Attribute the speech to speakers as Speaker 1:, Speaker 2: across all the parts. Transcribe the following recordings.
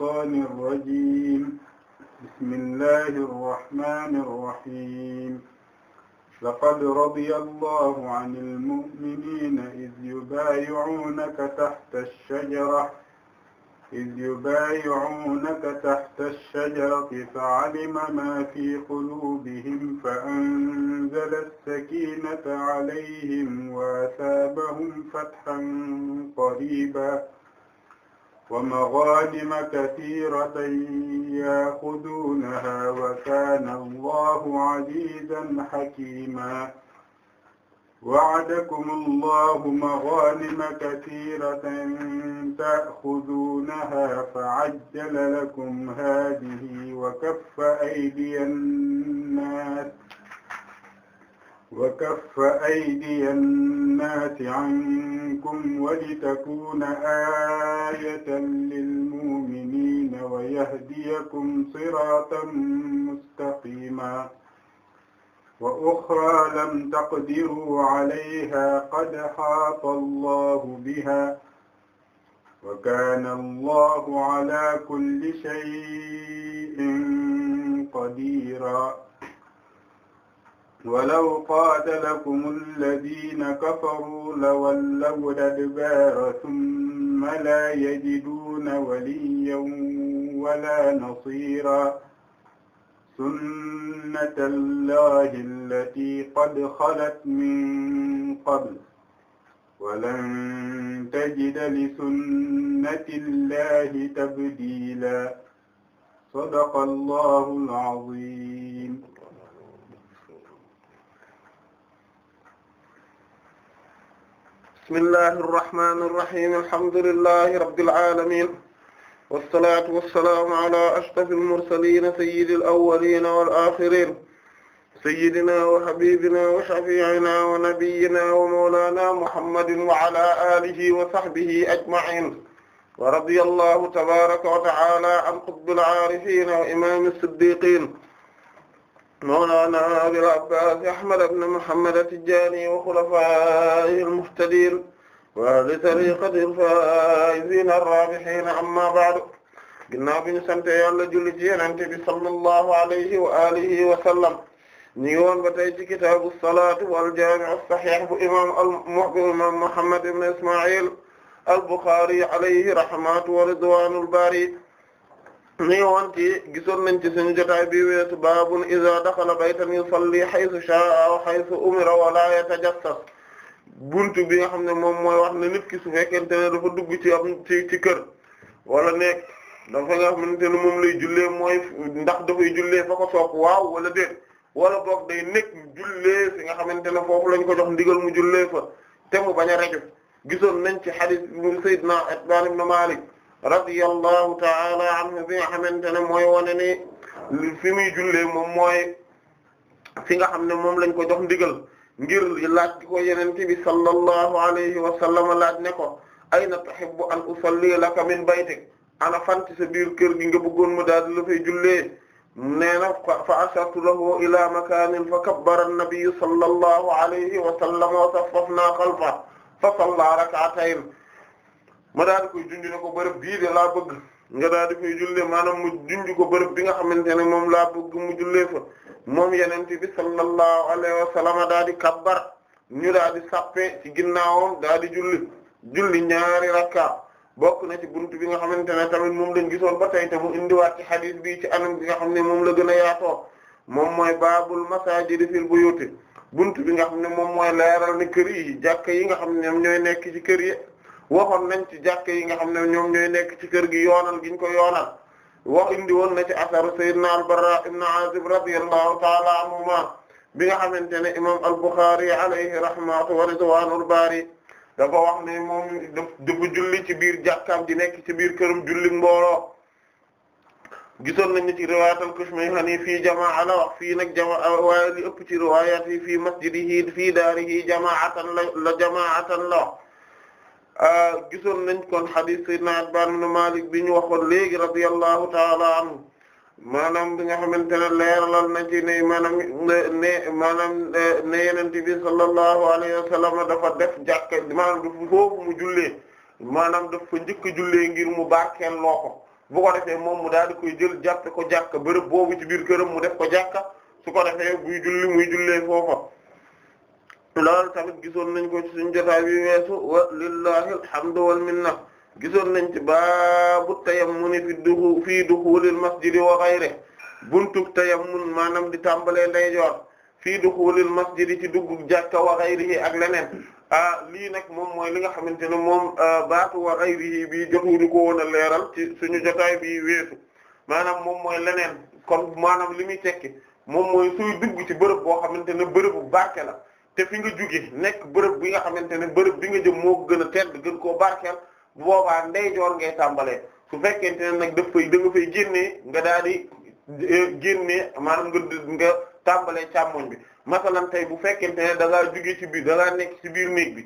Speaker 1: الشيطان الرجيم بسم الله الرحمن الرحيم لقد رضي الله عن المؤمنين إذ يبايعونك تحت الشجرة إذ يبايعونك تحت الشجرة فعلم ما في قلوبهم فأنزل السكينة عليهم وأثابهم فتحا قريبا ومغانم كثيرة يأخذونها وكان الله عزيزا حكيما وعدكم الله مغانم كثيرة تأخذونها فعجل لكم هذه وكف أيدي الناس wa kaffa aydiya nnaasi ankum wa litakuuna aayatan lilmu'miniina wa yahdiyakum siraatan mustaqiiman wa uxraa lam taqdiruu alayhaa qad haata allaahu bihaa wa kaana allaahu alaa kulli shay'in qadiiraa ولو قاتلكم الذين كفروا لولوا الأدبار ثم لا يجدون وليا ولا نصيرا سنة الله التي قد خلت من قبل ولن تجد لسنة الله تبديلا صدق الله العظيم
Speaker 2: bismillahi irrahmani irrahim alhamdulillahi rabbil alamin wassalatu wassalaamu ala ashrafi almursalin sayyidi alawalina wal axirin sayyidina wa habibina wa shafi'ina wa nabiyyina wa mawlana muhammadin wa ala alihi wa sahbihi ajma'in wa radiyallahu tabaraka wa ta'ala an qutbil arifin wa imam as-siddiqin mawlaana abil abbaas ahmad ibn muhammad at-tijaani wa xulafaa'ihi al-muhtadiin wa li tariiqatihi al-faa'iziina ar-raabihiina ammaa ba'du ginnaaw bi ñu sant Yàlla julli ci Yonent bi sallallahu alayhi wa aalihi wa sallam ñu ngi woon ba tey ci kitaabu salaat wal jaami' as-sahiih bu imaam al imaam muhammad ibn ismaa'iil al-Buxaari alayhi rahmatu wa ridwaanul baari ni woon ci gisoon nañ ci suñu jotaay bi weesu baabun iza daxala baytan yusalli haythu shaa'a aw haythu umira wa la yatajassas buntu bi nga xam ne moom mooy wax ne nit ki su fekkente ne dafa dugg ci am ci ci kër wala nekk dafa nga xamante ne moom lay jullee mooy ndax dafay jullee fa ko soog waaw wala déet wala boog day nekk jullee fi nga xamante ne foofu lañ ko jox ndigal mu jullee fa te mu bañ a rëcc gisoon nañ ci hadith Seydina Itbaan ibn Maalik radiyallahu ta'ala anhu bi nga xamante ne mooy wane ni fi muy jullee moom mooy fi nga xam ne moom lañ ko jox ndigal ngir laaj di ko yenente bi sallallahu alayhi wa sallam laaj ne ko ayna tuhibbu an usalli laka min baytik ana fanti sa biir kër gi nga bëggoon mu daal di la fay jullee nee na fa ashartu lahu ila makanin fa kabbara an-nabiy sallallahu alayhi wa sallam wa saffafna xalfa fa salla rak'atayn ma daal di koy junj ne ko bërëb bii de laa bëgg nga daal di koy jullee maanaam mu junj ko bërëb bi nga xamante ne moom laa bëgg mu jullee fa moom yenente bi sallallahu alayhi wa sallam daal di kabbar ñu daal di sappe ci ginnaawam daal di julli julli ñaari rakka bokk na ci bunt bi nga xamante ne tamit moom lañ gisoon ba tey te mu indiwaat ci xadis bi ci anam bi nga xam ne moom la gën a yaatoo moom mooy baabul masaajidi fil buyuti buntu bi nga xam ne moom mooy leeral ne kër yi jàkka yi nga xam ne ñoom nekki ci kër yi waxoon nañ ci jàkk yi nga xam ne nekk ci kër gi yoonal giñ ko yoonal wax indi woon na ci asaru sayyidina al-Barra ibn Azib radiyallahu ta'ala bi nga xamante ne imam al-Bukhari alayhi rahmatu wa ridwanul bari dafa wax ne ci biir jàkkaam di nekk ci biir këram julli mbooloo gisoon nañu ci riwaayat al-Kushmayhani fii jamaa la wax fii nag jamaa waaye li ëpp ci riwaayat yi fii masjidihi fii daarihi jamaatan la jamaatan la Ah, gisoon nañ kon hadith sayyidina Itbaan ibn Maalik bi ñu waxoon léegi radiyallahu ta'ala anhu maanaam bi nga xamante ne leeralal na ci ne maanaam ne maanaam eh, ne Yonent bi sallallahu alayhi wa dafa def jàkka maanaam dafa foofu mu jullee maanaam dafa njëkk a jullee ngir mu barkeel loo ko bu ko defee moom mu daal di koy jël jàppe ko jàkka bërëb boobu ci biir këram mu def ko jàkka su ko defee buy julli muy jullee foofa loolu tamit gisoon nañu ko ci suñu jotaay bi weesu wa lillahi alhamdu wal minna gisoon nañ ci baabu tayammuni fi duxu fii duxulil masjidi wa ghayrihi buntu tayammun maanaam di tàmbalee ndeyjoor fii duxulil masjidi ci dugg jàkka wa ghayrihi ak leneen ah lii nag moom mooy li nga xamante ne moom baatu wa ghayrihi bi jotuñu ko woon a leeral ci suñu jotaay bi weesu maanaam moom mooy leneen kon maanaam li muy tekki moom mooy suy dugg ci bërëb boo xamante ne bërëbu barke la te fi nga jóge nekk bërëb bi nga xamante ne bërëb bi nga jëm moo ko gën a tedd gën koo barkeel bu boobaa ndeyjoor ngay tàmbalee su fekkente ne nag daf fay da nga fay génnee nga daal di eh, génnee maanaam nga nga tàmbalee càmmoñ bi masalan bu fekkente ne da ci biir da nekk ci biir néeg bi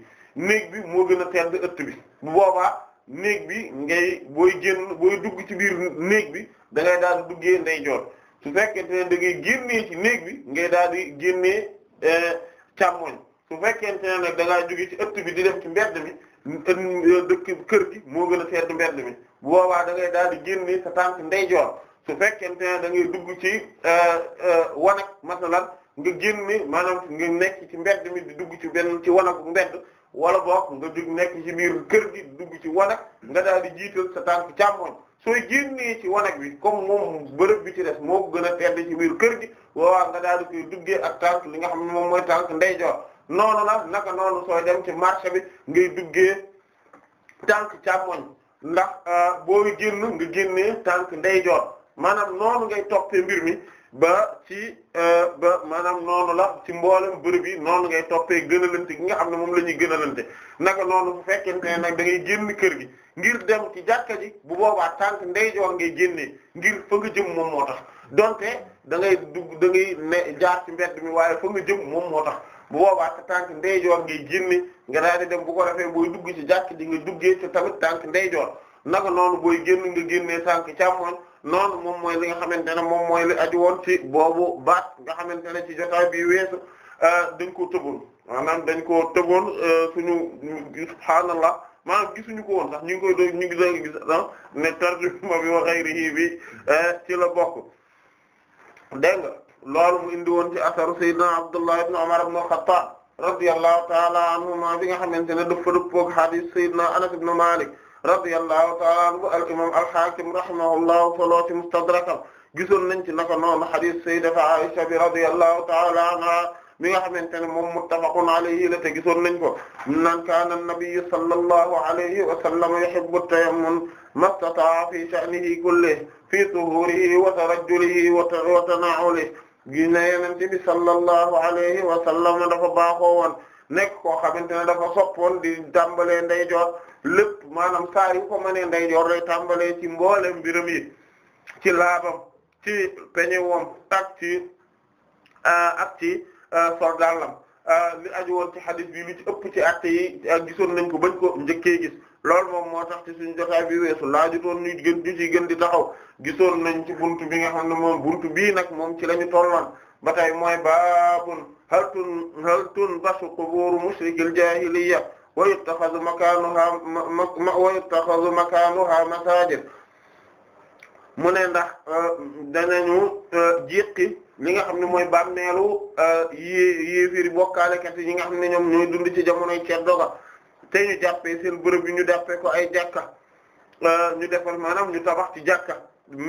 Speaker 2: néeg bi moo gën a tedd ëtt bi bu boobaa néeg bi ngay booy génn booy dugg ci biir néeg bi dangay daal di duggee ndeyjoor su fekkente ne génnee ci néeg bi ngay daal di génnee eh, càmmoñ su fekkente ne nag da ngaa jóge ci ëtt bi di def ci mbedd mi dëkk kër gi moo gën a sedd mbedd mi bu boobaa da ngay daal di génne sa tànk ndeyjoor su fekkente ne dangay dugg ci euh, euh, wanag masalan nga ni maanaam nga nekk ci mbedd mi di dugg ci benn ci wanag mbedd wala boog nga jóg nekk ci biir kër gi dugg ci wanag nga daal di jiital sa tànk càmmoñ sooy génnee ci wanag bi comme moom bërëb bi ci def moo gën a tedd ci biir kër gi woowaa nga daal di koy duggee ak tànk li nga xam ne moom mooy tànk ndeyjoor noonu la naka noonu sooy dem ci marché bi ngay duggee tànk càmmoñ ndax euh, booy génn nga génnee tànk ndeyjoor maanaam noonu ngay toppee mbir mi ba ci euh, maanaam noonu la ci mboolem bërëb yi noonu ngay toppee gënalante gi nga xam ne moom la ñuy gënalante naka noonu bu fekkente ne nag da ngay génn kër gi ngir dem ci jàkka bu boobaa tànk ndeyjoor nga génnee ngir fa nga jëm moom moo tax donte da ngay dugg da ngay ne jaar ci mbedd mi waaye fa nga jëm moom moo tax bu boobaa te tànk ndeyjoor ngay génne nga daal di dem bu ko defee booy dugg ci jàkk di nga duggee te tamit tànk ndeyjoor naka noonu booy génn nga génnee tànk càmmoñ noonu moom mooy li nga xamante ne moom mooy li aju woon ci boobu baat nga xamante ne ci jotaay bi weesu euh, dañ ko tëboon maanaam dañ koo tëboon euh, suñu subhaanallah maanaam gisuñu ko woon sax ñu ngi koy doon ñu ngi doon gis ah, ne tarjuma bi wa ghayrihi bi euh, ci la bokk. dégg nga loolu mu indi woon ci asaru sayyidina Abdullah ibn Umar ibn Khattab radiyallahu ta'ala anhuma bi nga xamante ne dafa dëppoo ak hadith sayyidina Anas ibn Malik radiyallahu ta'ala anhu al imam al hakim rahimahullahu solo ci mustadrakam gisoon nañ ci naka noonu hadith sayyidati Aisha bi radiyallahu ta'ala anha mi nga xamante ne moom muttafaqun alayhi la te gisoon nañ ko naan kaana nabiyyu sallallahu alayhi wa sallam yuhibbu at-tayammun mastata'a fi sha'nihi kullihi fi tuhurihi wa tarajjulihi wa tana'ulihi gi ne yenente bi sallallahu alayhi wa dafa baaxoo woon nekk koo xamante ne dafa soppoon di tàmbalee ndeyjoor lépp maanaam saa yu ko mënee ndeyjoor lay tàmbalee ci mboole mbiram yi ci laabam ci peñewam tak ci ak ci euh, euh, soldaalam euh, li aju woon ci hadith bi ci ëpp ci acte yi gisoon nañ ko bañ ko njëkkee gis loolu moom moo tax ci suñu jotaay bi weesu laajutoon ñu gën di ci gën di taxaw gisoon nañ ci bunt bi nga xam ne moom bunt bii nag moom ci la ñu tolloon ba tey mooy baabun hal tun hal tunbasu qubuuru mushrikil jaahiliyya wa yuttaxazu makaanuhaa wa yuttaxazu makaanuhaa masaajid mu ne ndax euh, danañu euh, jiqi li nga xam ne mooy bàmmeelu euh, yi yi firi bokkaalekat yi nga xam ne ñoom ñooy dund ci jamonoy ceddo ga te ñu jàppee seen bërëb ñu jàppee ko ay jàkka euh, ñu defal maanaam ñu tabax ci jàkka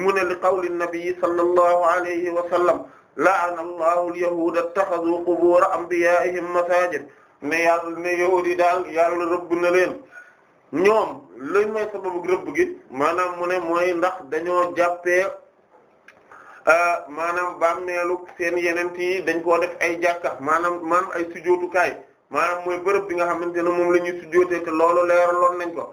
Speaker 2: mu ne li qawli nabi sallallahu alayhi wa sallam la'ana allahu al-yahuda ittakhadhu qubur anbiya'ihim masajid ne yàlla ne yahudi yi daal yàlla rëbb na leen ñoom lañ mooy sababu rëbb maanaam mu ne mooy ndax dañoo jàppe euh, maanaam bàmmeelu seen yeneen yi dañ koo def ay jàkka maanaam maanaam ay sujjóotukaay maanaam mooy bërëb bi nga xamante ne moom la ñuy sujjóotee te loolu leeraloon nañ ko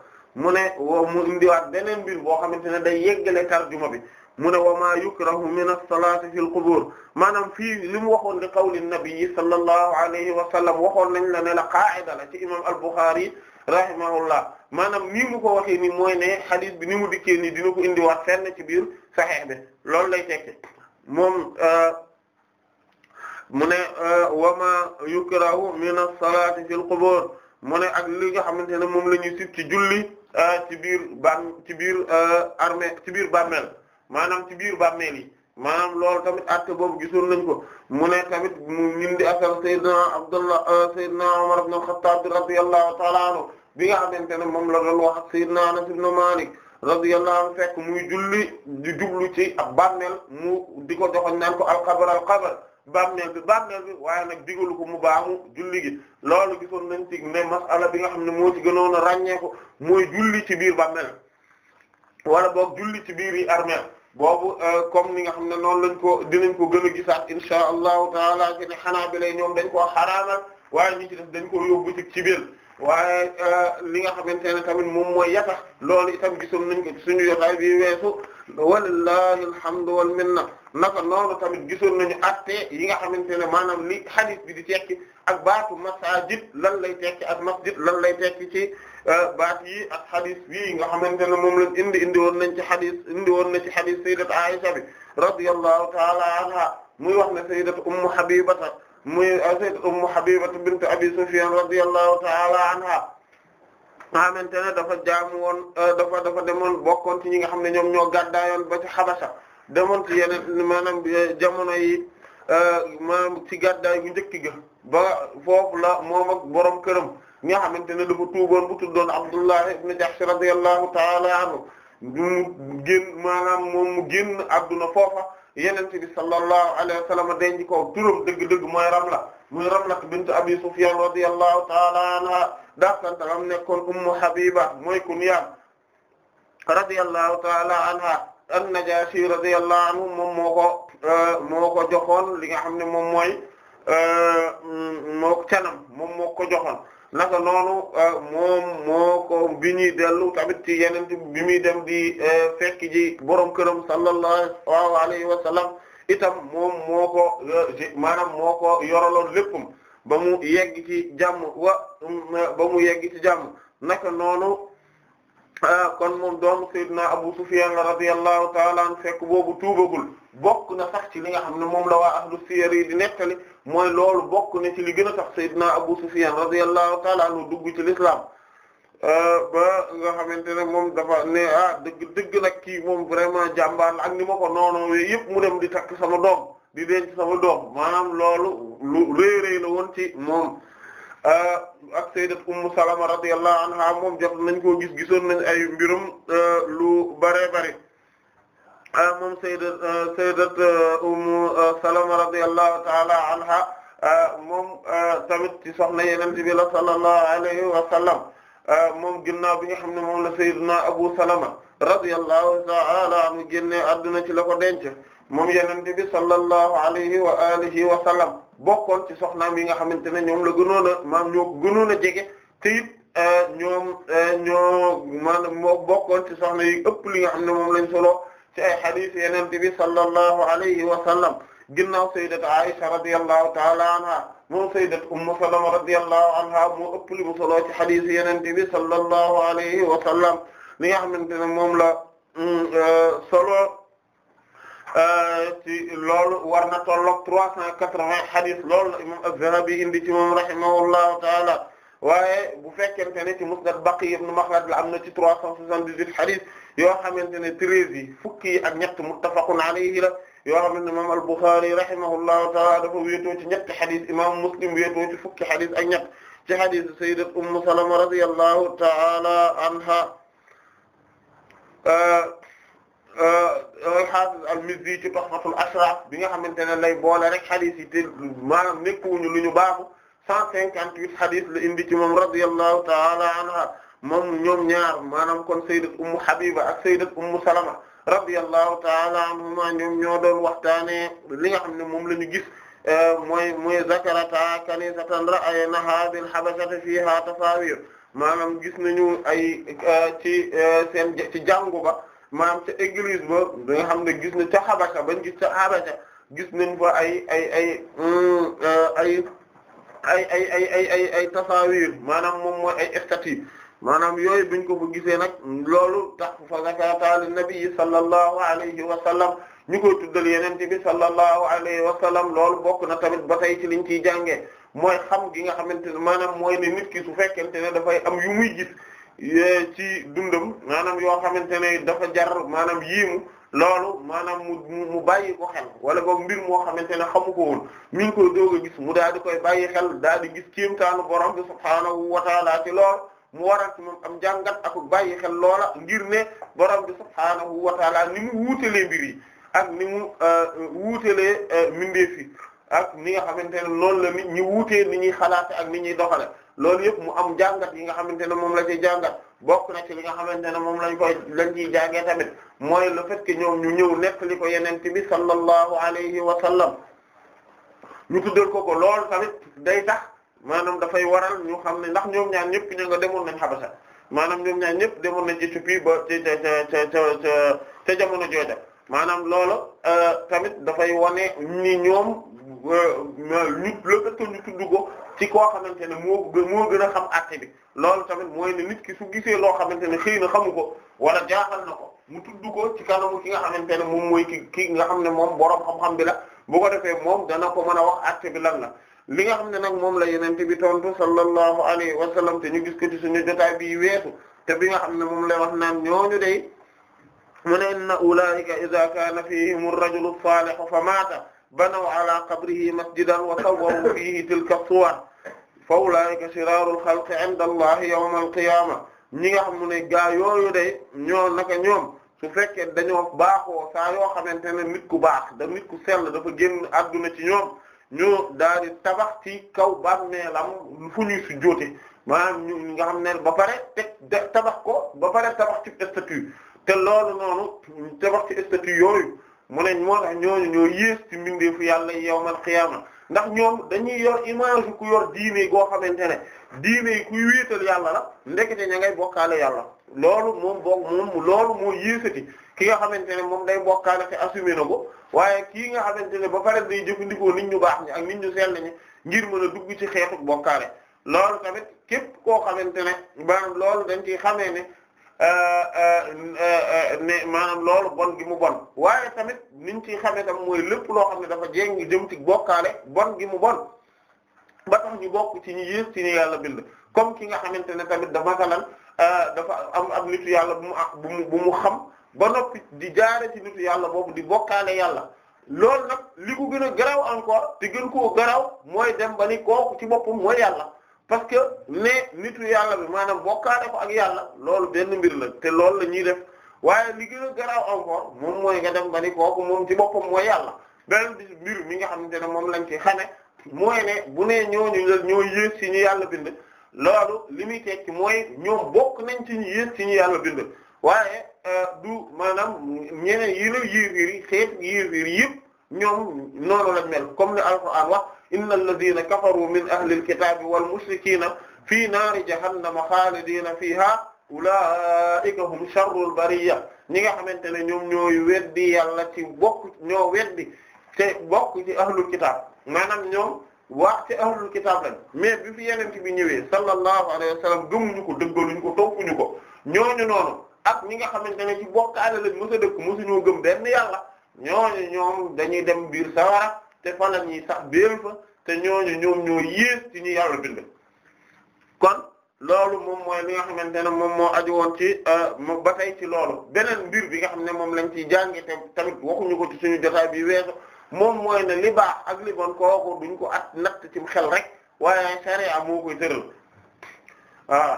Speaker 2: mu ne wa mu indiwaat beneen mbir boo xamante ne day yeggale tarjuma bi mu ne wo maa yukrahu min as-salaati fil qubuur maanaam fii li mu waxoon di qawli nabi sallallahu alayhi wa sallam waxoon nañ la ne la qaa'ida la ci imam al-Bukhari rahimahullah maanaam nii mu ko waxee ni mooy ne hadith bi ni mu dikkee nii dina ko indiwaat fenn ci biir Sahih bi loolu lay tekki moom. Euh, mu ne euh, wa ma yukrahu min as-salati fil qubur mu ne ak li nga xamante ne moom la ñuy sib ci julli euh, ci biir bam ci biir euh, armée ci biir bàmmeel maanaam ci biir bàmmeel yi maanaam loolu tamit acte boobu gisoon nañ ko mu ne tamit mu ñindi asar sayyidina Abdullah sayyidina Umar ibn al-Khattab radiyallahu ta'ala anhu bi nga xamante ne moom la doon wax ak sayyidina Anas ibn Malik radiyallahu anhu fekk muy julli di jublu ci ak bàmmeel mu di ko joxoñ naan ko al-qabr al-qabr bàmmeel bi bàmmeel bi waaye nag digalu ko mu baamu julli gi loolu gisoon nañ ci ne masala bi nga xam ne moo ci gënoon a ràññeeku mooy julli ci biir bàmmeel wala boog julli ci biir yi armeel boobu euh, comme ni nga xam ne noonu lañ ko dinañ ko gën a gisaat insha allahu taala ci ne xanaa bi lay ñoom dañ koo xaraamal waaye ñi ci dañ ko yóbbu ci ci biir waaye euh, li nga xamante ne tamit moom mooy yatax loolu itam gisoon nañ ko suñu yotaay bi weesu walillahi alhamdu wal minna naka noonu tamit gisoon nañu attee yi nga xamante ne maanaam li hadith bi di tekki ak baatu masajid lan lay tekki ak masjid lan lay tekki ci euh, baat yi ak hadith bii nga xamante ne moom lañ indi indi woon nañ ci hadith indi woon na ci hadith sayyidat Aisha bi radiyallahu ta'ala anha muy wax ne sayyidat ummu habibata muy euh, sayyidat ummu habibata bint abi sufyan radiyallahu ta'ala anha nga xamante dafa jaamu woon euh, dafa dafa demoon bokkoon ti ñi nga xam ne ñoom ñoo gàddaayoon ba ci xabasa demoon ci yeneen maanaam euh, jamono yi euh, maanaam ci gàddaay gu njëkk ga ba foofu la moom ak borom këram nga xamante ne dafa tuuboon bu tuddoon Abdullah ibn Jahsh radiyallahu ta'ala anhu mu génn maanaam moom mu génn adduna foofa yenente bi sallallahu alayhi wa sallam denc ko turam dëgg-dëgg mooy Ramla muy Ramla bint Abi Sufyan radiyallahu ta'ala anha daafkantaxam nekkoon Ummu Habiba mooy kunyaam radiyallahu ta'ala anha an-Najashi radiyallahu anhu moom moo ko euh, moo ko joxoon li nga xam ne moom mooy euh, moo canam moom moo ko joxoon naka noonu euh, moom moo ko bi ñuy dellu tamit ci yeneen bi muy dem di euh, fekk ji borom këram sallallahu alayhi wa sallam itam moom moo ko euh, maanaam moo ko yoraloon léppam ba mu yegg ci jàmm wa mm, ba mu yegg jàmm naka noonu kon moom doomu Seydina Abu Sufyan radiyallahu ta'ala an fekk boobu tuubagul bokk na sax ci li nga xam ne moom la waa ahlu siyar yi di nettali mooy loolu bokk na ci li gën a tax Seydina Abu Sufyan radiyallahu ta'ala anhu dugg ci l'islam euh, ba nga xamante ne moom dafa ne ah dëgg dëgg nag kii moom vraiment jàmbaar la ak ni ma ko noonu yëpp mu dem di ta sama doom di denc sama doom maanaam loolu lu rëy rëy la woon ci moom euh, ak sayyidat Ummu Salama radiyallahu anha moom jot nañ ko gis gisoon nañ ay mbirum euh, lu bare bari Ah, moom sayyidat ah, sayyidat ah, Ummu Salama radiyallahu ta'ala anha moom tamit ci soxna Yonent bi la sallallahu alayhi wa sallam moom ginnaaw bi nga xam ne moom la sayyidina Abu Salama radiyallahu ta'ala anhu génne adduna ci la ko denc moom Yonent bi sallallahu alayhi wa alihi wa sallam bokkoon ci soxnaam yi nga xamante ne ñoom la gënoon a maam ñoo gënoon a jege te it ñoom ñoo maanaam moo bokkoon ci soxna yi ëpp li nga xam ne moom lañ solo. ci ay hadith Yonent bi sallallahu alayhi wa sallam ginnaaw sayyidat Aisha radiyallahu ta'ala anha moom sayyidat Ummu Salama radiyallahu anha moo ëpp li mu solo ci hadith Yonent bi sallallahu alayhi wa sallam li nga xamante ne moom la mm, euh, solo euh, ci loolu war na tolloog trois cent quatre-vingts hadith loolu la imam Az-Zahabi indi ci moom rahimahullahu ta'ala waaye bu fekkente ne ci Musnad Baqi ibn Makhlad la am na ci trois cent soixante-dix-huit hadith yoo xamante ne treize yi fukki yi ak ñett muttafaqun alayhi la yoo xamante ne imaam al-Bukhari rahimahullahu ta'ala ci ñetti xadis imaam Muslim wéetoo ci fukki xadis ak ñett ci xadis sayyidat Ummu Salama radiyallahu ta'ala anha al-Hafiz al ci Tuhfatul Ashraf bi nga xamante ne lay boole rek xadis yi te maanaam nekkuñu lu ñu baaxu cent cinquante huit xadis la indi ci moom radiyallahu ta'ala anha moom ñoom ñaar maanaam kon sayyidat ummu habiba ak sayyidat ummu salama radiyallahu ta'ala anhuma ñoom ñoo doon waxtaane li nga xam ne moom la ñu gis euh, mooy mooy zakarata kanisatan ra'aynaha bil habashati fiha tasawir maanaam gis nañu ay euh, ci euh, seen ci jàngu ba maanaam ca église ba da xam ne gis na ca Habasha bañ gis ca Habasha gis nañ fa ay ay ay ay ay ay ay ay ay tasawir maanaam maanaam yooyu buñ ko bu gisee nag loolu tax fa zakataali nabi sallallahu alayhi wa sallam ñu koy tuddal yenente bi sallallahu alayhi wa sallam loolu bokk na tamit ba tey ci liñ ciy jàngee mooy xam gi nga xamante ne maanaam mooy ne nit ki su fekkente ne dafay am yu muy gis ci dundam maanaam yoo xamante ne dafa jar maanaam yiimu loolu maanaam mu mu bàyyi ko xel wala boog mbir moo xamante ne xamu ko woon mi ngi koy doog a gis mu daal di koy bàyyi xel daal di gis taanu borom bi subhaanahu wa taala ci lool mu waral ci moom am jàngat ak bàyyi xel loola ngir ne borom bi subhaanahu wa taala ni mu wuutelee mbir yi ak ni mu euh, wuutelee euh, mbindeef yi ak ni nga xamante ne loolu la nit ñi wuutee ni ñuy xalaate ak ni ñuy doxale loolu yëpp mu am jàngat yi nga xamante ne moom la ciy jàngat bokk na ci li nga xamante ne moom lañ koy lañ ciy jàngee tamit mooy le fait que ñoom ñu ñëw nekk li ko yenente bi sallallahu alayhi wa sallam ñu tuddal ko ko loolu tamit day tax maanaam dafay waral ñu xam ne ndax ñoom ñaan ñëpp ña nga demoon nañ Habasha maanaam ñoom ñaar ñëpp demoon nañ Éthiopie ba ca ca ca ca ca jamono jooja maanaam loolu euh, tamit dafay wane ni ñoom ñu euh, le ñu tudd ci koo xamante ne moo moo gën a xam àtte bi loolu tamit mooy ne nit ki su gisee loo xamante ne xëy na xamu ko wala jaaxal na ko mu tudd ko ci kanamu ki nga xamante ne moom mooy ki nga xam ne moom boroom xam-xam bi la bu ko defee moom dana ko mën a wax àtte lan la li nga xam ne nag moom la yenente bi tontu sallallahu alayhi wa sallam te ñu gis ko ci suñu jotaay bi weesu te bi nga xam ne moom lay wax naan ñooñu day mu ne inna ulaika idha kana fihim ar-rajulu salihu fa mata banaw ala qabrihi masjidan wa sawwaru fihi tilka suwar fa ulaika shiraru al-khalqi ñi nga xam ne gaa yooyu day ñoo naka ñoom su fekkee dañoo baaxoo saa yoo xamante ne nit ku baax da nit ku sell dafa génn adduna ci ñoom ñu daal tabax ci kaw bàmmeelam fu ñuy sujjóote maanaam ñu nga xam ne ba pare teg tabax ko ba pare tabax ci statue te loolu noonu tabax ci statue yooyu mu ne moo tax ñooñu ñoo yées ci mbindeefu yàlla yawmal qiyaama ndax ñoom dañuy yor image ku yor diine goo xamante ne diine yi kuy wéetal yàlla la ndekete ña ngay bokkaale yàlla loolu moom boog moom loolu moo yéesati ki nga xamante ne moom day bokkaale te assumé na ko waaye kii nga xamante ne ba pare day jëfandikoo nit ñu baax ñi ak nit ñu sell ñi ngir mën a dugg ci xeetu bokkaale loolu tamit képp koo xamante ne maanaam loolu dañ ciy xamee ne euh, euh, euh, ne maanaam loolu bon gi mu bon waaye tamit niñ ciy xamee mooy lépp loo xam ne dafa jéng jëm ci bokkaale bon gi mu bon ba tax ñu bokk ci ñu yées ci ñu yàlla bind comme ki nga xamante ne tamit da masalan Euh, dafa am ab nitu yàlla bu mu ak bu bu mu xam ba noppi di jaare ci nitu yàlla boobu di bokkaale yàlla loolu nag li ko gën a garaaw encore te gën koo garaaw mooy dem ba ni kooku ci boppam mooy yàlla parce que ne nitu yàlla bi maanaam bokkaale ko ak yàlla loolu benn mbir la te loolu la ñuy def waaye li gën a garaaw encore mooy nga dem ba ni kooku moom ci boppam mooy yàlla benn mbir nga xamante ne moom lañ ci xame mooy ne bu nee ñu ñoo yées si ñu yàlla bind loolu li muy tekki mooy ñoom bokk nañ ci ñu yées ci ñu yàlla bind waaye euh, du maanaam ñeneen yi la yéeféer yi xeet yéeféer yëpp ñoom noonu lañ mel comme ni alquran wax inna alladhina kafaru min ahli alkitabi wal mushrikina fi naari jahannama xaalidina fiha ulaika hum sharrul bariyya ñi nga xamante ne ñoom ñooy weddi yàlla ci bokk ñoo weddi te bokk ci ahlul kitab maanaam ñoom waax ci ahlul kitaab lañ mais bi fi yeneen bi ñëwee sallallahu alayhi wa sallam gëmuñu ko dëggaluñu ko toppuñu ko ñooñu noonu ak ñi nga xamante ne ci bokkaale lañ mës a dëkk mësuñoo gëm benn yàlla ñooñu ñoom dañuy dem biir sawara te fa la ñuy sax béel fa te ñooñu ñoom ñoo yées ci ñu yàlla bind kon loolu moom mooy li nga xamante ne moom moo aju woon ci euh, ba tey ci loolu beneen mbir bi nga xam ne moom lañ ciy jànge te tamit waxuñu ko ci suñu jotaay bi weesu moom mooy ne li ak li bon kooku duñ ko at natt ci xel rek waaye sharia moo koy tëral waaw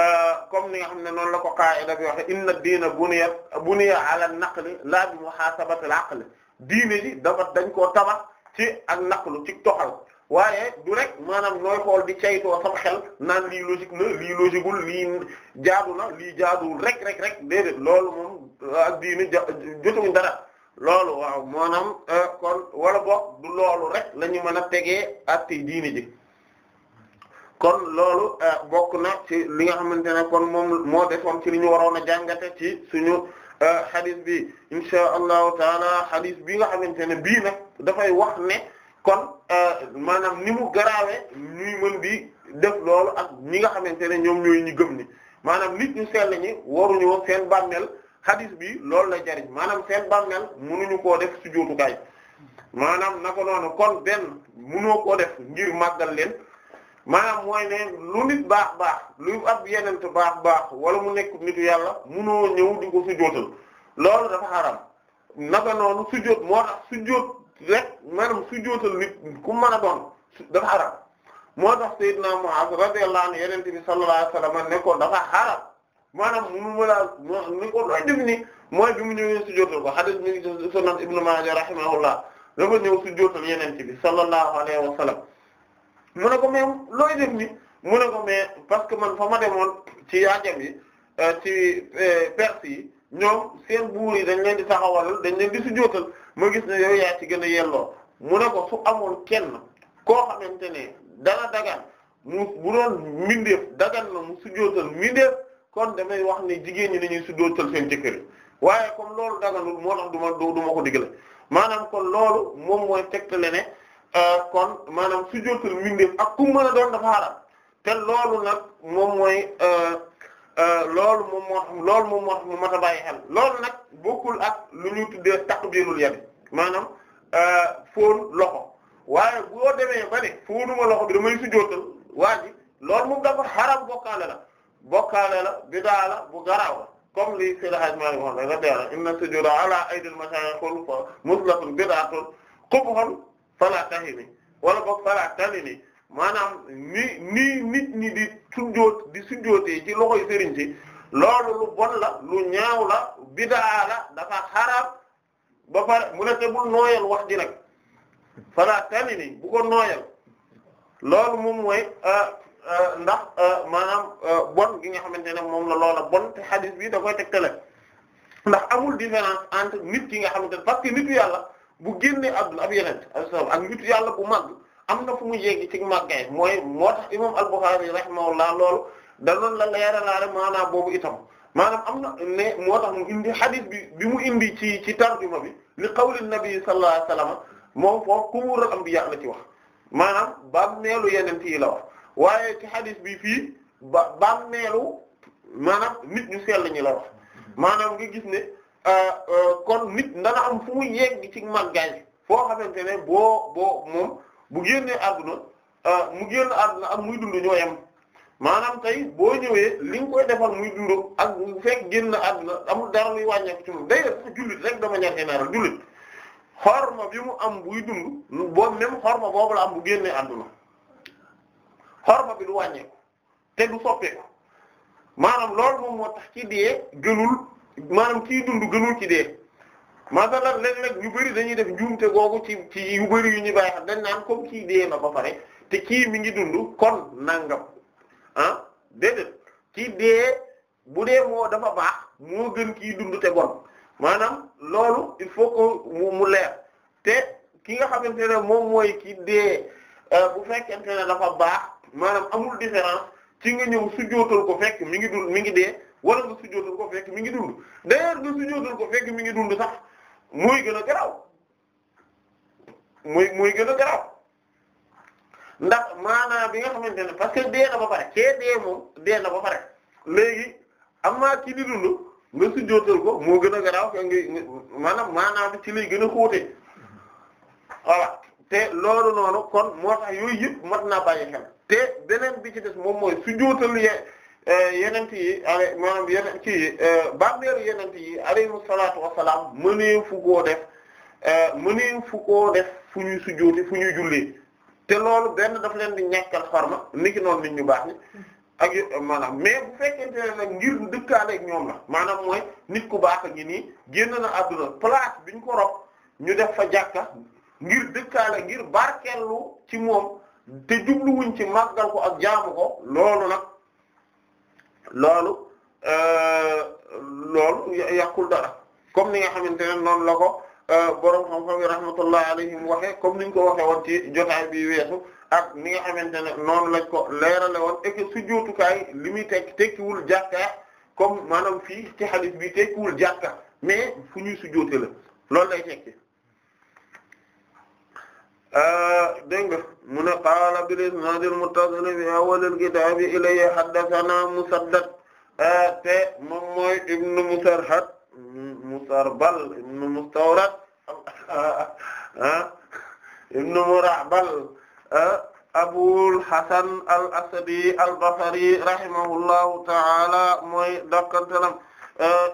Speaker 2: euh, comme ni nga xam ne noonu la ko qaa'ida bi waxe inna diina buniya buniya ala naqli la bi muhaasabati al aqli diine ji dafa dañ koo tabax ci ak naqlu ci toxal waaye du rek maanaam nooy xool di caytoo sam xel naan lii logique na lii logiqueul lii jaadu na lii jaaduwul rek rek rek déedéet loolu moom euh, ak diine jotuñ dara loolu waaw maanaam euh, kon wala boog du loolu rek la ñu mën a tegee atte diini ji kon loolu euh, bokk na ci li nga xamante ne kon moom moo defoon ci li ñu waroon a jàngate ci suñu xadis euh, bi insha allahu taala xadis nga xamante ne bii nag dafay wax ne kon maanaam ni mu garaawe ñuy mën di def loolu ak ñi nga xamante ne ñoom ñooy ñu gëm ni maanaam nit ñu sell ñi waruñu seen bàmmeel hadith bi loolu la jariñ maanaam seen bàmmeel mënuñu koo def sujjóotukaay maanaam naka noonu kon benn mënoo koo def ngir màggal leen maanaam mooy ne lu nit baax baax lu ab yenent baax baax wala mu nekk nitu yàlla munoo ñëw di ko sujjóotal loolu dafa xaram naka noonu sujjóot moo tax sujjóot rek maanaam sujjóotal nit ku mën a doon dafa xaram moo tax sayyidna Mu'adh radiyallahu anhu yenente bi sallallahu alayhi wasallam ne dafa xaram maanaam munu ma laa ni ko doon défini mooy bi mu ñëwee sujjóotal ko hadith mi ngi sunan Ibn Maaja rahimahullah dafa ñëw sujjóotal yeneen ci bi sallallahu alayhi wa mu ne ko mais looy def ni mu ne ko mais parce que man fa ma demoon ci yaajam yi euh, ci euh, Perse yi ñoom seen buur yi dañ leen di taxawal dañ leen di sujjóotal ma gis ne yow yaa ci gën a yelloo mu ne ko su amul kenn koo xamante ne dana dagan mu bu doon mindeef dagan na mu sujjóotal mindeef kon damay wax ne jigéen ñi nañuy suddootal seen jëkkër yi waaye comme loolu daganul moo tax du ma du ma ko digle maanaam kon loolu moom mooy tegtale ne euh, kon maanaam suddootal mbindeef ak ku mën a doon dafa xaram te loolu moom mooy euh, euh, loolu moom moo moom moo a bàyyi xel loolu nag bokkul ak lu ñuy tuddee takbirul yad maanaam fóon loxo waaye boo demee ba ne fóonuma loxo bi damay suddootal waa ji loolu bokkaale la bokkaale la bidaa la bu garaaw la comme li Seydi Hadji Malick wax la dara inna sujuda ala aydil mashayikh fa muslatun bid'atun qubhun fala tahini wala boog fala tahini maanaam ni nii nit ñi di sujjoot di sujjootee ci loolu lu bon la lu ñaaw la bidaa la dafa xaraam ba pare mu nekk bul nooyal wax ji nag fala tahini bu ko loolu moom mooy euh, Euh, ndax euh, maanaam euh, bon gi nga xamante ne moom la loola bon te xadis bi da koy tegtale ndax amul différence entre nit ki nga xamante ne parce que nitu yàlla bu génnee abdul ab yeneen ak nitu yàlla bu màgg am na fu mu yeggi ci màggaay mooy moo tax imam al-Bukhari rahimahullah loolu danoonu la leeralaale maanaam boobu itam maanaam am na ne moo tax mu indi xadis bi bi mu indi ci ci tarjuma bi li qawli nabi sallallahu alayhi wasallam moom foofu ku wuural anbiya la ci wax maanaam bam neelu yeneen yi waaye ci xadis bi fii ba bàmmeelu maanaam nit ñu sell ñi la wax maanaam nga gis ne euh, euh, kon nit dana am fu mu yegg ci màggaay foo xamante ne boo boo moom bu génnee àdduna euh, mu génn àdduna ak muy dund ñoo maanaam tey boo ñëwee li nga koy defal muy dund ak bu fekk génn àdduna amul dara luy wàññeeku ci moom day def jullit rek dama ñàkkee naaral jullit xorma bi mu am buy dund boobu même xorma boobu la am bu génnee àdduna. xorma bi du wàññeeku te du soppeeku maanaam loolu moom moo tax ci dee gënul maanaam ciy dund gënul ci dee maanaam léeg-léeg ñu bari dañuy def njuumte googu ci ci yu bari yu ñu bàyyi xam dañ naan comme kii dee na ba pare te kii mi ngi dund kon nangam ah déedéet ci dee bu dee moo dafa baax moo gën kii dund te bon maanaam loolu il faut que mu mu leer te ki nga xamante ne moom mooy ki dee euh, bu fekkente ne dafa baax. maanaam amul différence ci nga ñëw sujjóotal ko fekk mi ngi dund mi ngi dee wala nga sujjóotal ko fekk mi ngi dund d'ailleurs nga sujjóotal ko fekk mi ngi dund sax muy gën a garaaw muy muy gën a garaaw ndax maanaam bi nga xamante ne parce que dee ba pare kee dee moom dee na ba pare léegi am naa ci di dund nga sujjóotal ko moo gën a garaaw ka ngi maanaam bi ci lay gën a xóote voilà te loolu noonu kon moo tax yooyu yëpp mat naa bàyyi xel te beneen bi ci des moom mooy sujjóotal eh, yenent yi ale maanaam yeneen eh, ci bàmmeelu yenent yi alayhimu salaatu wassalaam mënee fu ko def eh, mënee fu koo def fu ñuy sujjóoti fu ñuy jullee te loolu benn daf leen di ñàkkal xorma niki noonu nit ñu baax ni ak maanaam mais bu fekkente nag ngir dëkkaale ak ñoom la maanaam nit ku baax a ngi nii génn na àdduna place biñ ñu ko rob ñu def fa jàkka ngir dëkkaale ngir barkeelu ci moom te jubluwuñ ci màggal ko ak jaamu ko loolu nag loolu euh, loolu yàqul dara comme ni nga xamante ne noonu la ko euh, borom xam-xam yi rahmatullah alayhim waxee comme niñ ko waxee woon ci jotaay bi weesu ak ni nga xamante ne noonu lañ ko leerale woon et que su jootukaay li muy tekki tekkiwul jàkka comme maanaam fii ci hadith bi tekkiwul jàkka mais fu ñuy su joote la loolu lay tekki dégg nga mu ne qaala bil isnaad al muttasil fi awwal al kitaab ilayhi haddathanaa Musaddad te moom mooy ibnu Musarhad Musarbal ibnu Mustawrad ibnu Murahbal Abul Hasan al Asadi al Basri rahimahullahu ta'ala mooy dakkantalam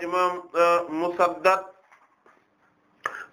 Speaker 2: imaam Musaddad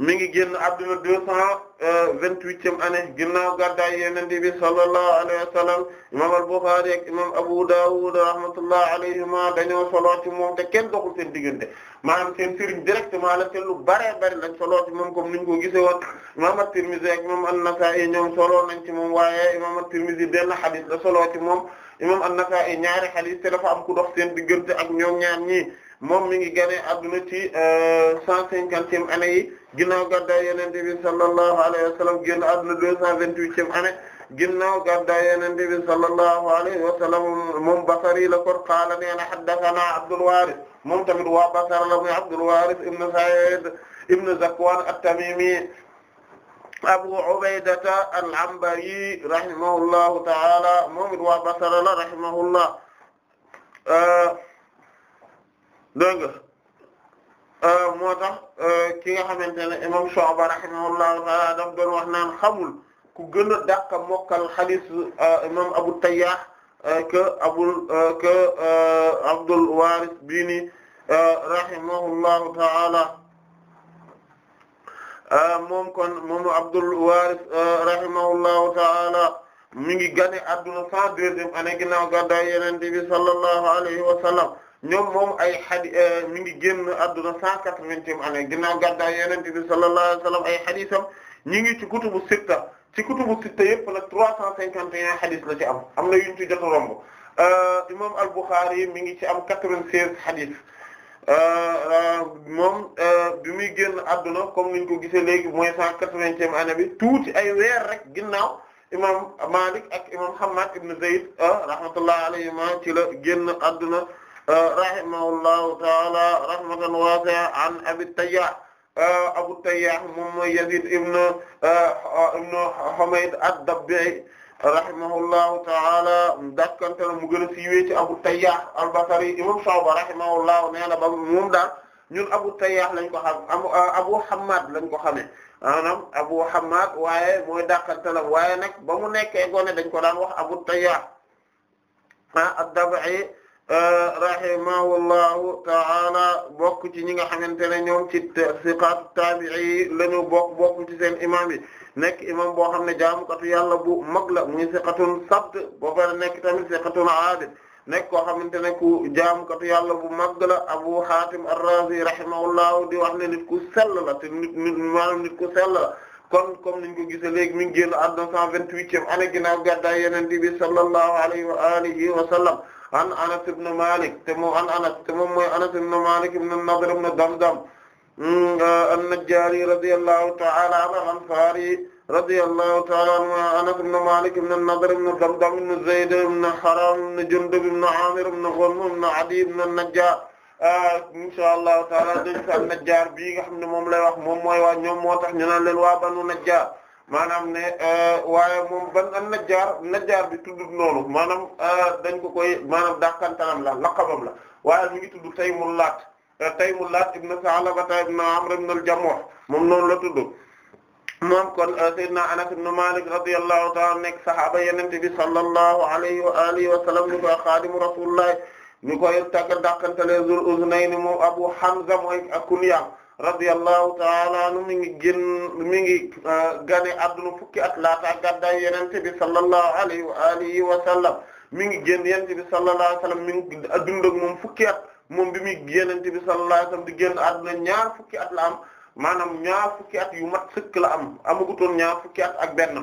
Speaker 2: mi ngi génn adduna deux cent euh, vingt-huitième année ginnaaw gàddaay yonent bi sallallahu alayhi wa sallam imam al-Bukhari ak imam Abu Dawud rahmatullah alayhima dañoo solo ci moom te kenn doxul seen diggante maanaam seen sëriñ directement la te lu bare bari lañ solo ci moom comme niñ ko gisee woon imam at-Tirmidhi ak imam an-Nasa'i ñoom solo nañ ci moom waaye imam at-Tirmidhi benn hadith la solo ci moom imam an-Nasa'i ñaari hadith te dafa am ku dox seen diggante ak ñoom ñaar ñii moom mi ngi gane adduna ci euh, cent cinquantième année yi ginnaaw gàddaay yonent bi sallallahu alayhi wa sallam génn adduna deux cent vingt-huitième année ginnaaw gàddaay yonent bi sallallahu alayhi wa sallam moom Basri la kon qaala nee na haddathana Abdul Waaris moom tamit waa Basra la muy Abdul Waaris ibn Sa'id ibn Zakwan at-Tamimi Abu Ubaydata al-Anbari rahimahullahu ta'ala moom it waa Basra la rahimahullah euh, dégg nga euh, moo tax euh, ki nga xamante ne imam Shu'ba ta'ala daf doon wax naan xamul ku gën a dàq mokkal hadith euh, imam Abu Tayyah que abul que Abdul Waris Bini rahimahullahu ta'ala ta'ala mi ngi adduna cent deuxième année ginnaaw gàddaay Yonent bi sallallahu alayhi wa ñoom moom ay xadi mi euh, ngi génn adduna cent quatre-vingtième année ginnaaw gàddaay yonent bi sallallahu alayhi wa sallam ay xadisam ñi ngi ci kutubu sitta ci kutubu sitta yëpp nag trois cent cinquante et un la ci am am na yuñ ci jot a romb euh, imam al-Bukhari mi ngi ci am quatre-vingt-seize xadis euh, moom bi muy génn adduna comme niñ ko gisee léegi mooy cent quatre-vingtième année bi tuuti ay weer rek ginnaaw imam Malik ak imam Hammad ibn Zayd rahmatullah alayhima ci la génn adduna rahimahullahu taala rahmatan wasi'a an Abi Tayyah uh, Abu Tayyah moom mooy Yazid ibn uh, ibn Humayd ad-Dabbi rahimahullahu taala dakkantana mu gën a siiwee ci Abu Tayyah al-Basri imam Shu'ba rahimahullahu nee na ba moom daal ñun Abu Tayyah lañ ko xam uh, Abu Hammad lañ ko xamee maanaam Abu Hammad waaye mooy dakkantalam waaye nag ba mu nekkee gone dañ ko daan wax Abu Tayyah ad-Dab'i rahimahullahu ta'ala bokk ci ñi nga xamante ne ñoom ci siqaat taabi'i lañu bokk bokk ci seen imam yi nekk imam boo xam ne jaamukatu yàlla bu mag la muy siqatun sabt boo pare nekk tamit siqatun aadil nekk koo xamante ne ku jaamukatu yàlla bu mag la Abu Hatim ar-Razi rahimahullahu di wax ne nit ku sell la te nit nit maanaam nit ku sell la kon comme niñ ko gisee léegi mi ngi génn àdduna 128e année ginnaaw gàddaay Yonent bi sallallahu alayhi wa alihi an Anas ibn Malik te moom an Anas te moom mooy Anas ibn Malik ibn Nadr ibn Damdam mm, euh, an-Najjari radiyallahu ta'ala anhu al-Ansari radiyallahu ta'ala anhu Anas ibn Malik ibn Nadr ibn Damdam ibn Zayd ibn Haram ibn Jundub ibn Amir ibn Ghanm ibn Adi ibn an-Najjar euh, inshallahu ta'ala dañ sa an-Najjar bii nga xam ne moom lay wax moom mooy waa ñoom moo tax ñu naan leen waa Banu Najjar maanaam ne euh, waaye moom ban an najjaar najjaar bi tuddut noonu maanaam euh, dañ ko koy maanaam dàqantalam la laqabam la waaye mi ngi tudd Taymul Laat euh, Taymul Laat ibn Sa'labata ibn Amr ibn al-Jamuh moom noonu la tudd moom kon Seydina Anas ibn Malik radiyallahu ta'ala nekk sahaaba yenente bi sallallahu alayhi wa alihi wa sallam ni koy xaadimu rasulullah ni koy tagga dàqantale Zul Uznayni moom Abu Hamza mooy ak kunyaam radiyallahu ta'ala anhu mi ngi génn mi ngi euh, gane adduna fukki at laata gàddaay yonent bi sallallahu alayhi wa alihi wa mi ngi génn yonent bi sallallahu alayhi wa mi ngi dund ak moom fukki at moom muy yonent bi sallallahu alayhi wa di génn adduna ñaar fukki at la am maanaam ñaar fukki at yu mat sëkk la am amagutoon ñaar fukki at ak benn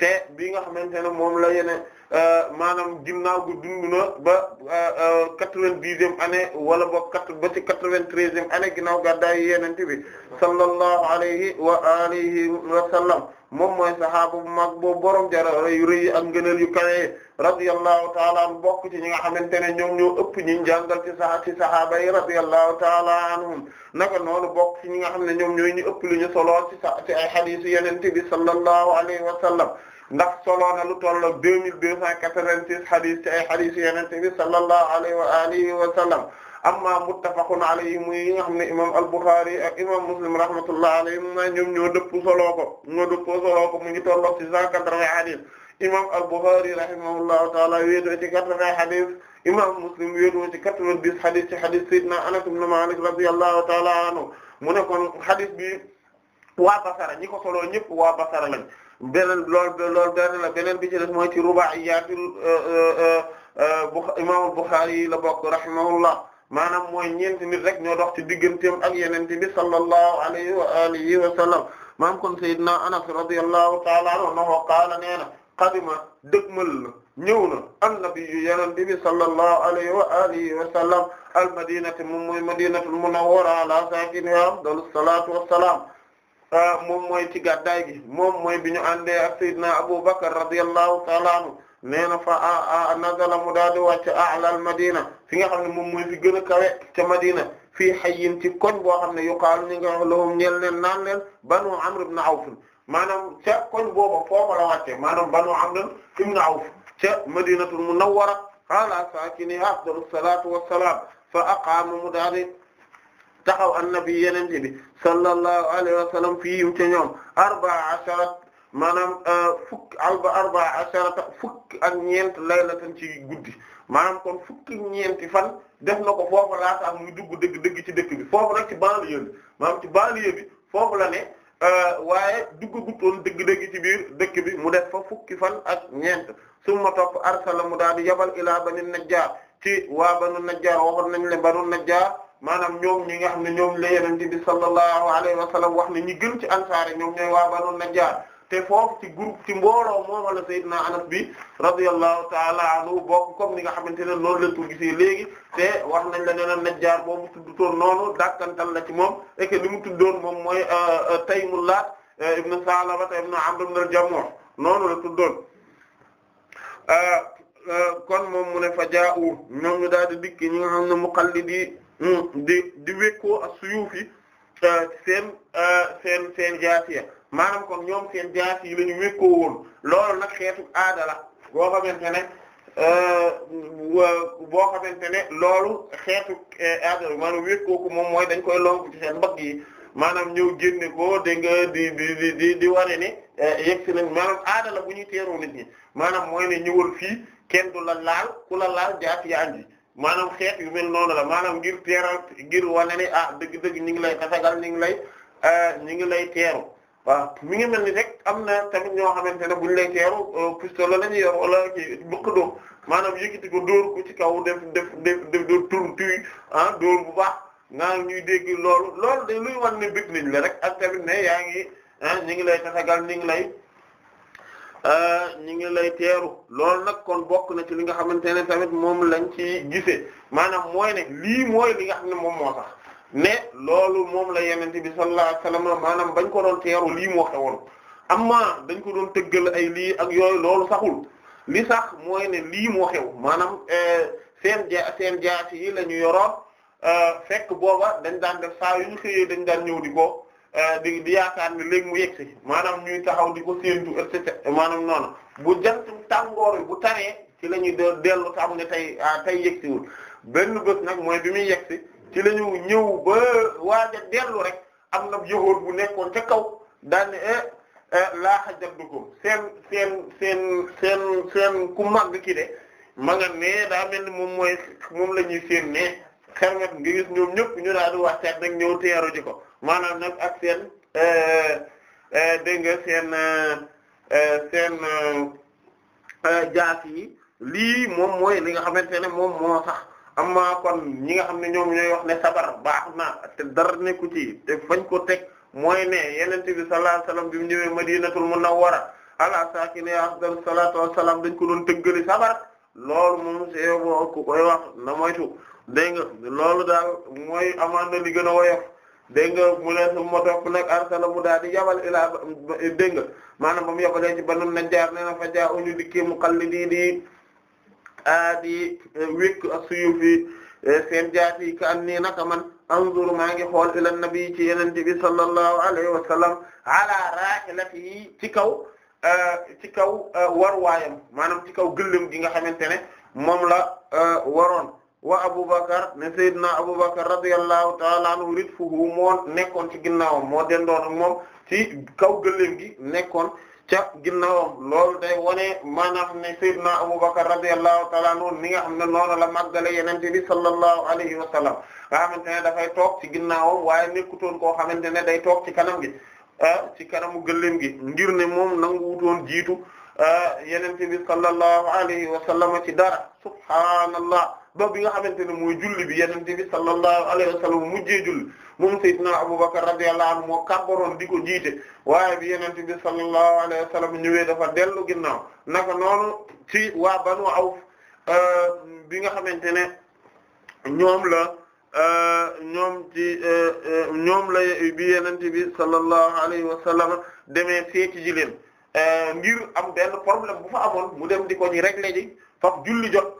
Speaker 2: te bii nga xamante ne moom la yeneen Euh, maanaam ginnaaw gu dund na ba euh, euh, quatre-vingt-dixième année wala ba quatre ba ci quatre-vingt-treizième année ginnaaw gàddaayu Yonent bi sallallahu alayhi wa alihi wa sallam moom mooy sahaaba bu mag boobu borom jara yu rëy ak ngëneel yu kawe radiyallahu taala anhu bokk ci ñi nga xamante ne ñoom ñoo ëpp ñi jàngal ci sax ci sahaaba yi radiyallahu taala anhum naka noonu bokk ci ñi nga xam ne ñoom ñooy ñu ëpp lu ñu solo ci sa ci ay hadiis Yonent bi sallallahu alayhi wa sallam ndax solo na lu tolloog deux mille deux cent quatre-vingt-six hadith ci ay hadith Yonent bi sallallahu alayhi wa alihi wa sallam amma muttafaqun alayhi muy yi nga xam ne imam al-Bukhari ak imam Muslim rahmatullahi alayhim na ñoom ñoo dëpp soloo ko ko mu ngi tolloog ci cent quatre-vingts hadith imam al-Bukhari rahimahullahu taala wéetoo ci quatre-vingts hadith imam Muslim wéetoo ci quatre-vingt-dix hadith ci hadith Malik radiyallahu taala anhu mu ne kon hadith bi waa Basara ñi ko soloo ñëpp waa Basara lañ beneen loolu loolu benn la beneen bi ci des mooy ci rubaiyaatul euh, euh, euh, imaamul Buxaari la bokk rahimahullah maanaam mooy ñeenti nit rek ñoo dox ci digganteem ak yenente bi sallallahu alayhi wa alihi wa sallam maam kon sayyidina Anas radiyallahu ta'ala anhu nawo qaala nee na qadima dëgmal na ñëw na annabiyu yenente bi sallallahu alayhi wa alihi wa sallam al madinati moom mooy madinatul munawwara ala saakinihaa afdalu salaatu wassalaam Ah, moom mooy ci gàddaay gi moom mooy bi ñu àndee ak Seydina Abu Bakr radiyallahu ta'ala anhu nee na fa a ah, ah, nazala mu daal di wàcc a'lal madina fi nga xam ne moom mooy fi gën a kawe ca madina fii hayyin ci koñ boo xam ne yuqaalu ñu nga wax lahum ñeel leen naan leen banu Amr ibn Awf maanaam ca koñ booba foofa la wàcce maanaam banu Amr ibn Awf ca madinatul munawwara ala saakinihaa afdalu salaatu wassalaam fa aqaama mu daal di taxaw annabi yenente bi sallallahu alayhi wa sallam fiihim ci ñoom arbaa asharat maanaam euh, fukk alba arbaa asharata fukk ak ñeent laylatan ci guddi maanaam kon fukk ñeenti fan def na ko foofu am muy dugg dëgg dëgg ci dëkk bi foofu nag ci banlieue bi maanaam ci banlieue bi foofu la ne euh, waaye duggagutoon dëgg-dëgg ci biir dëkk bi mu def fa fukki fan ak ñeent summa topp arsala mu daal di yabal ilaa banu najjaar ci waa banu najjaar waxoon nañ le banu najjaar maanaam ñoom ñi nga xam ne ñoom la yonent bi sallallahu alayhi wa sallam wax ne ñi gën ci ansaar ñoom ñooy waa Banu Najjaar te foofu ci groupe ci mbooloo moom la Seydina Anas bi radiyallahu ta'ala anhu bokk comme ni nga xamante ne noonu lañ ko gisee léegi te wax nañ la ne la Najjaar boobu tuddutoon noonu dàkkantal la ci moom et que li mu tuddoon moom mooy euh, euh, Taymullah euh, ibn Salaba ibn Amr ibn al-Jamuh noonu la tuddoon kon moom mu ne fa ñoom ñu daal di dikk ñi nga xam ne Hmm, di di wékkoo ak suyuufi eh, eh, seen seen seen jaasiya maanaam kon ñoom seen jaas yi la ñu wékkoo woon loolu nag xeetu aada la boo xamante ne eh, boo xamante ne loolu xeetu aada la maanaam wékkoo ko moom mooy dañ koy lonk ci seen mbagg yi maanaam ñëw génne ko dégg nga di di di wane ne yegg si nañ maanaam aada bu ñuy teeroo nit ñi maanaam mooy ne ñëwal fii kenn du la laal ku la laal jaas yaa ngi maanaam xeet yu mel noonu la maanaam gir teeral ngir wane ne ah dëgg-dëgg ñu ngi lay tasagal ñu ngi lay euh, ñu ngi lay teeru waaw mi ngi mel ni rek am na tamit ñoo xamante ne buñ lay teeru euh, pistolet la lañu yor wala ci doo doom maanaam yëkkati ko dóor ko ci kaw def def def def dóor tur tuy ah dóor bu baax ngaa ñuy dégg loolu lool de luy wan ne bëgg nañ la rek ak tamit ne yaa ngi ah ñu ngi lay tasagal ñu ngi lay Euh, ñu ngi lay teeru loolu nag kon bokk na ci li nga xamante ne tamit moom lañ ci gisee maanaam mooy lii mooy li nga xam ne moom moo tax ne loolu moom la yonent bi sallallahu alayhi wasallam maanaam bañ ko doon teeru lii moo xewoon amma dañ ko doon tëggal ay lii ak yooyu loolu saxul li sax mooy ne lii moo xew maanaam euh, seen ja seen jaas yi la ñu yoroon euh, fekk booba dañ daan def saa yu ñu dañ daan ñëw di ko. Euh, di yaakaar ne léegi mu yegsi maanaam ñuy taxaw di ko séentu et cetera maanaam noonu bu jant tàngoor bu taree ci la ñuy dellu te am ne tey ah tey yegsiwul benn bët nag mooy bi muy yegsi ci la ñu ñëw ba waaja dellu rek am na yëgoon bu nekkoon ca kaw daan ne eh, eh, laa xajatdukum seen seen seen seen seen ku màgg ki de ma nga daa mel moom mooy moom la ñuy séen ne xermet nga gis ñoom ñëpp ñu daal di waxtaan nag ñëw teeru ji ko maanaam na ak seen euh, euh, dégg nga seen euh, jaas yi lii moom mooy li nga xamante ne moom moo sax amma kon ñi nga xam ne ñoom ñooy wax ne sabar baax na te dara nekku ci te fañ ko teg mooy ne yonent bi sallallahu alayhi wasallam bi mu ñëwee Madinatul Munawwara ala saakine afdal salatu salaam dañ ko doon tëggali sabar lool moom c'est ku koy wax na moytu dégg loolu daal mooy amaan na li gën a woyof dégg nga mu ne su ma mu daal di yabal ilaa dégg nga maanaam ba mu yabalee ci banu Najjaar na fa jaa uñu dikkee muqallidii di di e, wékk ak suyufi e, seen jaati ka am nii naka man anzur maa ngi xool ila nabi ci yeneen bi sallallahu alayhi wa sallam ala rahilatihi ci kaw e, ci kaw war waayam maanaam ci kaw gëllëm gi nga xamante ne moom la waroon wa Aboubacar ne Seydina Aboubacar radiyallahu ta'ala anhu ritfuhu moo nekkoon ci ginnaawam moo dendoon moom ci kaw gëléem gi nekkoon ca ginnaawam loolu day wane maanaam ne Seydina Aboubacar radiyallahu ta'ala anhu ni nga xam ne noonu la màggale yonent bi sallallahu alayhi wa nga xamante dafay toog ci ginnaawam waaye nekkutoon koo xamante ne day toog ci kanam gi ah, ci kanamu gëléem gi ngir ne moom nangu wutoon jiitu ah, yonent bi sallallahu alayhi wa sallam ci dara ba bi nga xamante ne muy julli bi yonent bi sallallahu alayhi wa sallam mujjee julli moom sayyidina Abubakar radiyallahu anhu moo kàbbaroon di ko jiite waaye bi yonent bi sallallahu alayhi wa sallam ñëwee dafa dellu ginnaaw naka noonu ci waa Banu Awf euh, bi nga xamante ne ñoom la euh, ñoom ci euh, ñoom la bi yonent bi sallallahu alayhi wa sallam demee seeti ji leen ngir am dellu problème bu fa amoon mu dem di ko ñu régler ji faf julli jot.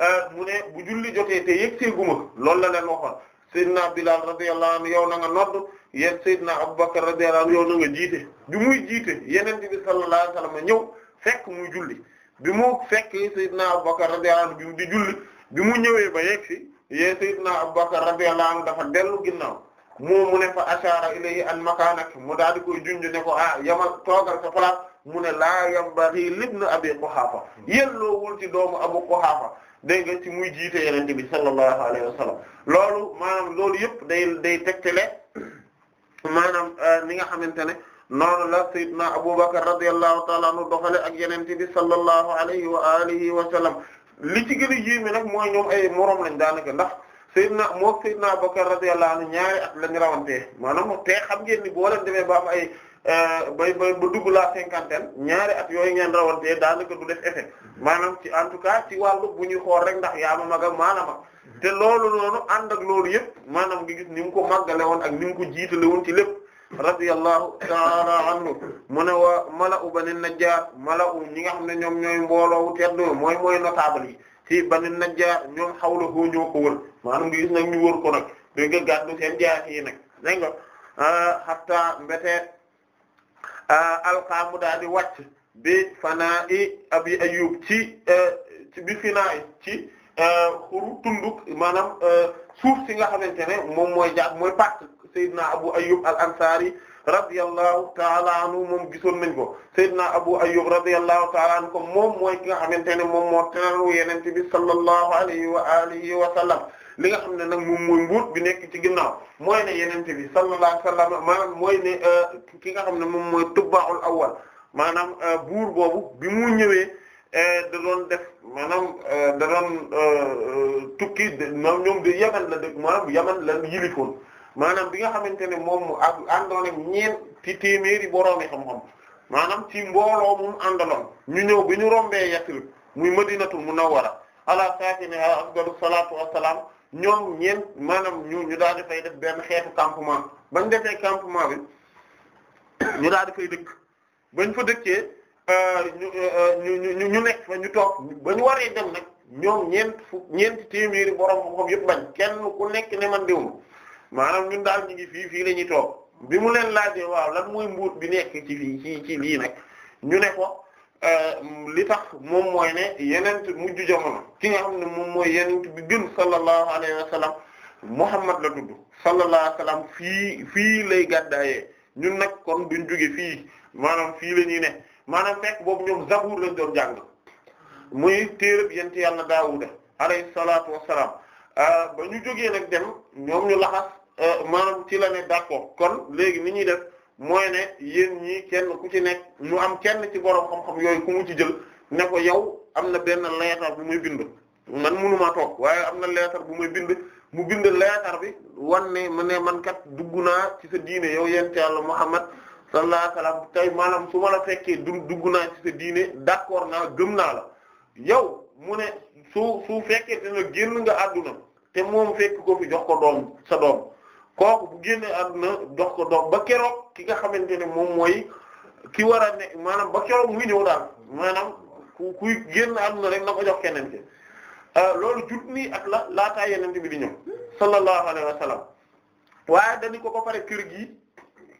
Speaker 2: Euh, mu ne bu julli jotee te yëg seeguma loolu la leen waxoon Seydina Bilal radiyallahu anhu yow na nga nodd yéen Seydina Abubakar radiyallahu anhu yow na nga jiite bi muy jiite yeneen bi sallallahu alayhi ñëw fekk muy julli bi mu fekk Seydina Abubakar radiyallahu anhu bi mu mu ñëwee ba yegg si yéen Seydina Abubakar radiyallahu anhu dafa dellu ginnaaw moo mu ne fa ashara ilayhi an makaanak mu daal di koy junj ne ko ah yamal toogal sa place mu ne laa yambaghi libni Abi Quhafa hmm. yelloowul ci doomu Abu Quhafa dégg nga ci muy jiite yenente bi sallallahu alayhi wa sallam loolu maanaam loolu yëpp day day tegtale maanaam euh, ni nga xamante ne noonu la sayyidna Abubakar radiyallahu ta'ala anhu doxale ak yenente bi sallallahu alayhi wa alihi wa sallam li ci gën a yéeme nag mooy ñoom ay moroom lañ daanaka ndax sayyidna moo sayyidna Abubakar radiyallahu anhu ñaari at lañ rawantee maanaam te xam ngeen ni boo leen demee ba am ay bay euh, bay ba dugg la cinquantaine ñaari at yooyu ngeen rawantee daanaka du def effet maanaam ci en tout cas ci wàllu bu ñuy xool rek ndax yaa maga mag a maanaama te loolu noonu ànd ak loolu yëpp maanaam nga gis ni mu ko màggale woon ak ni mu jiitale woon ci lépp radiyallahu ta'ala anhu mu u ba mala'u bani najjar mala'u ñi nga xam ne ñoom ñooy mbooloowu teddu mooy mooy notable yi ci bani najjar ñoom xawlahu ñoo ko wër maanaam nga gis nag ñu wër ko nag dégg nga gàddu seen jaasi yi nag dégg nga euh, hatta mbete alqaamu daal di wàcc bi fanaa i abi ayub e, ci bi finaa ci e, xuru tunduk maanaam e, suuf si nga xamante ne moom mooy jàpp mooy pàcc Seydina Abu Ayyub al ansari radiyallahu taala anhu moom gisoon nañ ko Seydina Abu Ayyub radiyallahu taala anhu ko moom mooy ki nga xamante ne moom moo teral Yonent bi sallallahu alayhi wa alihi wa li nga xam ne nag moom mooy bi nekk ci ginnaaw mooy ne yenente bi sallallahu alayhi wasallam maanaam mooy ne euh, ki nga xam ne moom mooy tubbaaxul awwal maanaam euh, buur boobu bi mu ñëwee euh, da doon def maanaam da doon tukki maanaam ñoom de yaman la dëkk maanaam yaman la yilifoon maanaam bi nga xamante ne moom mu ak àndoon ak ñeenti téeméeri boroomi xam-xam maanaam ci mbooloo mu ñu ñëw bi ñu rombee Yathrib muy Madinatul Munawwara ala saakinihaa afdalu salaatu wassalaam ñoom ñeent maanaam ñu ñu daal di fay def benn xeetu campement bañ defee campement bi ñu daal di fay dëkk bañ fa dëkkee euh, euh, ñu ñu ñu nekk fa ñu toog ba ñu waree dem nag ñoom ñeent fu ñeent téeméeri borom xam-xam yëpp bañ kenn ku nekk ne man diwum maanaam ñun daal ñu ngi fii fii la ñuy toog bi mu leen laajee waaw lan mooy mbuut bi nekk ci lii ci ci lii nag ñu ne ko. Euh, li tax moom mooy ne yenent mujj jamono ki nga xam ne moom mooy yenent bi gën sallallahu alayhi wa sallam Muhammad la tudd sallallahu alayhi fii fii lay gàddaayee ñun nag kon duñ jóge fii maanaam fii la ñuy ne maanaam fekk boobu ñoom Zabuur la doon jàng muy téereb yent yàlla Daawuda alayhi salaatu wa salaam euh, ba ñu jógee nag dem ñoom ñu laxas euh, maanaam ci la ne d'accord kon léegi ni ñuy def mooy ne yéen ñii kenn ku ci nekk mu am kenn ci borom xam-xam yooyu ku mu ci jël ne ko yow am na benn leetar bu muy bind man mënumaa toog waaye am na leetar bu muy bind mu bind leetar bi wan ne ne man kat dugg naa ci sa diine yow yent yàlla Muhammad sallallahu alayhi wasallam tey maanaam su ma la fekkee dugg naa ci sa diine d'accord naa gëm naa la yow mu ne su su fekkee te na génn nga àdduna te moom fekk ko fi jox ko doom sa doom kooku bu génne àdduna dox ko dox ba keroog ki nga xamante ne moom mooy ki war a ne maanaam ba keroog muy ñëw daal maanaam ku kuy génn àdduna rek na ko jox keneen ci euh, loolu jut nii ak la laataa yeneen bi di ñëw sallallahu alayhi wa waaye dañu ko ko pare kër gi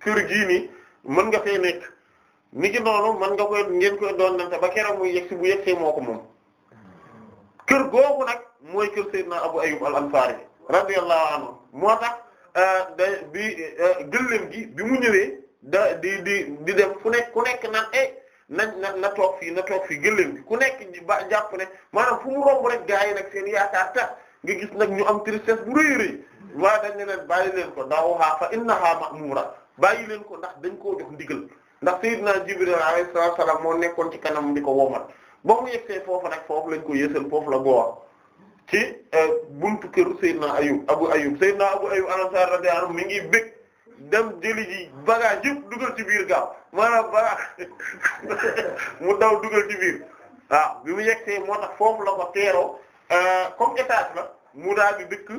Speaker 2: kër gii nii mën nga fee nekk ni ki noonu mën nga koy ngeen koy doon nante ba keroog muy yegsi bu yegsee moo ko moom kër googu nag mooy kër Seydina Abu Ayyub al-Ansari radiyallahu anhu Ah, da bi ah, gëléem gi bi mu ñëwee da di di di dem ku nekk ku nekk eh, na eh na na toog fii na toog fii gëléem gi ku nekk ba jàpp ne maanaam fu mu romb rek gaa yi nag seen yaakaar tax nga gis nag ñu am tristesse bu rëy rëy waa dañ ne leen bayi leen ko da'uha fa innaha ma'mura bàyyi leen ko ndax dañ koo jox ndigal ndax sayyidina Jibril alayhi salaam moo nekkoon ci kanam di ko womal ba mu yegsee foofu nag foofu lañ ko yësal foofu la góor. ci euh, buntu kër Seydina Ayub Abu Ayub Seydina Abu Ayub al-Ansari radiyallahu anhu mi ngi bëgg dem jëli ji bagage yëpp dugal ci biir gaaw maanaam bagage mu daw dugal ci biir waaw bi mu yegsee moo tax foofu la ko teeroo euh, comme étage la mu daal di dëkk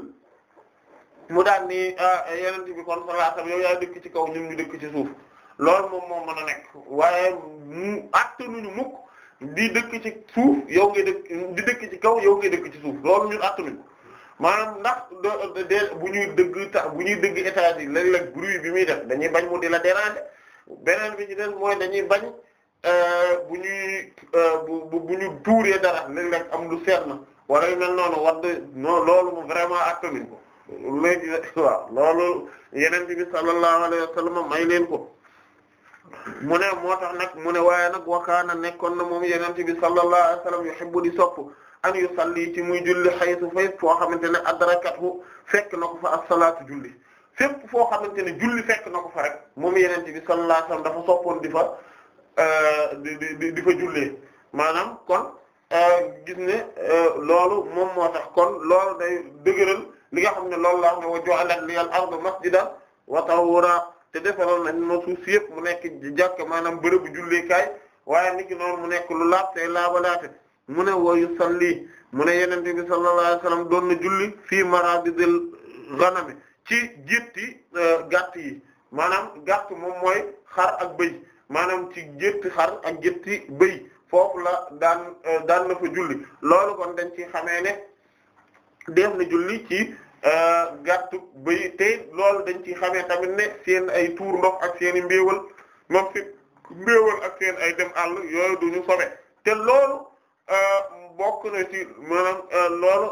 Speaker 2: mu daal ni euh, yeneen bi kon sallallahu alayhi wasallam yow dëkk ci kaw ñu dëkk ci suuf loolu moom moo mën a nekk waaye mu attanuñu mukk di dëkk ci suuf yow ngi dëkk di dëkk ci kaw yow ngay dëkk ci suuf loolu ñun àttanuñ ko maanaam ndax de bu ñuy dëgg tax bu ñuy dëgg étage yi léeg-léeg bruit bi muy def dañuy bañ mu di la déranger beneen bi ci des mooy dañuy bañ euh, bu ñuy euh, bu bu ñu tuuree dara léeg-léeg am lu seet na wala yu mel noonu war loolu moom vraiment àttanuñ ko léegi waaw loolu yeneen bi sallallahu alayhi wa sallam may leen ko. mu ne moo tax nag mu ne waaye nag wakaana nekkoon na moom yonent bi sallallahu alayhi wasallam yuhibbu di sopp an yusalli ci muy julli haythu fay foo xamante ne adrakathu fekk na ko fa as-salaatu julli fépp foo xamante ne julli fekk na ko fa rek moom yonent bi sallallahu alayhi wasallam dafa soppoon di fa euh, di di fa jullee maanaam kon euh, gis ne euh, loolu moom moo tax kon loolu day dëgëral li nga xam ne loolu la wax ne wa ja'ala liyal arda masjidan wa tahura te defaloon nañ ma suuf si mu nekk jàkk maanaam bërëbu julleekaay waaye niki mu nekk lu laab tey laabalaate mu ne wa yusalli mu ne yonent bi sallallahu alayhi wasallam doon na julli fii marabidil ghanami ci jétti euh, gàtt yi maanaam gàtt moom mooy xar ak bëy maanaam ci jétti xar ak jétti bëy foofu la daan euh, daan na fa julli loolu kon dañ ci xamee ne def na julli ci. Euh, gàttu bay te loolu dañ ci xamee tamit ne seen ay tuur ndox ak seen i mbéewal moom fi ak seen ay dem àll yooyu ñu sobe te loolu euh, bokk na ci maanaam euh, loolu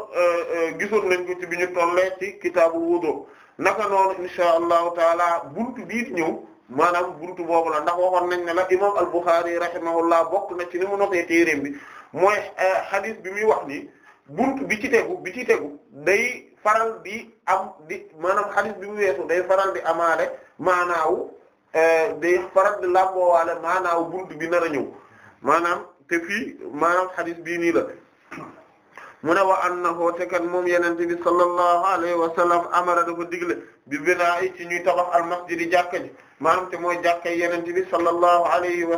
Speaker 2: gisoon nañ ko ci bi ñu tollee ci kitaabu wudu naka noonu insha allahu taala buntu bii ñëw maanaam buntu boobu la ndax waxoon nañ ne la imam al-Bukhari rahimahullah bokk na ci ni mu noxee téeréem bi mooy hadith bi muy wax nii buntu bi ci tegu bi ci tegu day faral di am di maanaam xadis bi mu weesu day faral di amaale maanaawu eh, day faral di làmboowaale maanaawu bunt bi nar a maanaam te fii maanaam xadis bii nii la mu ne wa annahu te kat moom yenente bi sallallahu alayhi wa sallam amara dafa digle bi binaa i ci ñuy tabax al masjidi jàkka ji maanaam te mooy jàkka yenente bi sallallahu alayhi wa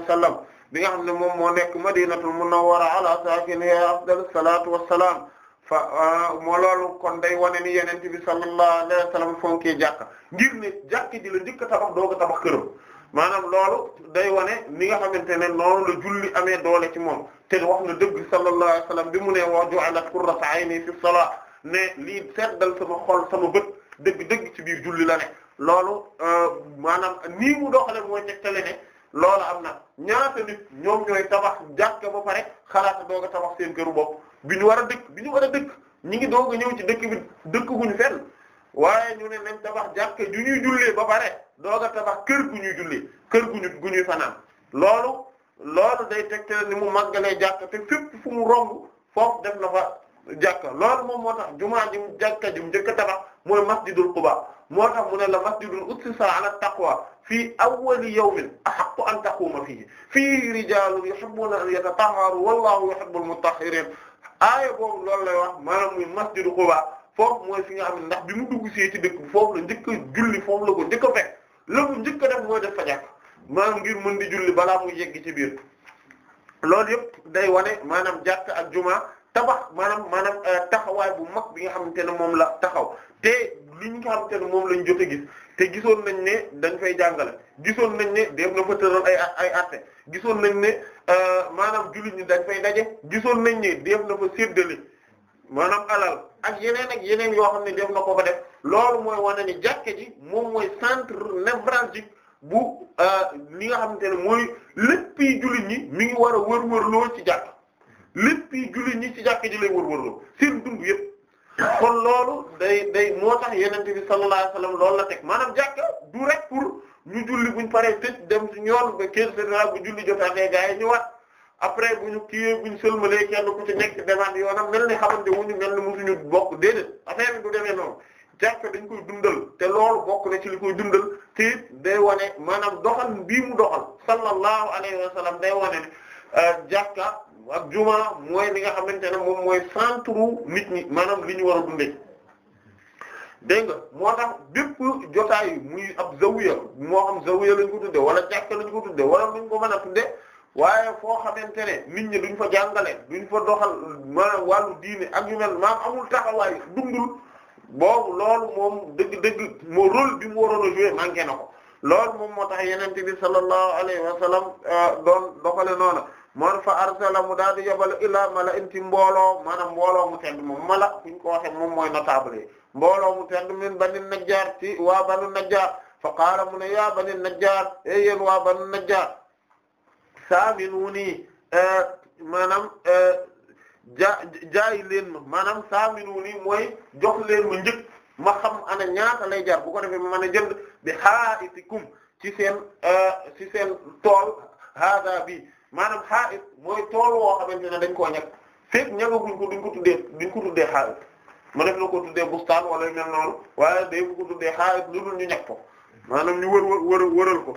Speaker 2: bi nga xam ne moom moo nekk madinatul munawwara ala saakiniha afdalus salatu wassalam fa ah, moo loolu kon day wane ni yenente bi sallallahu alayhi wa sallam fonkee jàkka ngir ne jàkka ji la njëkk a tabax doog a tabax këram maanaam loolu day wane ni nga xamante ne noonu la julli amee doole ci moom te wax na dëgg sallallahu alayhi wa bi mu ne wa ju'alat qurratu ayni fi salat ne lii seddal sama xol sama bët dëgg-dëgg ci biir julli la ne loolu ah, maanaam nii mu doxale mooy tegtale ne loolu am na ñaata nit ñoom ñooy tabax jàkka ba pare xalaata doog a tabax seen këru bopp bi ñu war a dëkk bi ñu war a dëkk ñi ngi doog a ñëw ci dëkk bi dëkk guñu fenn waaye ñu ne nañ tabax jàkke ju ñuy jullee ba pare doog a tabax kër gu ñuy jullee kër gu ñu gu ñuy loolu loolu day tegtale ni mu màggalee jàkka te fépp fu mu romb foofu def na fa jàkka loolu moom moo tax jumaa ji jàkka ji mu njëkk a tabax mooy masjidul Quba moo tax mu ne la masjidul ussisa ala taqwa fii awwali yawmin ahaqqu an fi taquuma fiihi fii rijaalun yuhibbuuna an yatatahharu wallaahu yuhibbul mutahhiriin aaya boobu loolu lay wax maanaam muy masjidu Quba foofu mooy fi nga xam ndax bi mu dugg see ci dëkk foofu la njëkk a julli foofu la ko njëkk a fekk la njëkk a def mooy def fa jàkk ngir mën di julli balaa muy yegg ci biir loolu yëpp day wane maanaam jàkk ak juma tabax maanaam maanaam euh, taxawaay bu mag bi nga xamante ne moom la taxaw te li nga xamante ne moom lañ jot a gis te gisoon nañ ne dañ fay jàngale gisoon nañ ne dem na fa tëral ay ay atte gisoon nañ ne Euh, maanaam jullit ñi dañ fay daje gisoon nañ ni def na fa séddale maanaam alal ak yeneen yeneen yoo xam ne def na ko def loolu mooy wane ni jàkke ji moom mooy centre névralgique bu euh, li nga xamante ne mooy lépp julit ñi mi ngi war a wër-wërloo ci jàkk lépp yi ñi ci jàkke ji lay wër-wërloo seen dund yëpp kon loolu day day moo tax yenente bi sallallahu alayhi wasallam loolu la teg maanaam jàkka du rek pour ñu julli buñ paree tëj dem ci ñoon ba quinze général bu julli jotaatee gaa yi ñëwaat après bu ñu kiiwee bu ñu sëlmalee kenn ku ci nekk demaat yoonam mel ni xamante wu ñu mel ni ñu bokk déedéet affaire bi du demee noonu jàkka dañ koy dundal te loolu bokk na ci li koy dundal te day wane maanaam doxal bii mu doxal sallallahu alayhi wa sallam day wane ne euh, jàkka ak juma mooy li nga xamante ne moom mooy centre nit ñi maanaam li ñu war a dégg nga moo tax bépp jotaay muy ab zawiya moo xam zawiya lañ ko tudde wala jàkk lañ ko tudde wala luñ ko mën a tudde waaye foo xamante ne nit ñi duñ fa jàngale duñ fa doxal maanaam wàllu diine ak yu mel maam amul taxawaay dundul boobu loolu moom dëgg-dëgg moo rôle bi mu waroon a jouer manqué na ko loolu moom moo tax yenente bi sallallahu alayhi wa sallam euh, doon doxale noona moon fa arsala mu daal di yabal ilaa mala inti mbooloo maanaam mbooloo mu tedd moom mala kuñ ko waxe moom mooy notable mbooloo mu tedd min bani najjaar ci waa banu najjaar fa qaala mu ne yaa bani najjaar e eh, yéen waa banu najjaar saaminuni eh, maanaam eh, jaa jaayi leen ma maanaam saaminuni mooy jox leen ma njëg ma xam ana ñaata lay jaar bu ko defee ma mën bi haa'itikum ci seen ci seen tool haada bi maanaam haa'it mooy tool woo xamante ne dañ koo ñàkk fekk ñàkkaguñ ko duñ ko tuddee duñ ko tuddee haa'it ma na ko tuddee bustaan wala yu mel noonu waaye day bu ko tuddee xaalis lu ñu ñàkk ko maanaam ñu wër wër wëral ko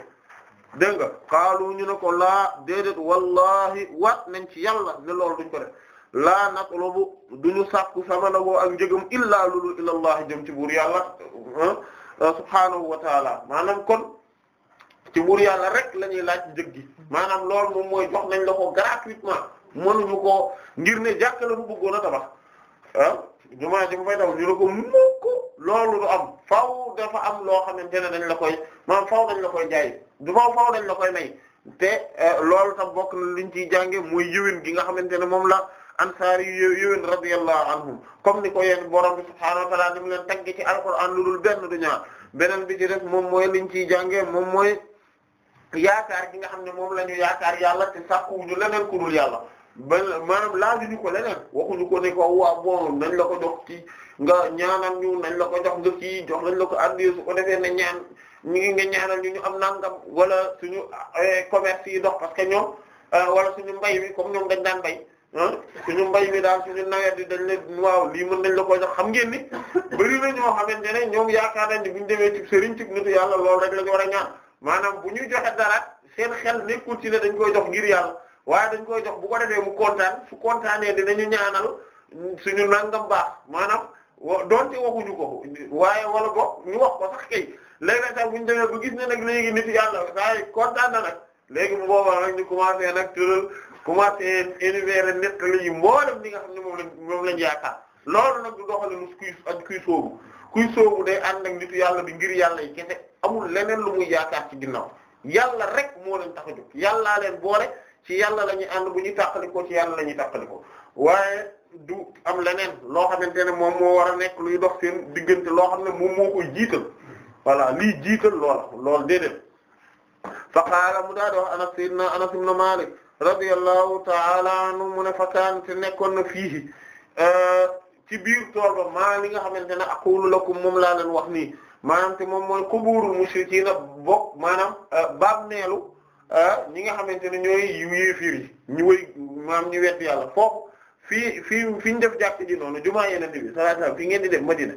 Speaker 2: dégg nga xaalu ñu ne ko laa déedéet wallahi wat nañ ci yàlla ne loolu duñ ko def laa natlubu duñu sàkku samana woo ak njëgam illaa lulu ilallah jëm ci buur yàlla ah, ah, subhaanahu wa taala maanaam kon ci buur yàlla rek la laaj njëg gi maanaam loolu moom mooy jox nañ la ko gratuitement mënuñu ko ngir ne jàkka la mu bëggoon a tabax ah. jumaa ji fay daw ñu ne ko mukk loolu du am faw dafa am loo xamante ne dañ la koy maanaam faaw dañ la koy jaay du faaw faaw dañ la koy may te eh, loolu tam bokk na liñ ciy jànge muy yiwin gi nga xamante ne moom la ansaar yu yiwin radiyallahu anhum comme ni ko yéen borom bi subhaanahu wa ta'aala ni mu leen tagg ci alquraan lu dul benn du ñaar beneen bi ci moom mooy liñ ciy jànge moom mooy yaakaar gi nga xam ne moom la ñu yaakaar yàlla te sàkkuwuñu leneen ku dul yàlla maanaam laajuñu ko leneen waxuñu ko ne ko waa bon nañ la ko jox ci nga ñaanal ñu nañ la ko jox nga kii jox nañ la ko addi su ko defee na ñaan ñu ngi nga ñaanal ñu ñu am nangam wala suñu eh, commerce yi dox parce que ñoom eh, wala suñu mbay mi comme ñoom dañ daan bay ah, suñu mbay mi daal suñu nawet bi dañ ne waaw lii mën nañ la ko jox xam ngeen ni bari na ñoo xamante ne ñoom yaakaar nañ ni buñ demee ci sëriñ ci nitu yàlla loolu rek la ñu war a ñaan maanaam bu ñuy joxe dara seen xel nekkul ci ne dañ koy jox ngir yàlla waaye dañ koy jox bu ko defee mu kontaan su kontaanee ñu ñaanal suñu nangam baax maanaam wa donte waxuñu ko waaye wala boog ñu wax ko sax kay léegi sax bu ñu demee ba gis ne nag léegi nit yàlla saa yi kontaan na nag léegi bu boobaa nag ñu commencé nag tëral commencé univers nettali yi mboolem li nga xam ne moom lañ moom lañ yaakaar loolu nag du doxalinu kuy ak kuy soobu kuy soobu day yàlla di ngir yàlla yi kese amul leneen lu mu yaakaar ci ginnaaw yàlla rek moo leen tax a jóg yàllaa leen rek ci yàlla la ñuy ànd bu ñuy tàqalikoo ci yàlla la ñuy tàqalikoo waaye du am leneen loo xamante ne moom moo war a nekk luy dox seen diggante loo xam ne moom moo jiital voilà lii jiital loola lool déedéet fa qaala mu daa di wax anas sayyidina anas ibn malik radiyallahu ta'ala anhu mu ne fakaan te nekkoon na fii euh, ci biir tool ba maa li nga xamante ne aqulu lakum moom laa leen wax nii maanaam te moom mooy kuburul mushrikiina bokk maanaam euh, baab neelu Ah, ñi nga xamante ne ñooy yéefir yi ñu wëy maam ñu wett yàlla foofu fii fii fi ñu def jàkk ji noonu jumaa yeneen bi sallallahu fi ngeen di def Madina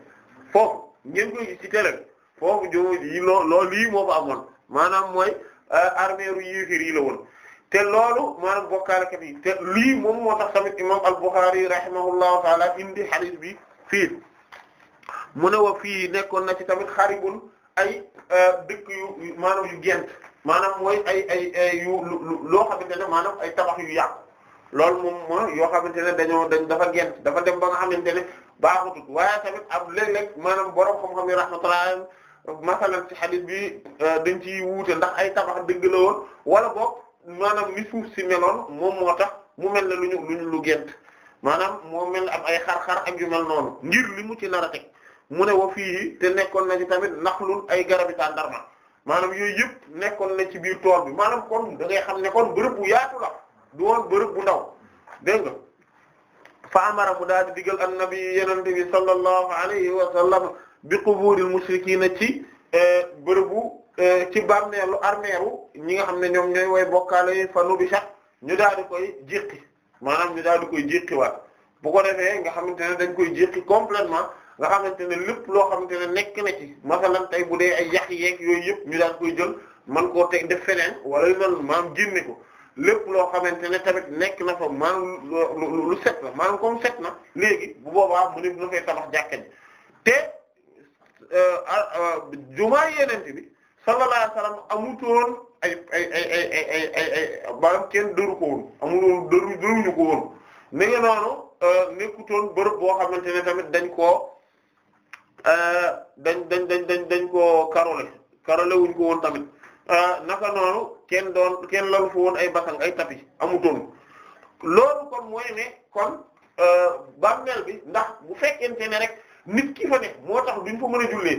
Speaker 2: foofu ngeen koy ci télé bi foofu juma yi loolu lii moo fa amoon maanaam mooy ah, armeeru yéefir yi la woon te loolu maanaam bokkaalekat yi te lii moom moo tax tamit imam al-Bukhari rahimahullahu taala indi hadith bi fii mu ne wa fii nekkoon na ci tamit xaribun ay ah, dëkk yu maanaam yu gent maanaam mooy ay ay ay yu loo xamante ne maanaam ay tabax yu yàqu loolu moom mooy yoo xamante ne dañoo dañ dafa gent dafa dem ba nga xamante ne baaxutut waaye tamit am léeg-léeg maanaam borom xam-xam yi rahmatullah masalan ci hadith bi euh, dañ ci wuute ndax ay tabax dëgg la wala boog maanaam mi suuf si meloon moom moo tax mu mel ne lu ñu lu ñu lu gent maanaam moo mel ne am ay xar ak yu noonu ngir li mu ci nar a teg mu ne wa fii te nekkoon na tamit tamit lu ay garabi ma maanaam yooyu yëpp nekkoon na ci biir tool bi maanaam kon da ngay xam ne koon bërëb bu yaatu la du woon bërëb bu ndaw dégg nga fa amara mu daal di digal annabi yenente bi sallallahu alayhi wa sallam bi quburil mushrikiina ci eh, bërëbu eh, ci bàmmeelu armeeru ñi nga xam ne ñoom ñooy way bokkaale yi fa nubi sax ñu daal koy jéqi maanaam ñu daal di koy jéqi waat bu ko defee nga xamante ne dañ koy jéqi complètement nga xamante ne lépp loo xamante ne nekk na ci masalan tey bu dee ay yax yeeg yooyu yëpp ñu daan koy jël man koo teg def feneen wala yu mel maam génne ko lépp loo xamante ne tamit nekk na fa maanaam lu set set na léegi bu boobaa mu ne bu na fay tabax te euh, ah, euh, jumaa yenente bi sallallahu alayhi wasallam amutoon ay kenn dëru ko woon amuloon dëru dëruñu ko euh, boo xamante ne tamit dañ ko Euh, dañ dañ dañ dañ dañ koo karole karole wuñ ko woon tamit euh, naka noonu kenn doon kenn lalu fa woon ay basang ay tapis amutoon loolu kon mooy ne kon euh, bàmmeel bi ndax bu fekkente ne rek nit ki ne moo tax duñ fa mën a jullee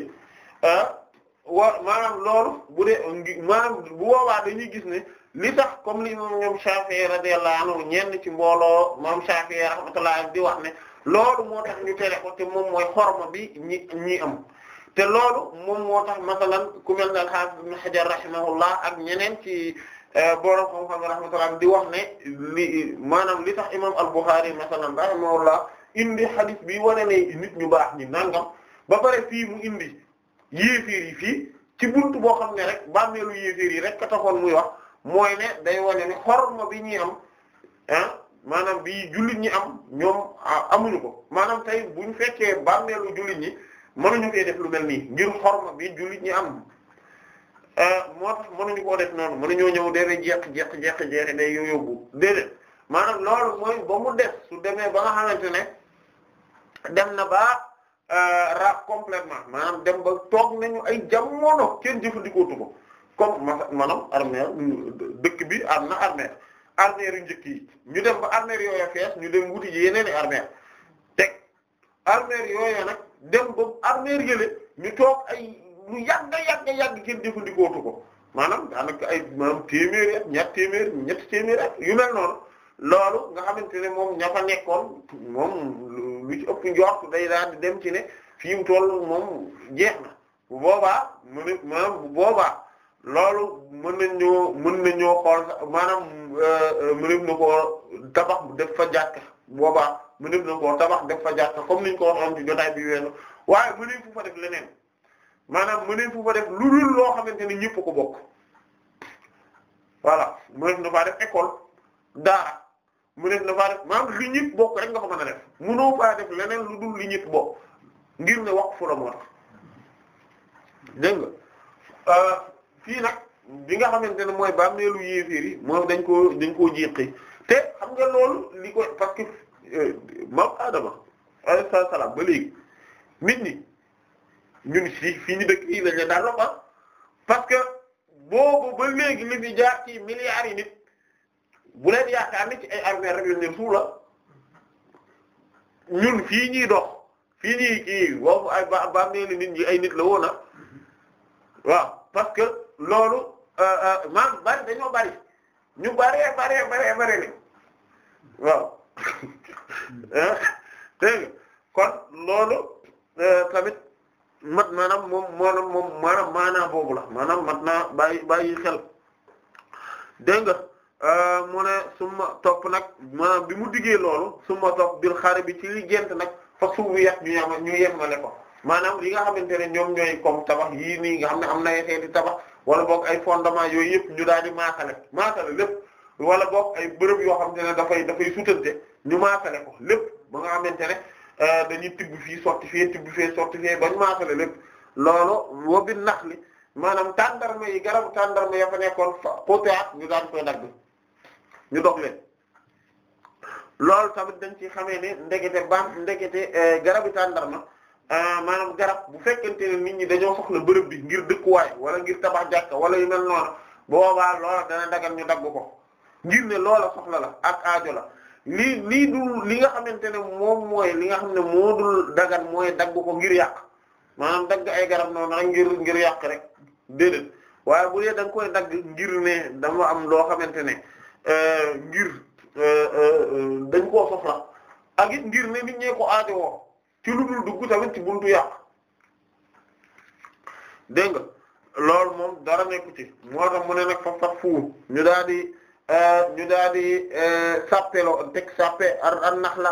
Speaker 2: wa maanaam loolu bu dee maanaam bu boobaa dañuy gis ne li tax comme li moom ñoom Shafi'i radiyallahu anhu ñenn ci mbooloo moom Shafi'i rahmatullahi di wax ne loolu moo tax ñu tere ko moom mooy xorma bi ñi ñi am te loolu moom moo tax masalan ku mel ne al-Hafiz Ibn Hajar ak ñeneen ci euh, borom xam-xam di wax ne li maanaam li tax imam al-Bukhari masalan rahimahullah indi hadith bi wane ne nit ñu baax ñi nangam ba pare fii mu indi yéeféer yi fii ci buntu boo xam ne rek bàmmeelu yéeféer yi rek ka taxoon muy wax mooy ne day wane ne xorma bi ñuy am ah maanaam bii jullit ñi am ñoom amuñu ko maanaam tey bu ñu fekkee bàmmeelu jullit ñi mënuñu koy def lu mel nii ngir xorma bi jullit ñi am euh, moo tax mënuñu koo def noonu mënuñoo ñëw demee jeex jeex jeex jeex day yóbbu déedéet maanaam loolu mooy ba mu def su demee ba nga xamante ne dem na ba euh, raaf complètement maanaam dem ba toog nañu ay jamono kenn jëfandikootu ko comme maanaam armée dëkk bi am na armée armeer yu njëkk yi ñu dem ba armeer yooya fees ñu dem wuti ji yeneen i armeer teg armeer yooya nag dem ba armeer yële ñu toog ay lu yàgg yàgg yàgg kenn jëfandikootu ko maanaam daanaka ay maanaam téeméeri at yu mel noonu loolu nga xamante ne moom ña nekkoon moom lu ci ëpp njort day daal dem ci ne fi mu toll moom jeex na bu boobaa mu bu boobaa. loolu mën na nañoo mën na ñëw xool maanaam euh, mëneef na koo tabax def fa jàkka boobaa mëneef na koo tabax def fa jàkka comme niñ ko waxoon ci jotaay bi weesu waaye mëneef fu fa def leneen maanaam mëneef fu fa def lu dul loo xamante ni ñëpp ko bokk voilà mëneef na faa def école daara mëneef na faa def maanaam li ñëpp bokk rek nga ko mën a def mënoo faa def leneen lu dul li ñëpp bokk ngir ne wax la moo tax nga. Euh, fii nag bi nga xamante ne mooy bàmmeelu yéeféer yi moom dañ koo dañ koo jéqi te xam nga loolu li parce que euh, maam Adama alayhi salaam ba léegi nit ñi ñun fii ñu dëkk yi lañ leen daan parce que boobu ba léegi jaar ci milliards nit bu leen yaakaar ni ci ay armée rek lañ leen suula ñun fii ñuy dox fii ñuy kii woofu ay ba bàmmeelu nit ñi ay nit la woona waaw parce que loolu euh, euh, maam bari dañoo bari ñu baree baree baree bare ni waaw dégg kon loolu euh, tamit mat maanaam moom maanaam moom maanaam maanaam boobu la maanaam mat naa bàyyi bàyyi xel dégg nga mu ne suma top nag maanaam bi mu diggee loolu suma topp bil xare bi ci li gent nag fa suubu yàq ñu yema ñu yemale ko maanaam li nga xamante ne ñoom ñooy comme tabax yii nii nga xam ne am na xeeti tabax wala boog ay fondement yooyu yëpp ñu daal di maasale maasale lépp wala boog ay bërëb yoo xam xamante ne dafay dafay sutante ñu maasale ko lépp ba nga xamante ne euh, dañuy tibb fii sotti fii tibb fii sotti fii ba ñu maasale loolu wobi nax li maanaam tàndarma yi garabu tàndarma ya fa nekkoon fa potaat ñu daan koy dagg ñu dog leen loolu tamit dañ ci xamee ne ndekete baam ndekete euh, garabu tàndarma Ah, maanaam garab bu fekkente ne nit ñi dañoo soxla bërëb bi ngir dëkkuwaay wala ngir tabax jàkka wala yu mel noonu boobaa loola dana dagal ñu dagg ko ngir ne la ak aajo lii lii dul li nga xamante ne mooy li nga xam ne moo dul mooy dagg ko ngir yàq maanaam dagg ay garab noonu rek ngir ngir yàq rek déedéet waaye bu dee da koy dagg ngir ne dama am loo xamante ne euh, ngir euh, euh, dañ koo soxla ak ngir ne nit ñee ko aajowoo ci lu dul dugg tamit ci buntu yàq dégg nga loolu moom dara nekku ci moo tax mu ne nag fa sax fuur ñu daal di euh, ñu euh, teg sàppe ar ar nax la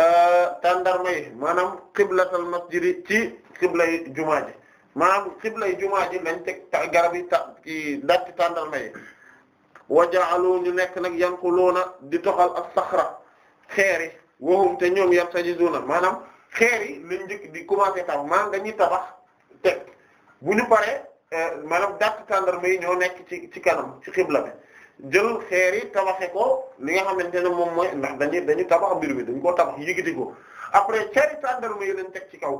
Speaker 2: euh, tàndarma yi maanaam xiblatal masjidi ci xiblay jumaa ji maanaam xiblay jumaa ji lañ teg garab yi ta ci datti tàndarma yi wajaaloo ñu nekk nag yanquluuna di toxal ak saxra xeeri waxum te ñoom yar tajiduna maanaam xeer yi lañ njëkk di commencé tabax maanaam dañuy tabax teg bu ñu paree euh, maanaam dàtt tàndarma yi ñoo nekk ci ci kanam ci xibla bi jël xeer yi tabaxe ko li nga xamante ne moom mooy ndax dañuy dañu tabax mbir bi dañ koo tabax yëgiti ko après cari tàndarma yi lañ teg ci kaw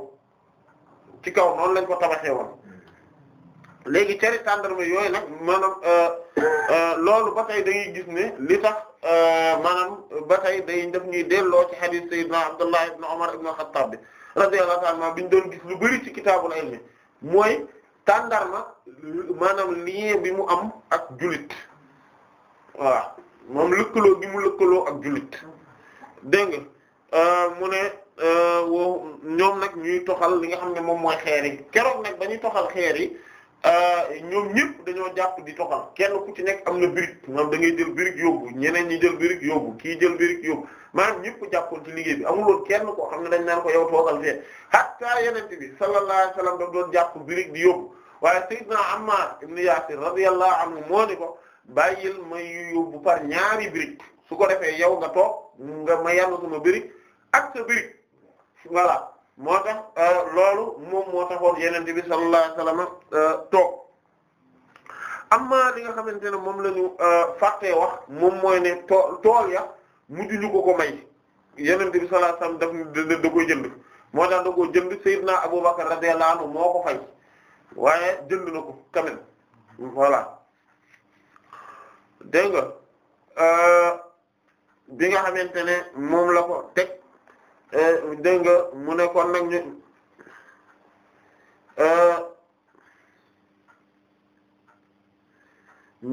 Speaker 2: ci kaw noonu lañ ko tabaxee woon léegi cere tàndarma yooyu nag maanaam euh, euh, loolu ba tey dañuy gis ni li tax euh, maanaam ba tey day def ñuy delloo ci hadith sayyidina Abdullah ibn Umar ibn Khattab bi radiyallahu ta'ala anhu bi ñu doon gis lu bari ci kitaabul ilmi mooy tàndarma maanaam lien bi mu am ak jullit waaw moom lëkkaloo gi mu lëkkaloo ak jullit dégg nga mu ne ñoom nag ñuy toxal li nga xam ne moom mooy xeer yi keroog nag ba ñuy toxal xeer yi. Euh, ñoom ñëpp dañoo jàpp di toxal kenn ku ci nekk am na birig maanaam da ngay birig yóbbu ñeneen ñi jël birig yóbbu kii jël birig yóbbu maanaam ñëpp jàppoon ti liggéey bi amuloon kenn koo xam ne dañ naan ko yow toogal fee hatta yeneen bi sallallahu alayhi wasallam daf doon jàpp birig di yóbbu waaye sayyidna Ammar ibn Yasir radiyallahu anhu moo ni ko bàyyil may yóbbu par ñaari birig su ko defee yow nga toog nga ma yann sama birig ak sa birig voilà moo tax euh, loolu moom moo taxoon yeneen bi sallallahu alayhi wasallam euh, toog amma li nga xamante ne moom la ñu euh, fàttee wax moom mooy ne tool tool ya mujj ñu ko ko may yeneen bi sallallahu alayhi daf da koy jënd moo tax da ko jënd na Abubakar radiyallahu anhu moo ko fay waaye jënd na ko quand même voilà dégg nga bi xamante ne moom la ko teg. Eh, dégg nga mu ne kon nag ñu eh,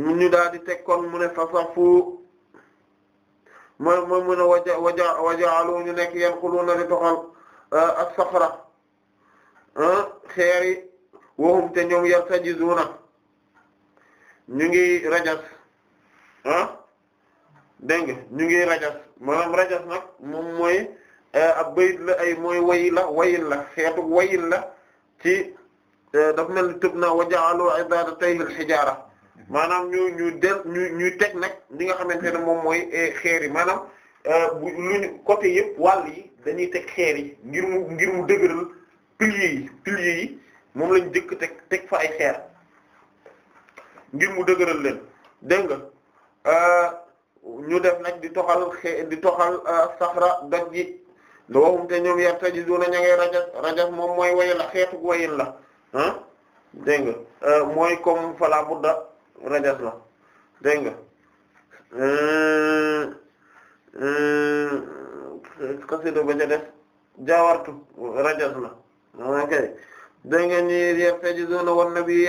Speaker 2: mu ñu daal di kon mu ne fasafu mooy mooy mu ne waja waja wajaalu ñu nekk yanquluna di toxal eh, as-safra xeer yi waxum te ñoom yartajizuna ñu ngi rajas ah dégg nga ñu ngi rajas maanaam rajas nag moom mooy. Eh, ab bayit la ay mooy way la wayin la xeetu wayin la ci eh, daf mel na tëb naa waja'alu ibadatayhi al-hijara maanaam ñu ñu ñuy teg nag li nga xamante ne moom mooy eh, xeer yi maanaam bu luñu côté yëpp wàll yi dañuy teg xeer yi ngir mu ngir mu dëgëral piliers yi yi moom lañ jëkk teg teg fa ay xeer ngir mu dëgëral leen dégg nga ñu def nag di toxal xe di toxal saxra doj ji doowum te ñoom yartaji duna ña ngay rajas rajas moom mooy way la xeetu wayin la ah nga euh, mooy comme fala budda rajas la dégg nga euh, euh, xasido ba ca def jaawartu rajas la ok dégg nga ñi yartaji duna wan nabi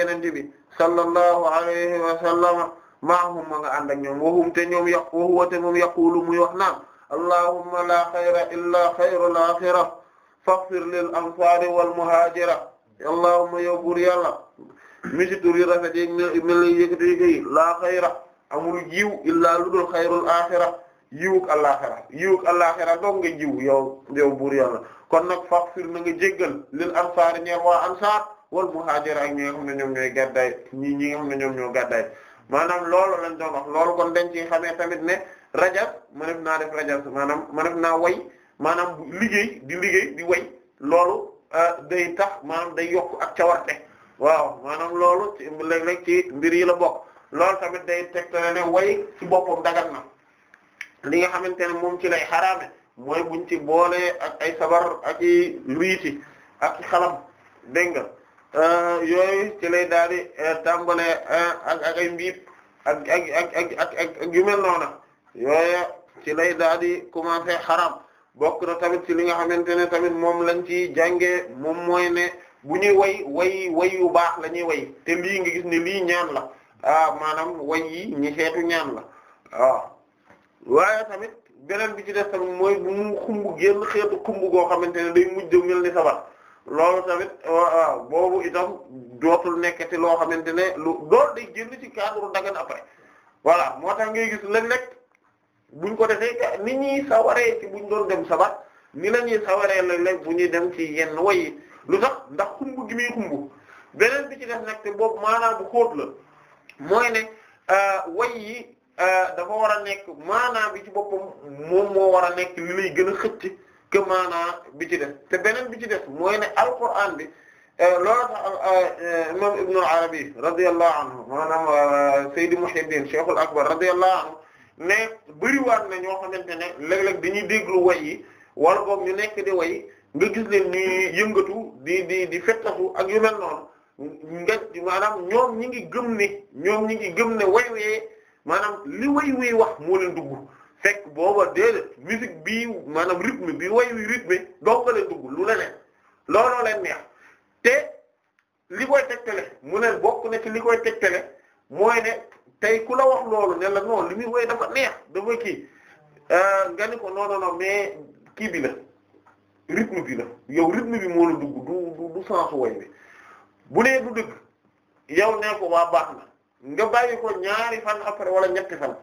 Speaker 2: sallallahu alayhi wa maahum ma nga ànd ñoom waxum te ñoom yàq yaqulu muy wax naan allahumma la xayra illa xayrul axira faghfir lil ansaari wal muhaajira allahumma yow buur yàlla misitur yi rafet yég m mel nañ yékkati yékoy laa jiw illa lu dul xayrul axira yiwuk alaxira yiwuk alaxira doog nga jiw yow yow buur yàlla kon nag faghfir na nga jéggal lil ansaari ñeen wa ansaar wal muhaajira ak ñi nga xam ñoom ñooy gàddaay ñi ñi nga ñoom ñoo gàddaay maanaam loolu lañ doon wax kon dañ xamee tamit ne rajab mënef naa def rajab maanaam mënef naa way maanaam liggéey di liggéey di way loolu euh, day tax maanaam day yokk ak cawarte waaw maanaam loolu ci léeg ci mbir yi la bokk loolu tamit day tegtale ne way ci boppam dagat na li nga xamante ne moom ci lay xaraame mooy buñ ci boole ak ay sabar ak i riiti ak xalam dégg nga euh, yooyu ci lay daal di euh, ak ak ay mbiib ak ak noona yooya ci lay daal di commencé xaram bokk na tamit ci li nga xamante ne tamit moom lañ ci jànge moom mooy ne bu ñuy way way way yu baax lañuy way te lii nga gis ne lii ñaan la ah maanaam way yi ñi xeetu ñaan la waaw waaye tamit beneen bi ci def tamit mooy bu mu xumb génn xeetu xumb goo xamante ne day mujj mel ni sabar loolu tamit boobu itam dootul nekkati loo xamante ne lu loolu day génn ci cadre dagan après voilà moo tax ngay gis léeg-léeg buñ ko defee ni ñuy sawaree ci buñ doon dem sabat ni na ñuy sawaree léeg-léeg bu ñuy dem ci yenn woy lu tax ndax xumb gi muy beneen bi ci def nag te boobu maanaam bu xóot la mooy ne euh, way yi euh, dafa war a nekk maanaam bi ci boppam moom moo war a nekk li lay gën a xëcc que bi ci def te beneen bi ci def mooy ne alquran bi euh, loolu tax imam Ibn Arabi radiyallahu anhu maanaam Sayyid Muhyiddin Cheikhul Akbar radiyallahu anhu ne bëriwaat na ñoo xamante ne léeg-léeg dañuy déglu way yi wala boog ñu nekk di way nga gis leen ñuy yëngatu di di di fettasu ak yu mel noonu nga maanaam ñoom ñi ngi gëm ne ñoom ñi ngi gëm ne way wee maanaam li way wee wax moo leen dugg fekk booba déedéet musique bii maanaam rythme bi way wi rythme doo ko leen dugg lu leneen looloo leen neex te li koy tegtale mu ne bokk na ci li koy tegtale mooy ne tey ku la wax loolu ne la non li muy woy dafa neex dafa kii euh, nga ni ko non non non kii bi la rythme bi la yow rythme bi moo la dugg du du sens woy bi bu nee du dëgg yow nee ko waa baax na nga bàyyi ko ñaari fan après wala ñetti fan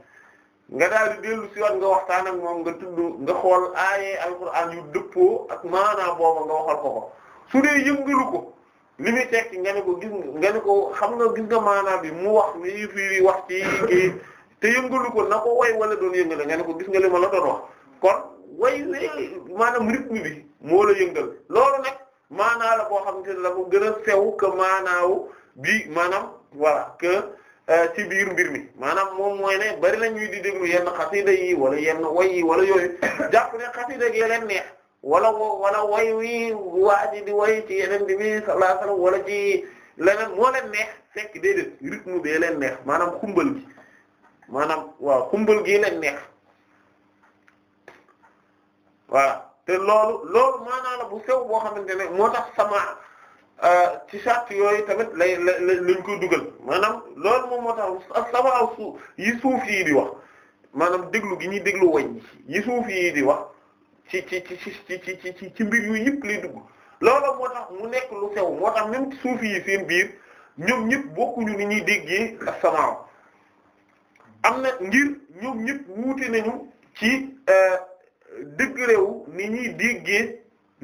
Speaker 2: nga daal di dellu si waat nga waxtaan ak moom nga tudd nga xool aaye alxuraan yu dëppoo ak maanaa booba nga waxal ko ko su dee yëngalu ko. li muy tekki nga ne ko gis nga ne ko xam nga gis nga maanaam bi mu wax mi fii wax ci kii te yëngalu ko na ko way wala doon yëngale nga ne ko gis nga li ma la doon wax kon way wee maanaam rythme bi moo la yëngal loolu nag maanaa la koo xam ne la ko gën a sew que maanaawu bi maanaam voilà que euh, ci biir mbir mi maanaam moom mooy ne bari la ñuy di déglu yenn xasida yi wala yenn way yi wala yooyu jàpp ne xasida gi leen neex wala wala way wi waa ji di way ci yeneen bi sallallahu alayhi wala ci leneen moo leen neex fekk déedéet rythme bee neex maanaam xumbal gi maanaam waaw xumbal gii leen neex voilà te loolu loolu maanaam la bu sew boo xamante ne moo tax sama euh, ci sart yooyu tamit lay lay lañ koy dugal maanaam loolu moom moo tax sama yi suuf yi di wax maanaam déglu gi ñuy déglu wañ yi suuf yi di wax. ci ci ci ci ci ci mbir yooyu ñëpp lay dugg loolu moo tax mu nekk lu sew moo tax même suufi yi seen biir ñoom ñëpp bokkuñu ni ñuy déggee as-samaaw am na ngir ñoom ñëpp wuute nañu ci euh, degré wu ni ñuy déggee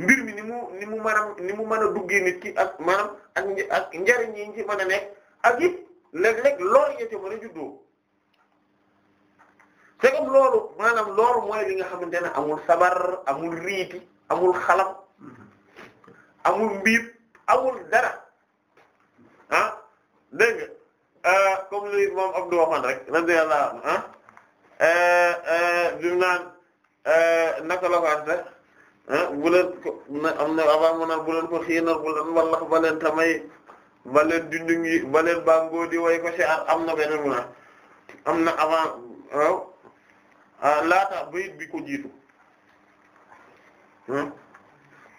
Speaker 2: mbir mi ni mu ni mu mën a ni mu mën a duggee nit ki ak maanaam ak ak njariñ yi ñu mën a nekk ak it léeg-léeg lor ya ca mën a juddoo te comme loolu maanaam loolu mooy li nga xamante ne amul sabar amul riiti amul xalam amul mbiib amul dara ah dégg nga euh, comme li moom Abdou waxoon rek radiyallahu anhu ah euh, euh, dim naan naka la ko ah, na avant mu naan ko xiinal bu leen wallax tamay ba leen dundungi ba leen di way ko ci am na beneen mu naan am na avant Ah, laata bayit bi ko jiitu hmm?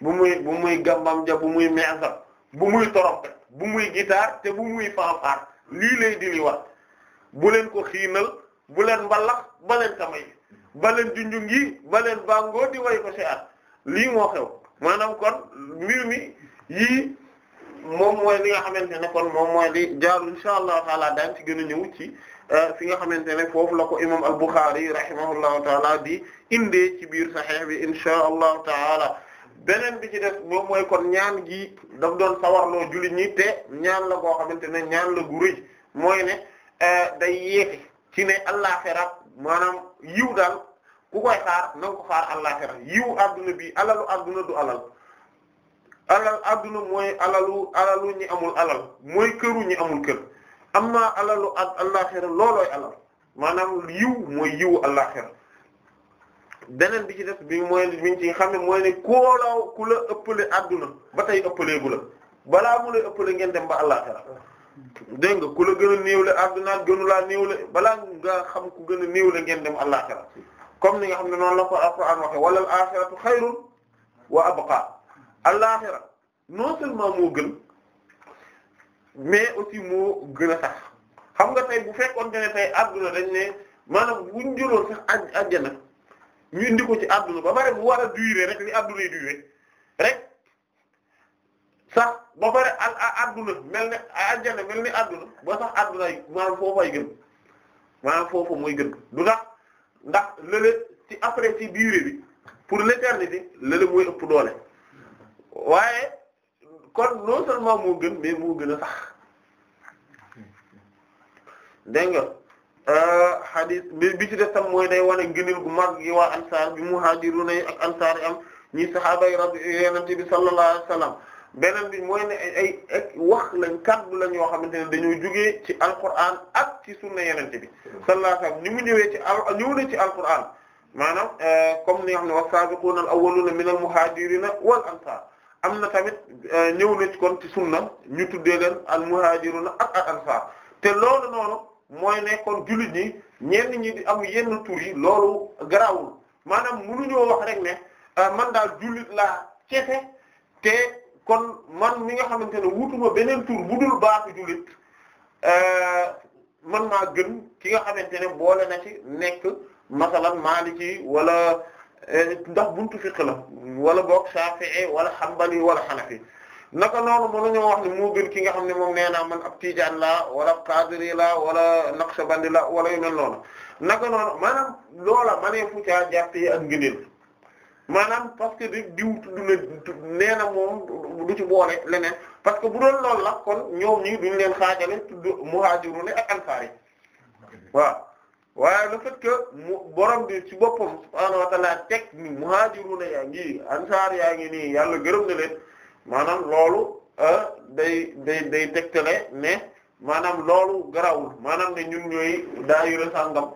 Speaker 2: bu muy bu muy gàmbam ja bu muy meesa bu muy trompette bu muy guitare te bu muy fanfare lii lay di bu leen ko xiinal bu leen mbalax ba leen kamay ba leen junjung ba leen bàngoo di way ko ci at lii moo xew maanaam kon mbir mi yii moom mooy li nga xamante ne kon moom mooy li jaaru insha allah taala daan ci gën a ñëw ci Euh, fi nga xamante ne foofu la ko imam al-Bukhari rahimahullahu taala di indee ci biir Sahih bi inshaa allahu taala beneen bi ci def moom mooy kon ñaan gi daf doon sawarloo jullit ñi te ñaan la goo xamante ne ñaan la gu rëy mooy ne euh, day yéete ci ne àllaaxira maanaam yiw daal ku koy xaar na nga xaar àllaaxira yiw adduna bi alalu adduna du alal alal adduna mooy alalu alalu ñi amul alal mooy këru ñi amul kër amma alalu ak allaaxira loolooy alal maanaam yiw mooy yiwu allaaxira beneen bi ci def bi mooy biñ ci xam ne mooy ne koolaaw ku la ëppale adduna ba tey ëppaleegu la balaa mu lay ëppale ngeen dem ba allaaxira dégg nga ku la gën a néewle adduna gënu laa néewle balaa nga xam ku gën a néewle ngeen dem allaaxira comme ni nga xam ne noonu la ko alquran waxe wala al axiratu xayrun wa abqa allaaxira non seulement moo gën mais aussi moo gën a sax xam nga tey bu fekkoon ne tey adduna dañ ne maanaam bu ñu jëloon sax a àjjana ñu indi ko ci adduna ba pare bu war a durer rek li adduna yi durer rek sax ba pare a adduna mel ni adduna ba sax adduna yi maanaam foofay gën maanaam foofu mooy gën du ndax ndax lële ci après ci durée bi pour l'éternité lële mooy ëpp doole waaye. kon non seulement moo gën mais moo gën a sax dégg nga xadis euh, bi bi ci def tam mooy day wane ngëneel gu mag gi waa ansaar bi muhajiruna yi ak ansaar am ñi sahaaba yi rabbi yenente bi sallallahu alayhi wasallam beneen bi mooy ne ay ay wax lañ kaddu lañ yoo xamante ne dañuy jugee ci alquran ak ci sunna yenente bi sallallahu alayhi wasallam ni mu ñëwee ci al ñëw ci alquran maanaam euh, comme ni nga ne wa sabiquna al awwaluna min al muhajirina wal ansaar am na tamit euh, ñëw na ci kon ci sunna ñu tuddee leen al ak al te loolu noonu mooy ne kon julit ñi ñenn ñi am yenn tur yi loolu garaawul maanaam mënuñoo wax rek ne euh, man daal julit laa cefe te kon man mi nga xamante ne wutuma beneen tur bu dul baatu jullit euh, man maa gën ki nga xamante ne boole na ci nekk masalan maliki wala Eh, ndax buntu fiqh la wala boog Shafi'i wala Hanbali wala Hanafi naka noonu mënuñoo wax ne moo gën ki nga xam ne moom nee naa man ab Tijaan la wala ab Qaadiri la wala Naqshbandi la wala yu mel noonu naka noonu maanaam loola ma nee fu caa jàppee ak ngëneel maanaam parce que di diw tudd na nee na moom du ci boole leneen parce que bu doon loolu la kon ñoom ñii duñ leen xaajale tudd muhaajiruun ak ansaar yi waaw. waaye le fait que mu borom bi ci boppam subhaanahu wa ta'aala teg ni muhaajiruuna yaa ngi ansaar ngi nii yàlla gërëm na leen maanaam loolu euh, day day day ne maanaam loolu garawul maanaam ne ñun ñooy daayira sàngam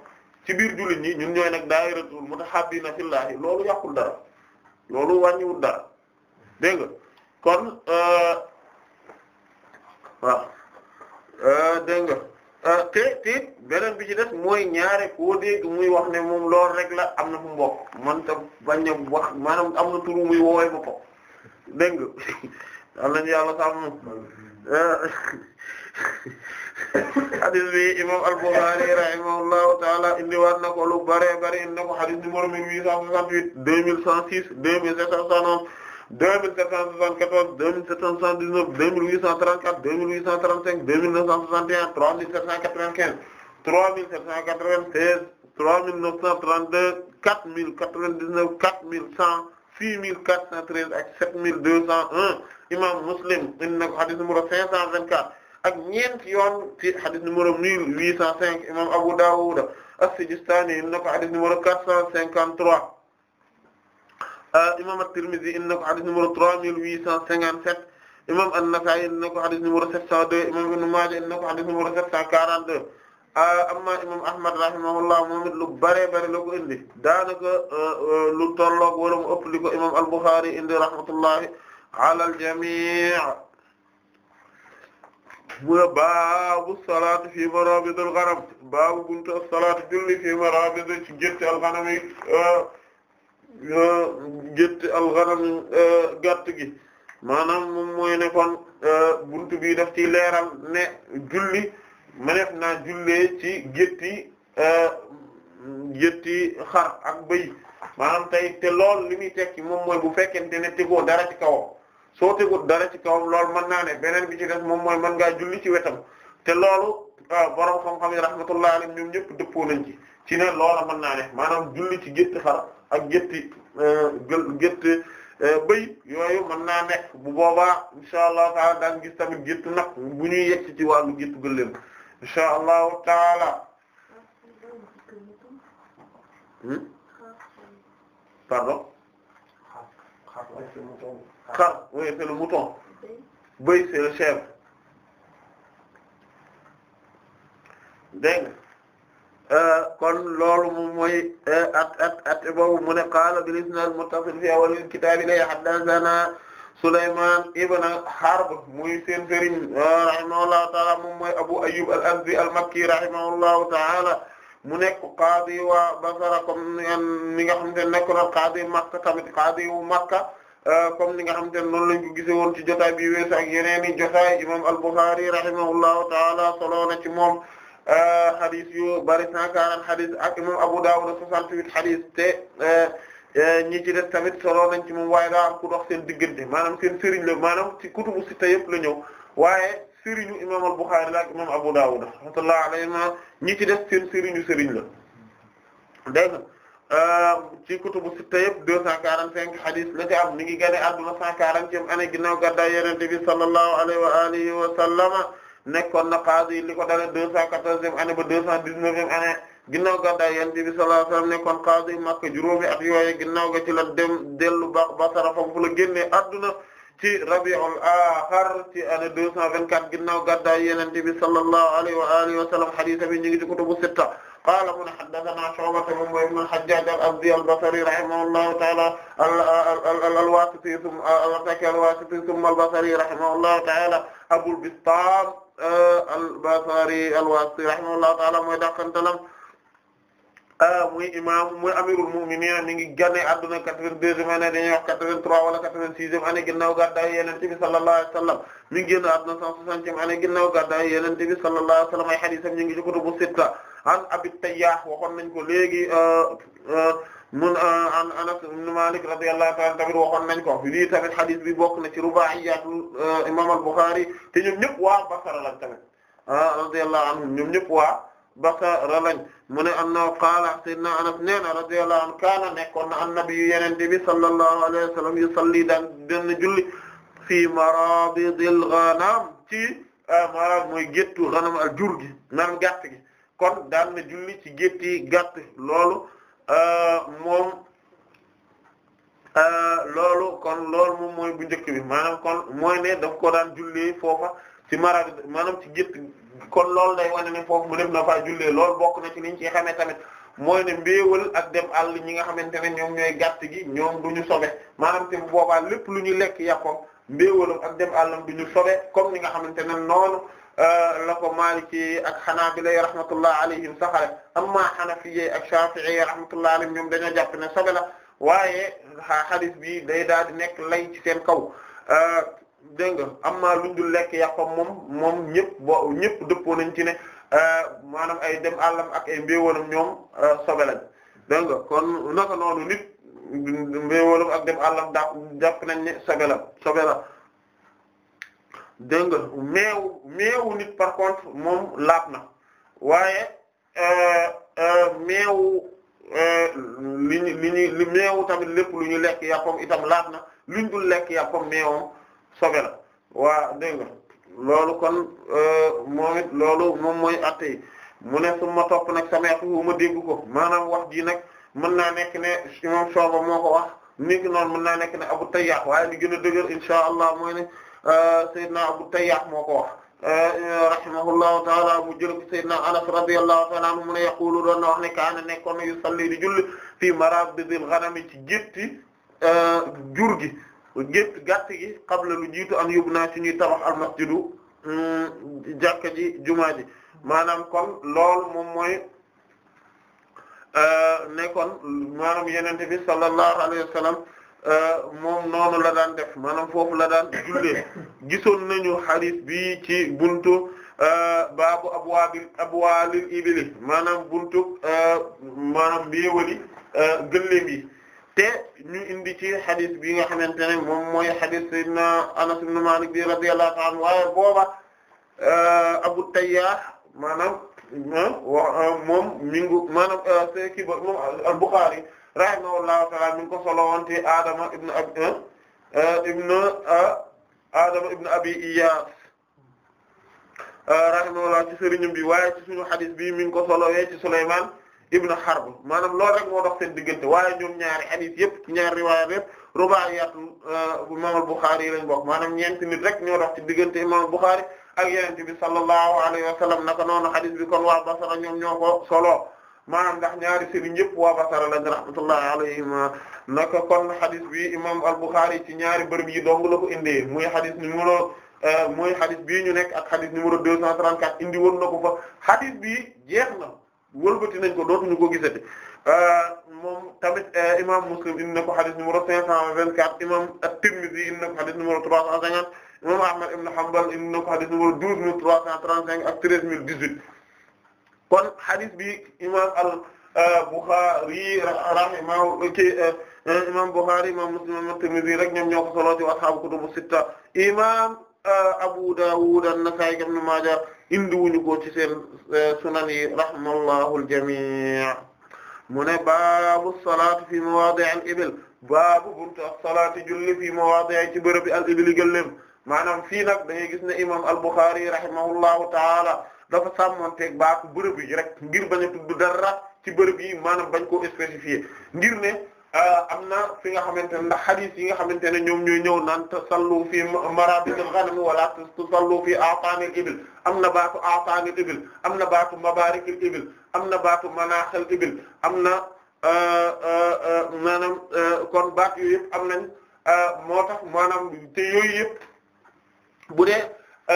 Speaker 2: ci biir jullit ñi ñun ñooy nag daayiratul mutahabbiina fillaahi loolu yàqul dara loolu wàññiwul dara dégg kon euh, waaw euh, dégg nga Euh, te te beneen bi ci des mooy ñaare koo dégg muy wax ne moom lool rek la am na fu mbokk man ta bañ a wax maanaam am na turu muy woowee boppam dégg nga am nañu yàlla sàmm euh, hadis bi imam al-Bukhari rahimahullahu taala indiwaat na ko lu bare bare indi na ko hadis numéro mille huit cent soixante-huit deux mille cent six deux mille sept cent soixante 2774 2779 2834 2835 2961 3795 3796 3932 4099 4100 6413 ak 7201 imam Muslim indi na ko hadith numéro 524 ak ñeent yoon ci hadith numéro 1805 imam Abu Dawud as-Sijistani indi na ko hadith numéro 453 Ah, imam at-Tirmidhi indi na ko hadith numéro 3857 imam an-Nasa'i indi na ko hadith numéro 702 imam Ibn Maaja indi na ko hadith numéro 742 ah, amma imam Ahmad rahimahullah moom it lu bare bare la indi daanaka ah, lu tolloog wala mu ëpp imam al-Bukhari indi rahmatullahi ala al-jami' mu salaat fi maraabidil ghanam baabu buntu salaat julli fi maraabid ci al-ghanam gétt alxanam e, gàtt gi maanaam moom mooy ne kon e, buntu bi def ci leeral ne julli mëneef naa jullee ci gétti e, gétti xar ak bëy maanaam tey te lool li muy tekki moom mooy bu fekkente ne tegoo dara ci kawam soo tegoo dara ci kawam loolu mën naa ne beneen bi ci des moom mooy man ngaa julli ci wetam te loolu borom xam-xam yi rahmatullah alayhim ñoom ñëpp dëppoo nañ ci ci ne loola mën naa ne maanaam julli ci gétti xar ak gétti gël gétti bëy yooyu mën naa nekk bu boobaa insha taala daan gis tamit géttu nag bu ñuy yegg ci wàllu géttu gëléem insha allahu taala hmm? pardon xar oui c'est le mouton bëy c'est Euh, kon loolu moom mooy euh, at at at boobu mu ne qaala bil isnaad muttasil fi awwal kitaab ilay haddathana Sulaymaan ibn Harb muy seen sëriñ euh, rahimahullahu ta'ala moom mooy Abu Ayyub al-Azdi al-Makki rahimahullahu ta'ala mu nekk qaadi waa Basra comme ni nga xamante ne nekk na qaadi Makka tamit qaadi wu Makka comme ni nga xamante ne noonu lañ ko gisee woon ci jotaay bi weesu ak yeneen i jotaay imam al-Bukhari rahimahullahu ta'ala solo na ci moom. xadis euh, yu bari 140 xadis ak imam Abu Dawud 68 te euh, euh, ñi ci des tamit solo nañ ci moom waaye daa ku dox seen diggante maanaam seen sëriñ la maanaam ci kutubu sitta yëpp la ñëw waaye sëriñu imam al-Bukhari la ak imam Abu Dawud rahmatullahi alayhima ñi ci des seen sëriñu sëriñ la dégg ci kutubu sitta yëpp 245 xadis la ci am mi ngi génne àdduna 140 ci am année ginnaaw gàddaay Yonent bi sallallahu wa alihi wa nekkoon na qaadi li ko dalee deux cent quatorzième année ba deux cent dix-neuvième année ginnaaw gàddaay yonent bi sallallahu alayhi wasallam nekkoon qaadi Makka juróomi at yooye ginnaaw ga ci la dem dellu ba Basra foofu la génnee adduna ci rabiul axir ci année deux cent vingt-quatre ginnaaw gàddaay yonent bi sallallahu alayhi wa alihi wa sallam hadith bi ñu ngi ci kutubu sitta qaala mu ne haddathana Shu'ba moom mooy ibn al-Hajjaj al-Abdi al-Basri rahimahullahu ta'ala al-Wasiti thumma al-Wasiti thumma al-Basri rahimahullahu ta'ala Abul Bistam al-Basri al-Wasiti rahimahullahu ta'ala mooy dàqantalam muy imam muy amirul mu'minin mi ngi génn adduna 82e année dañuy wax 83 wala 86e année ginnaaw gàddaay Yonent bi sallallahu alayhi wasallam mi ngi génn adduna 160e année ginnaaw gàddaay Yonent bi sallallahu alayhi wasallam ay haditham ñu ngi ci kutubu sitta an Abi Tayyah waxoon nañ ko léegi euh, euh, mun euh, an Anas ibn Malik radiyallahu ta'ala tamit waxoon nañ ko lii tamit xadis bi bokk na ci ruba'iyatul euh, imam al-Bukhari te ñoom ñëpp waa Basra lañ tamit euh, radiyallahu anhum ñoom ñëpp waa Basra lañ mu ne anna qaala sayyidina Anas nee na radiyallahu anhu kaana nekkoon na annabi yu yeneen bi sallallahu alayhi wa sallam yusalli daan benn julli fi marabidil ghanam ci maanaam mooy géttu ghanam ak jur gi maanaam gàtt gi kon daan na julli ci gétti gàtt loolu Euh, moom euh, loolu kon loolu moom mooy bu njëkk bi maanaam kon mooy ne daf ko daan jullee foofa ci mara maanaam ci gétt kon loolu day wane ne foofu mu dem na faa jullee lool bokk na ci liñ ci xamee tamit mooy ne mbéewal ak dem àll ñi nga xamante ne ñoom ñooy gàtt gi ñoom du ñu sobe maanaam te bu boobaa lépp lu ñu lekk yàqoom mbéewalam ak dem àllam du ñu sobe comme ni nga xamante ne noonu Euh, la ko Maliki ak xanaa Hanabila rahmatullah alayhim saxale amma Hanafiyye ak Shafi'iyye rahmatullah alayhim ñoom dañoo jàpp ne sobe la waaye hadith bi day daal di nekk lay ci seen kaw euh, dégg nga amma lu dul lekk yàqam moom moom ñëpp boo ñëpp dëppoo nañ ci ne euh, maanaam ay dem àllam ak ay mbéewalam ñoom sobe lañ dégg nga kon naka noonu nit mbéewalam ak dem àllam daa jàpp nañ ne sobe la sobe la. dégg nga meew meewu nit par contre moom laab na waaye euh, euh, meewu euh, li ñu li ñuy meewu tamit lépp lu ñu lekk yàppam itam laab na luñ dul lekk yàppam meewam sobe la waa dégg nga loolu kon moom it loolu moom mooy atte mu ne su ma topp nag sama yàq wu ma dégg ko maanaam wax ji nag mën naa nekk ne moom sooba moo ko wax ni ki noonu mën naa nekk ne abu tayyaax waaye li gën a dëgër insha allah mooy ne Euh, Seydina Abu Tayyah moo ko wax euh, rahimahullahu taala mu jël ko Seydina Anas radiyallahu taala anhu ne kaana nekkoon na yusalli di julli fii marabidil ghanami ci gétti euh, jur gi gétt gi qabla lu jiitu an yubna ci ñuy tabax al masjidu mm, ji jumaa ji maanaam kon lool moom mooy nekkoon maanaam yenente bi sallallahu alayhi wa Euh, moom noonu la daan def maanaam foofu la daan jullee gisoon nañu hadith bi ci buntu euh, baabu abwaabil abwaalil ibili maanaam buntu euh, maanaam mbiewali gëléem yi te ñu indi ci hadith bi nga xamante ne moom mooy hadith sayyidina Anas Abu Tayyah maanaam moom mi ngu maanaam rahimahullahu ta'ala mi ngi ko solo woon ci Adama ibn ab euh, ibn euh, Adama ibn Abi Iyas euh, rahimahullah ci sëriñam bi waaye ci suñu hadith bi mi ngi ko solo wee ci Sulaymaan ibn Harb maanaam loolu rek moo dox seen diggante waaye ñoom ñaari hadith yëpp ñaari riwaaya yëpp rubaayat imaam al-Bukhari yi lañ bokk maanaam ñeenti nit rek ñoo dox ci diggante imaam al-Bukhari ak Yonent bi sallallahu alayhi wa naka noonu hadith bi kon waa Basra ñoom ñoo ko solo. maanaam ndax ñaari sëriñ yëpp waa Basra lañ rahmatullahi alayhima naka kon hadith bi imam al-Bukhari ci ñaari bërëb yi dong la ko indee muy hadith numéro euh, muy hadith bii ñu nekk ak hadith numéro 234 indi woon na ko fa hadith bii jeex na wëlbati nañ ko dootuñu ko gisati euh, moom tamit euh, imam Muslim indi ko hadith numéro 524 imam at-Tirmidhi indi na ko hadith numéro 350 kon hadith bi imam al euh, Bukhari rahimahu ki euh, imam Bukhari imam Muslim imam Tirmidhi rek ñoom ñoo ko solo ci ashaabu kutubu sitta imam euh, Abu Dawud an-Nasa'i ibn Maaja indi wuñu ko ci seen sunan yi rahimallahu al-jamii' mu ne baabu salaati fi mawaadi' al-ibil baabu buntu as-salaati julli fi mawaadi' ci bërëb al-ibil gëléem maanaam fii nag da ngay gis ne imam al-Bukhari rahimahullahu ta'ala dafa sàmmonteeg baatu bërëb yi rek ngir bañ a tudd dara ci bërëb yi maanaam bañ koo spécifié ngir ne euh, am na fi nga xamante ne ndax hadith yi nga xamante ne ñoom ñooy ñëw naan tasallu fi marabidil ghanam wala tasallu fi a'tanil ibil am na baatu a'tanil ibil am na baatu mabarikil ibil am na baatu manaxal ibil am na euh, euh, maanaam kon baat yooyu yëpp am na moo tax maanaam te yooyu yëpp bu dee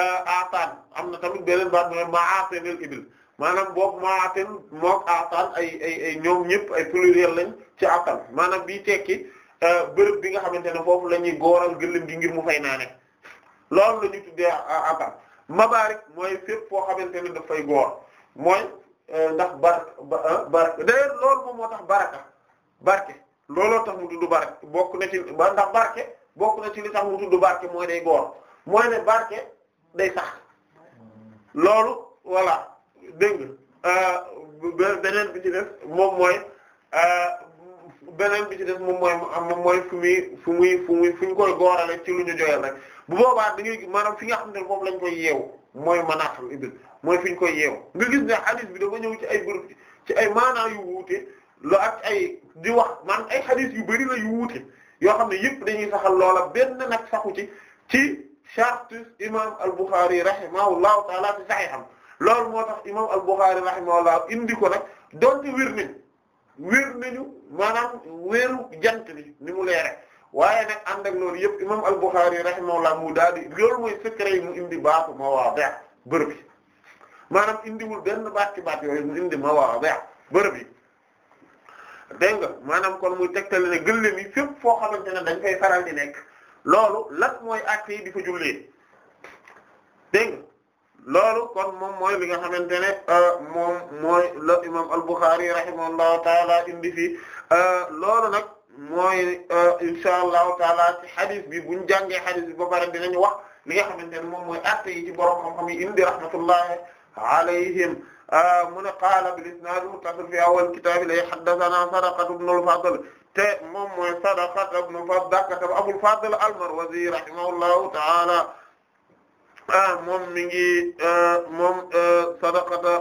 Speaker 2: aataan euh, am na tamit beneen baat mooy ma'atinil ibil maanaam boobu ma'atin mook aataan ay ay ay ñoom ñëpp ay pluriel lañ ci aataan maanaam bi tekki euh, bërëb bi nga xamante ne foofu la ñuy góoral gëléem gi ngir mu fay naane loolu la ñuy tuddee aataan euh, mabarik mooy fépp foo xamante ne dafay góor mooy ndax bar barke d'ailleurs loolu moom moo tax baraka barke looloo tax mu tudd barke bokk na ci ndax bokk na ci li tax mu tudd barke mooy day góor mooy ne barke day sax loolu voilà dégg nga euh, beneen bi ci def moom mooy euh, beneen bi ci def moom mooy moom mooy fu muy fu muy fu muy fu ñu koy goorale ci lu ñu joyal rek bu boobaa da ngay maanaam fi nga xam ne foofu lañ koy yeewu mooy manaatul ibil mooy fi ñu koy yeewu nga gis ne hadith bi dafa ñëw ci ay bërëb ci ay maanaa yu wuute lu ak ay di wax man ay hadith yu bari la yu wuute yoo xam ne yëpp dañuy saxal loola benn nag saxu ci ci charte imam al-Bukhari rahimahullahu taala fi sahiham loolu moo tax imam al-Bukhari rahimahullahu indi ko nag donte wér nañu wér nañu maanaam weeru jant bi ni mu leere waaye nag ànd ak loolu yëpp imam al-Bukhari rahimahullah mu daal di loolu mooy secret yi mu indi baatu mawaadi' bërëb yi maanaam indiwul benn baat ci baat yooyu mu indi mawaadi' bërëb yi dégg nga maanaam kon muy tegtale ne gëléem yi fépp foo xamante ne dañ fay faral di nekk loolu lan mooy acte yi di fa jullee dégg loolu kon moom mooy li nga xamante ne euh, moom mooy la imam al-Bukhari rahimahullahu taala indi fi euh, loolu nag mooy euh, insha allahu taala ci bi buñ jàngee hadith bi ba pare dinañ wax li nga xamante ne moom mooy acte yi ci borom xam-xam yi indi rahmatullahi alayhim Ah, mu ne qaala bil isnaad muttasil fi awwal kitaab li haddathanaa Sadaqatu ibn al-Fadl te moom mooy Sadaqatu ibn al-Fadl Abul Fadl al-Marwazi rahimahullahu ta'ala ah, moom mi ngi ah, moom Sadaqata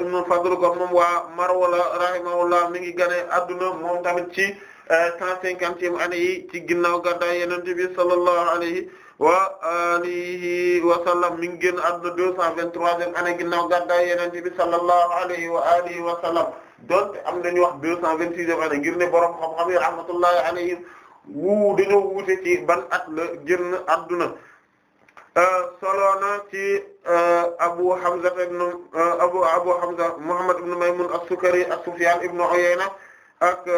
Speaker 2: ibn al-Fadl ko moom waa Marwala rahimahullah mi ngi gane adduna moom tamit ci cent cinquantième année yi ci ginnaaw gàddaay Yonent bi sallallahu alayhi wa alihi wa sallam mi ngi génn àdduna deux cent vingt-troisième année ginnaaw gàddaay Yonent bi sallallahu alayhi wa alihi wa sallam donc am nañu wax deux cent vingt-sixième année ngir ne borom xam-xam yi rahmatullahi alayhim wu dañoo wuute ci ban at la génn àdduna euh, solo na ci euh, Abu Hamza ibn euh, Abu Abu Hamza Muhammad ibn Maymun as-Sukari ak Sufyan ibn Uyayna ak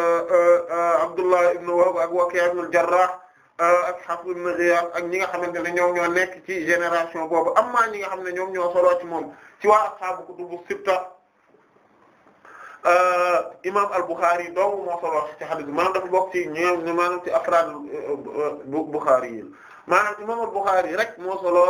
Speaker 2: Abdullah ibn Wahb ak Waki' ibn al-Jarrah Euh, ak Hafs ibn Ghiyath ak ñi nga xamante ne ñoom ñoo nekk ci génération boobu amma ñi nga xam ne ñoom ñoo solo ci moom ci waa ashaabu kutubu sitta euh, imam al-Bukhari doomu moo solo ci hadith maanaam dafa bokk ci ñoom maanaam ci afraad euh, Bukhari yi maanaam imam al-Bukhari rek moo solo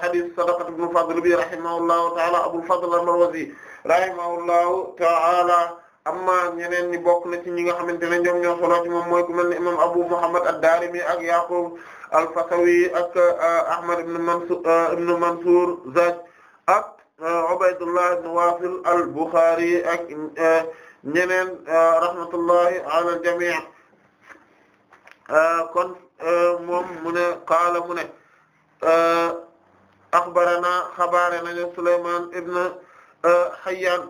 Speaker 2: hadith Sadaqat ibn Fadl bi rahimahullahu ta'ala Abul Fadl al-Marwazi rahimahullahu ta'ala amma ñeneen ñi bokk na ci ñi nga xamante ne ñoom ñoo solo moom mooy ku mel ne imam Abu Muhammad ad-Darimi ak Yaqub al-Fasawi ak uh, Ahmad ibn Mansur uh, ibn Mansur Zaj ak uh, Ubaydullah ibn Wasil al-Bukhari ak ñeneen rahmatullahi ala al kon moom mu qaala mu ne akhbarana xabaare nañu Sulayman ibn Hayyan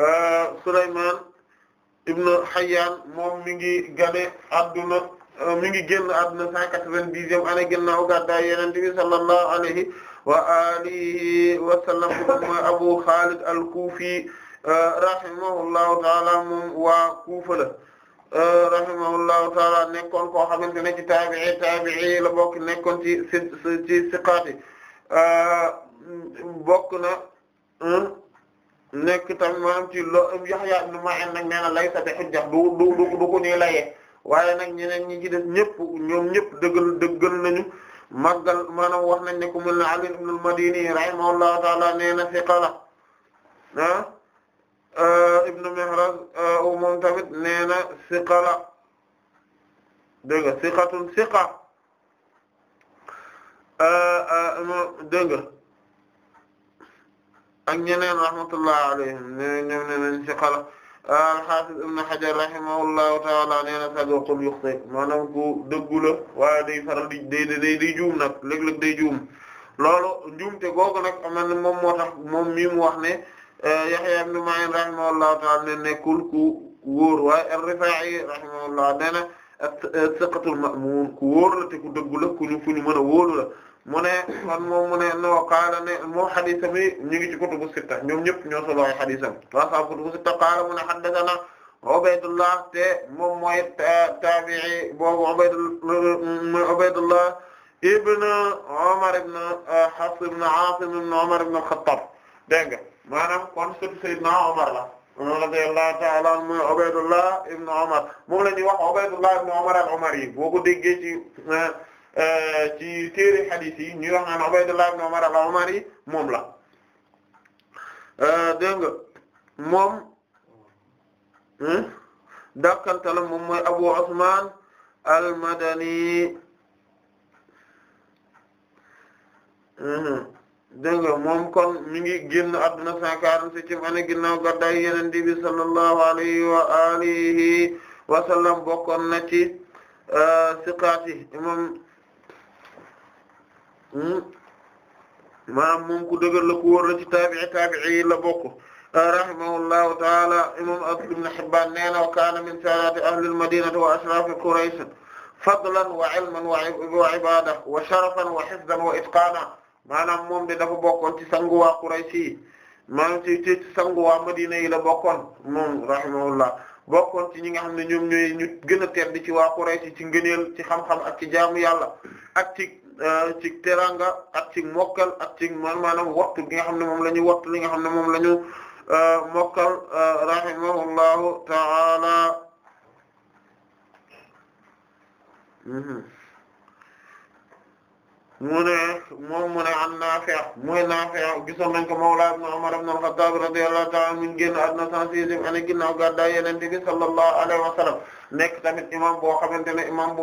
Speaker 2: Euh, Sulaymaan ibn Hayyaan moom mi ngi gane adduna euh, mi ngi génn adduna cent quatre-vingt-dixième année ginnaaw gàddaay Yonent bi sallallahu alayhi wa alihi wa sallam mooy Abu Xaalid al-Kuufi euh, rahimahullahu taala moom waa Kuufa la rahimahullahu taala nekkoon koo xamante ne ci taabi'i taabi'i la bokk nekkoon ci ci siqaati bokk na nekk tam maanaam ci lo Yahya ibn Ma'in nag nee na laysa bi du du du ko nii waaye nag ñeneen ñi ci def ñëpp ñoom ñëpp dëggal dëggal nañu màggal maanaam wax nañ ne ku mel ne Ali ibn al-Madini rahimahullahu ta'ala nee na la ah, ah Ibn Mihraz ah, tamit nee na la dégg nga thiqatun thiqa ah, dégg nga ak ñeneen rahmatullah alayhim ñoom ñoom nee nañ ci xala al-Hafiz Ibn Hajar rahimahullahu ta'ala nee na saduqun yuxti maanaam ku dëggu la waaye day faral di day day day juum nag léeg-léeg day juum loolu njuumte googu nag am na moom moo tax moom mi mu wax ne eh, Yahya ibn Ma'in rahimahullahu ta'ala ne nekkul ku wóor waaye ar-Rifa'i rahimahullah nee na as-siqatul ma'mun ku wóor la te ku dëggu la ku ñu fu ñu mën a wóolu la. mu ne man moom mu ne no qaala ne moom xadisa bi ñu ngi ci kutubu sitta ñoom ñëpp ñoo solo ay xadisam wa sa kutubu sitta qaala mu ne haddathana Ubaydullah te moom mooy tabi'i boobu Ubaydullah ibn Umar ibn Hafs ibn Aasim ibn Umar ibn al-Khattab dégg nga maanaam kon sëtu Seydina Umar la radiyallahu ta'ala anhu Ubaydullah ibn Umar moom la ñuy wax Ubaydullah ibn Umar al-Umari boo ko déggee ci Euh, ci téere hadith yi ñuy wax naan Ubaydullah ibn Umar al-Umari moom la euh, dégg nga moom hmm, dakkantalam moom mooy Abu Usman al-Madani hmm, dégg nga moom kon mi ngi génn adduna cent quarante-septième année ginnaaw gàddaay Yonent bi sallallahu alayhi wa alihi wa sallam bokkoon na ci euh, siqaati imam maanaam hmm? moom ku dëgër la ku wóor la ci taabi'i taabi'i yi la bokk ah, rahimahullahu taala imam ibn Hibbaan nee na wa kaana min saadaati ahlil madiinati wa ashraafi Quraysh fadlan wa ilman wa ibaadatan wa sharafan wa hifzan wa itqaanan maanaam moom de dafa bokkoon ci sangu waa Quraysh yi maanaam ci ci sangu wa Madina yi la bokkoon moom rahimahullah bokkoon ci ñi nga xam ne ñoom ñooy ñu gën a tedd ci waa Quraysh ci ngëneel ci xam-xam ak ci jaamu yàlla Euh, ci teranga ak ci mokkal ak ci maanaam waxtu gi nga xam ne moom la ñu waxtu li nga xam ne moom la ñu euh, mokkal euh, rahimahullahu ta'ala mhm. mu ne moom mu ne an Naafi' mooy Naafi' gisoon nañ ko mawla ibn Umar ibn al-Khattab radiyallahu ta'ala min génn àdduna cent sixième année ginnaaw gàddaay Yonent bi alayhi wa sallam nekk tamit imam boo xamante ne imam bu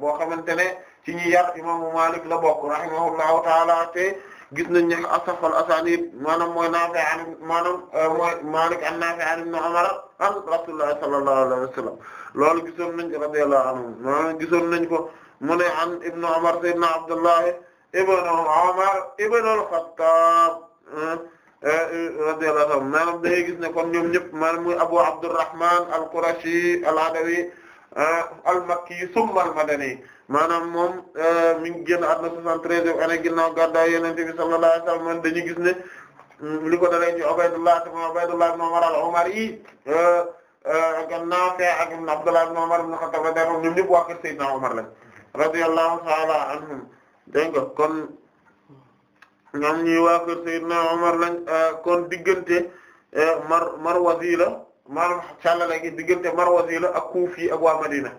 Speaker 2: boo xamante ne ci ñi yar imaamu Malik la bokk rahimahullahu taala te gis nañ ne asafal asanid maanaam mooy Naafi an maanaam euh, mooy Malik an Naafi an ibn Umar an Rasulullah sallallahu alayhi wa sallam gisoon nañ ko radiyallahu anhu maanaam gisoon nañ ko mu ne an ibn Umar sayyidina Abdullah ibn Umar ibn al-Khattab euh, radiyallahu anhu maanaam day gis ne kon ñoom ñëpp Abu Abdurrahman al-Qurashi al-Adawi madani maanaam moom euh, mi ngi génn àdduna 73 année ginnaaw gàddaay Yonent bi sallallahu alayhi wasallam dañuy gis ne mm, li ko dalee ci Ubaydullah ibn Ubaydullah ibn Umar al-Umari euh, euh, ak Naafi' ak ibn Abdullah ibn Umar ibn Khattab radiyallahu ñoom ñëpp waa kër Umar lañ radiyallahu ta'ala anhum dégg nga kon ñoom ñii waa kër Seydina Umar lañ kon diggante Mar Marwazi la maanaam càllale gi diggante Marwazi la ak Kufi ak waa Madina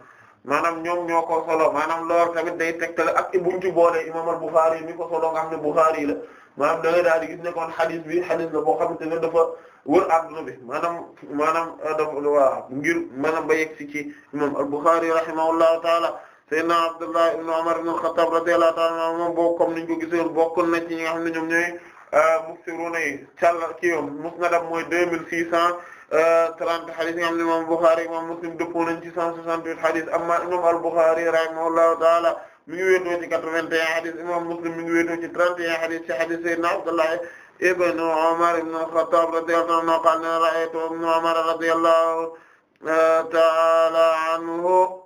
Speaker 2: maanaam ñoom ñoo ko solo maanaam loolu tamit day la ak buñ ci boole imam al-Bukhari mi ko solo nga xam ne Bukhari la maanaam da ngay daal di gis kon xadis bi xadis la boo xamante ne dafa wër adduna bi maanaam maanaam dafa waa ngir maanaam ba yegg si ci imam al-Bukhari rahimahullahu taala sayyidina Abdullah ibn Umar ibn al-Khattab radiyallahu taala anhu moom boo comme niñ ko gisoon bokk na ci ñi nga xam ne ñoom ñooy ah, muksiruna yi càll ki yoom musnadam mooy deux mille six cents 30 hadith yi nga xam ne imam Bukhari imam Muslim dëppoo nañ ci 168 hadith amma imam al-Bukhari rahimahullahu ta'ala mi ngi wéetoo ci 81 hadith imam Muslim mi ngi wéetoo ci 31 hadith ci hadith Sayyidina Abdullah ibn Umar ibn al-Khattab radiyallahu anhu qala ibn Umar radiyallahu uh, ta'ala anhu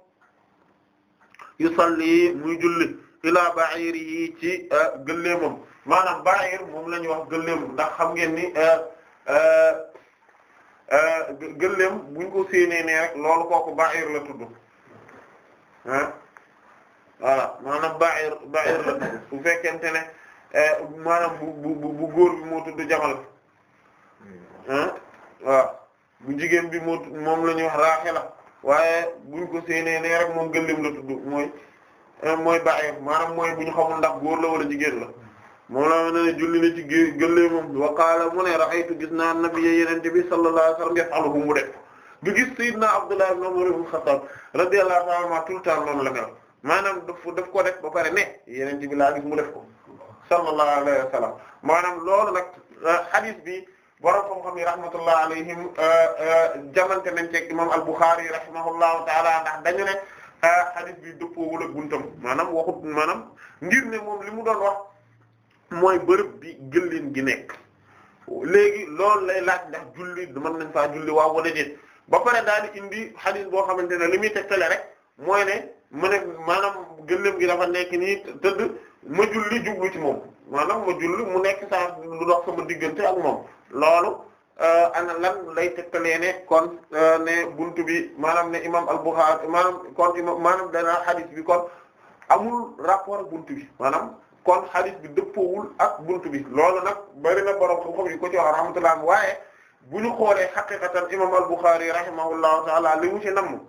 Speaker 2: yusalli muy julli ila ba'irihi ci uh, gëlleemam maanaam ba'ir moom la ñuy wax gëlleemam ndax xam ngeen ni uh, Euh, gëléem buñ ko séenee ne rek loolu kooku ba'ir la tudd ah voilà maanaam ba'ir ba'ir la tudd bu fekkente ne euh, maanaam bu bu bu góor bi moo tudd jamal ah waaw bu jigéen bi moo moom la ñuy wax raaxila waaye buñ ko séenee ne rek moom gëléem la tudd mooy euh, mooy ba'ir maanaam mooy bu ñu xamul ndax góor la wala jigéen la. moom laa ne julli na ci gëléemam wa qaala mu ra'aytu gis naa nabiyya yenente bi sallallahu alayhi wasallam yaf'aluhu mu def bi gis sayyidna Abdullah ibn Umar ibn Khattab radiyallahu ta'ala anhu tout le temps noonu la mel maanaam daf ko def ba pare ne yenente bi laa gis mu def ko sallallahu alayhi wasallam maanaam loolu nag hadith euh, bi borom xam-xam yi rahmatullah alayhim euh, euh, jamante nañ ceeg imam al-Bukhari rahimahullahu ta'ala ndax dañu ne hadith bi dëppoowul ak buntam maanaam waxut maanaam ngir ne moom li mu doon wax mooy bërëb bi gëllin gi nekk léegi loolu lay laaj ndax julli man nañ faa julli waaw wala déet ba pare daal di indi xadis boo xamante ne li muy tegtale rek mooy ne mu ne maanaam gëllëm gi dafa nekk nii tëdd ma julli jublu ci moom maanaam ma julli mu nekk saa lu dox sama diggante ak moom loolu euh, ana lan lay tegtalee ne kon euh, ne bunt bi maanaam ne imam al-Bukhari maanaam kon imam dana xadis bi kon amul rapport bunt bi maanaam kon hadith bi dëppoowul ak bunt bi loolu nag bari na borom xam-xam yi ko ci wax rahmatullah waaye bu ñu xoolee xaqiqatan imam al-Bukhari rahimahullahu taala li mu ci namm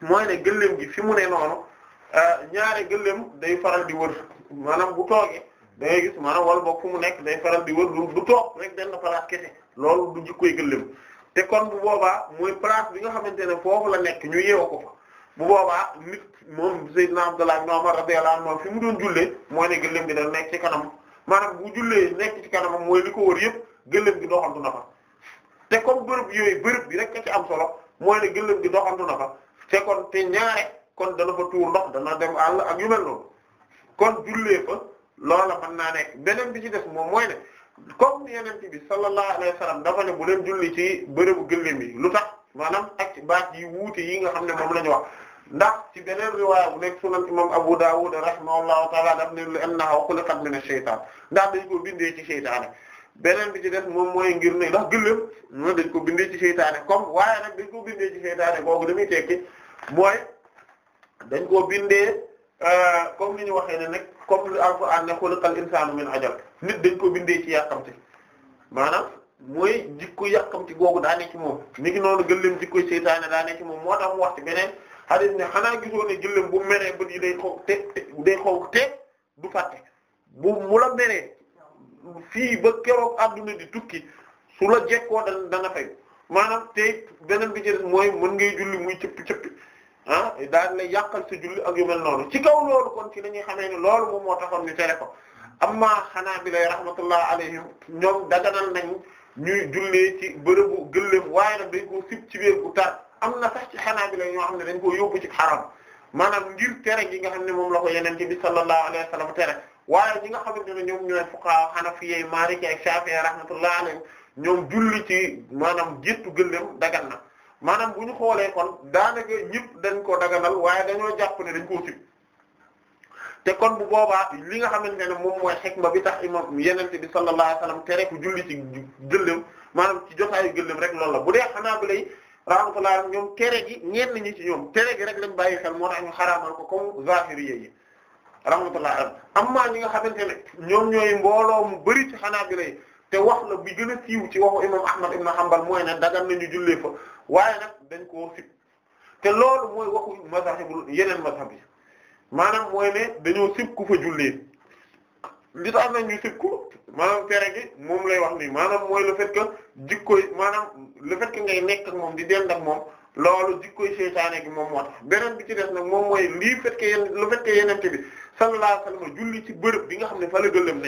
Speaker 2: mooy ne gëléem gi fi mu ne noonu euh, ñaare gëléem day faral di wër maanaam bu toogee da gis maanaam wala boog fu mu nekk day faral di wër du du toog rek benn place kese loolu du jikkoy gëléem te kon bu boobaa mooy place bi nga xamante ne foofu la nekk ñuy yeewu ko fa bu boobaa nit moom Seydina Abdullah ibn Umar radiyallahu anhu fi mu doon jullee mooy ne gëléem gi da nekk ci kanam maanaam bu jullee nekk ci kanamam mooy li ko wër yëpp gëléem gi doxantu na fa te comme bërëb yooyu bërëb bi rek ka ci am solo mooy ne gëléem gi doxantu na fa te kon te ñaare kon dana fa tuur ndox dana dem àll ak yu noonu kon jullee fa loola mën naa nekk beneen bi ci def moom mooy ne comme yeneen bi sallallahu alayhi wa sallam dafa ne bu leen julli ci bërëbu gëléem yi lu tax maanaam ak baat yi wuute yi nga xam ne moom la ñu wax ndax ci beneen riwaaya bu nekk sunan imam Abu Dawud rahimahullahu ta'ala daf ne li annahu khuliqat min ash-shaytan ndax dañ ko bindee ci seytaane beneen bi ci def moom mooy ngir ne ndax gëléem mo dañ ko bindee ci seytaane comme waaye nag dañ ko bindee ci seytaane googu damuy tekki mooy dañ koo bindee euh, comme ni ñu waxee ne nag comme lu Alxuraan ne xuliqal insaanu min ajal nit dañ ko bindee ci yàkkamti maanaam mooy jikko yàkkamti googu daa ne ci moom ni ngi noonu gëléem jikko seytaane daa ne ci moom moo tax mu wax ci beneen xadis ne xanaa gisoo ne gëléem bu meree bët yi day xaw te day xaw te du fàtte bu mu la meree fii ba keroog adduna di tukki su la jekkoo da da nga fay maanaam te beneen bi ci des mooy mën ngay julli muy cëppi cëppi ah daal lay yàqal sa julli ak yu mel noonu ci kaw loolu kon ci la ñuy xamee ne loolu moom moo taxoon ñu tere ko amma xanaa bi lay rahmatullah alayhim ñoom daganal nañ ñuy jullee ci bërëbu gëléem waaye nag dañ ko ci biir bu tar am na sax ci Hanaabila ñoo xam ne dañ ko yóbbu ci xaram maanaam ngir tere gi nga xam ne moom la ko Yonent bi sallallahu alayhi wa sallam tere waaye nga xamante ne ñoom ñooy fuqahaa Hanafiyye Maaliki ak Shaafi'i rahmatullahi alayhim ñoom julli ci maanaam géttu gëléem dagan na maanaam bu ñu xoolee kon daanaka ñëpp dañ ko daganal waaye dañoo jàpp ne dañ ko sib te kon bu boobaa li nga xamante ne moom mooy xikma bi tax imam Yonent bi sallallahu alayhi wa sallam tere ku julli ci gëléem maanaam ci jotaayu gëléem rek loolu bu dee xanaa bi rahmatullah ñoom tere gi ñenn ñi ci ñoom tere gi rek lañ bàyyi xel moo tax ñu xaraamal ko comme zahiriyya yi am amma ñi nga xamante ne ñoom ñooy mbooloo mu bari ci xanaabila yi te wax la bi gën a siiw ci waxu imam ahmad ibn hanbal mooy ne dagan nañu jullee fa waaye nag dañ koo sib te loolu mooy waxu mazahibul yeneen mazhab yi maanaam mooy ne dañoo sib ku fa jullee li tax nañ ñu tëj ko maanaam tere gi moom lay wax nii maanaam mooy le fait que jikkoy maanaam le fait que ngay nekk ak moom di dend ak moom loolu jikkoy seytaane gi moom moo tax beneen bi ci des nag moom mooy lii fait que yéen le fait que yenente bi ci bërëb bi nga xam ne fa la gëlëm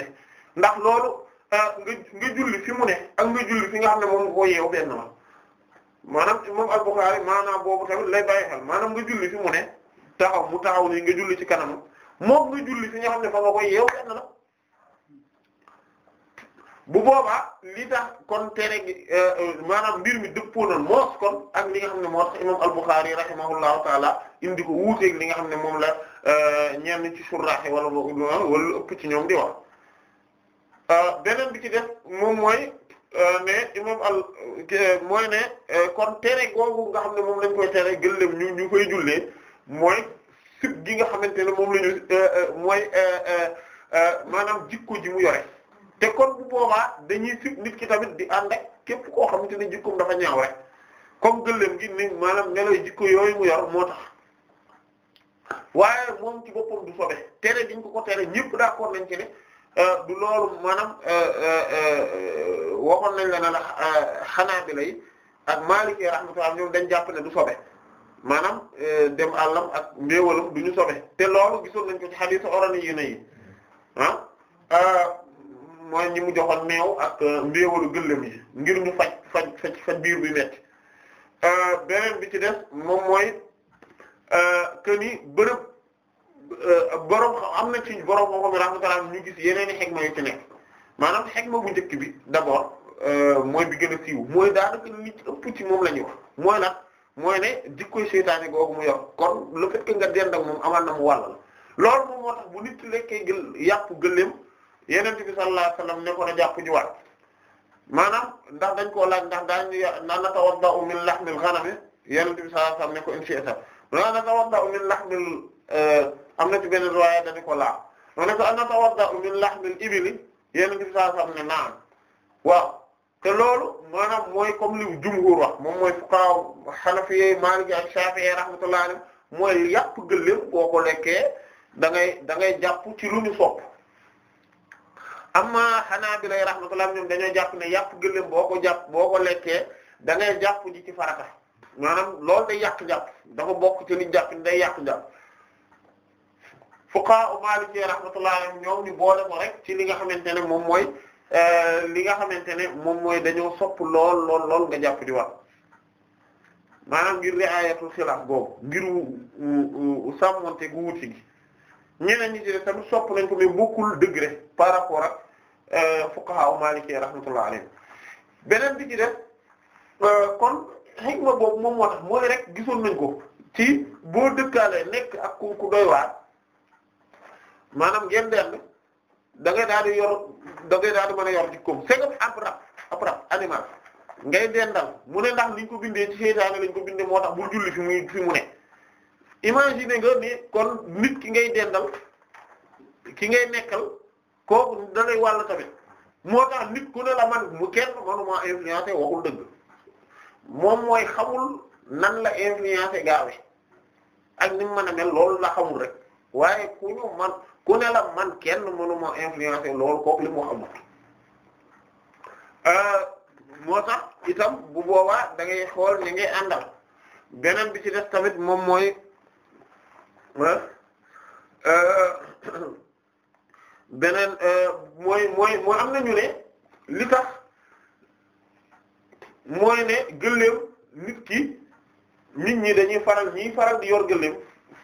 Speaker 2: ndax loolu euh, nga nga julli fi mu ne ak nga julli fi nga xam ne moom koo yeew benn ma maanaam moom Al-Bukhârî maanaam boobu tamit lay bàyyi xel maanaam nga julli fi mu ne taxaw mu taxaw nii nga julli ci kanam moom nga julli fi nga xam ne fa nga koy yeew la bu boobaa lii tax kon tere gi euh, maanaam mbir mi dëppoo na moos kon ak li nga xam ne moo tax imam al-Bukhari rahimahullahu taala indi ko wuuteeg li nga xam ne moom la euh, ñenn ci surraaxe wala wala ëpp ci ñoom di wax euh, beneen bi ci def moom mooy ne imam al mooy ne kon tere googu nga xam ne moom lañ koy tere gëléem ñu ñu koy jullee mooy sib gi nga xamante ne moom la ñu mooy maanaam jikko ji mu yore te kon bu boobaa dañuy sib nit ki tamit di ànd ak képp koo xamante ne jikkoom dafa ñaaw rek comme gëléem gi ni maanaam meloy jikko yooyu mu yor moo tax waaye moom ci boppam du sobe tere diñ ko ko ñëpp d'accord nañ ci ne euh, du loolu maanaam euh, euh, waxoon nañ la ne la xanaa bi lay ak Maliki rahmatullah ñoom dañ jàpp ne du sobe maanaam dem àllam ak mbéewalam du ñu sobe te loolu gisoon nañ ko ci xadiis orani yi na yi ah mooy ñi mu joxoon meew ak euh, mbéewalu gëllëm yi ngir ñu faj faj faj faj biir bi metti euh, beneen bi ci def moom mooy euh, que ni bërëb borom am na ci borom koo xam ne rahmatullah ñu gis yeneen i xegma yu ci nekk maanaam xegma bu njëkk bi d'abord mooy bi gën a siiw mooy daanaka nit ëpp ci moom la ñuy wax mooy nag mooy ne jikkoy seytaane googu mu yor kon le fait nga dend ak moom amal na mu wàll la loolu moom moo tax bu nit lekkee gël yàpp gëléem yeneen bi sallallahu alayhi ne ko na jàpp ji waat maanaam ndax dañ ko laaj ndax daañu na natawadda'u min lahmil ghanam yeneen bi sallallahu alayhi wasallam ne in shi'ta eh, am na ci benn riwaaya dañu ko laaj ma ne ko a natawadda'u min lahmil ibili yeneen bi sallallahu alayhi wasallam ne naan waaw loolu maanaam mooy comme li jumhur wax moom mooy fuqaha Hanafiyye Maliki ak Shafi'i rahmatullahi alayhim mooy yàpp gëléem boo ko lekkee dangay dangay da ci lu ñu sopp amma na rahmatullah ñoom dañoo jàpp na yàpp gëléem boo ko jàpp boo ko lekkee da jàpp ji ci farata maanaam loolu day yàq jàpp dafa bokk ci li jàpp ni yàq jàpp fuqaha Maliki rahmatullah ñoom ñu ci li nga xamante ne moom mooy euh, li nga xamante ne moom mooy dañoo sopp lool lool lool nga jàpp di wax maanaam ngir riayatul xilaaf googu ngiru sàmmonte gu wuti gi ñeneen ñi ci def tamit sopp nañ ko mais bokkul degré par rapport Euh, fuqaha maliki rahmatullah alayhim beneen bi ci def euh, kon xikma boobu moom moo tax mooy rek gisoon nañ ko ci boo dëkkaale nekk ak ku ku doy waar maanaam ngeen dend da di yor da ngay daal di mën a yor jikkoom c'est comme ab rab ab rab mu ne ndax liñ ko bindee ci seytaane lañ ko bindee moo tax bul julli fi mu ne imagine nga ni kon nit ki ngay dendal ki ngay nekkal kooku da lay wàll tamit moo tax nit ku ne la man mu kenn manuma influencé waxul dëgg moom mooy xamul nan la influencé gaawe ak ni mu mën a mel loolu la xamul rek waaye ku ñu man ku ne la man kenn manuma influencé loolu kooku li mu xamul euh, moo tax itam bu boobaa da xool ni ngay àndal beneen bi ci def tamit moom mooy euh, beneen euh, mooy mooy mooy am nañu ne li tax mooy ne gëléem nit ki nit ñi dañuy faral ñiy faral di yor gëléem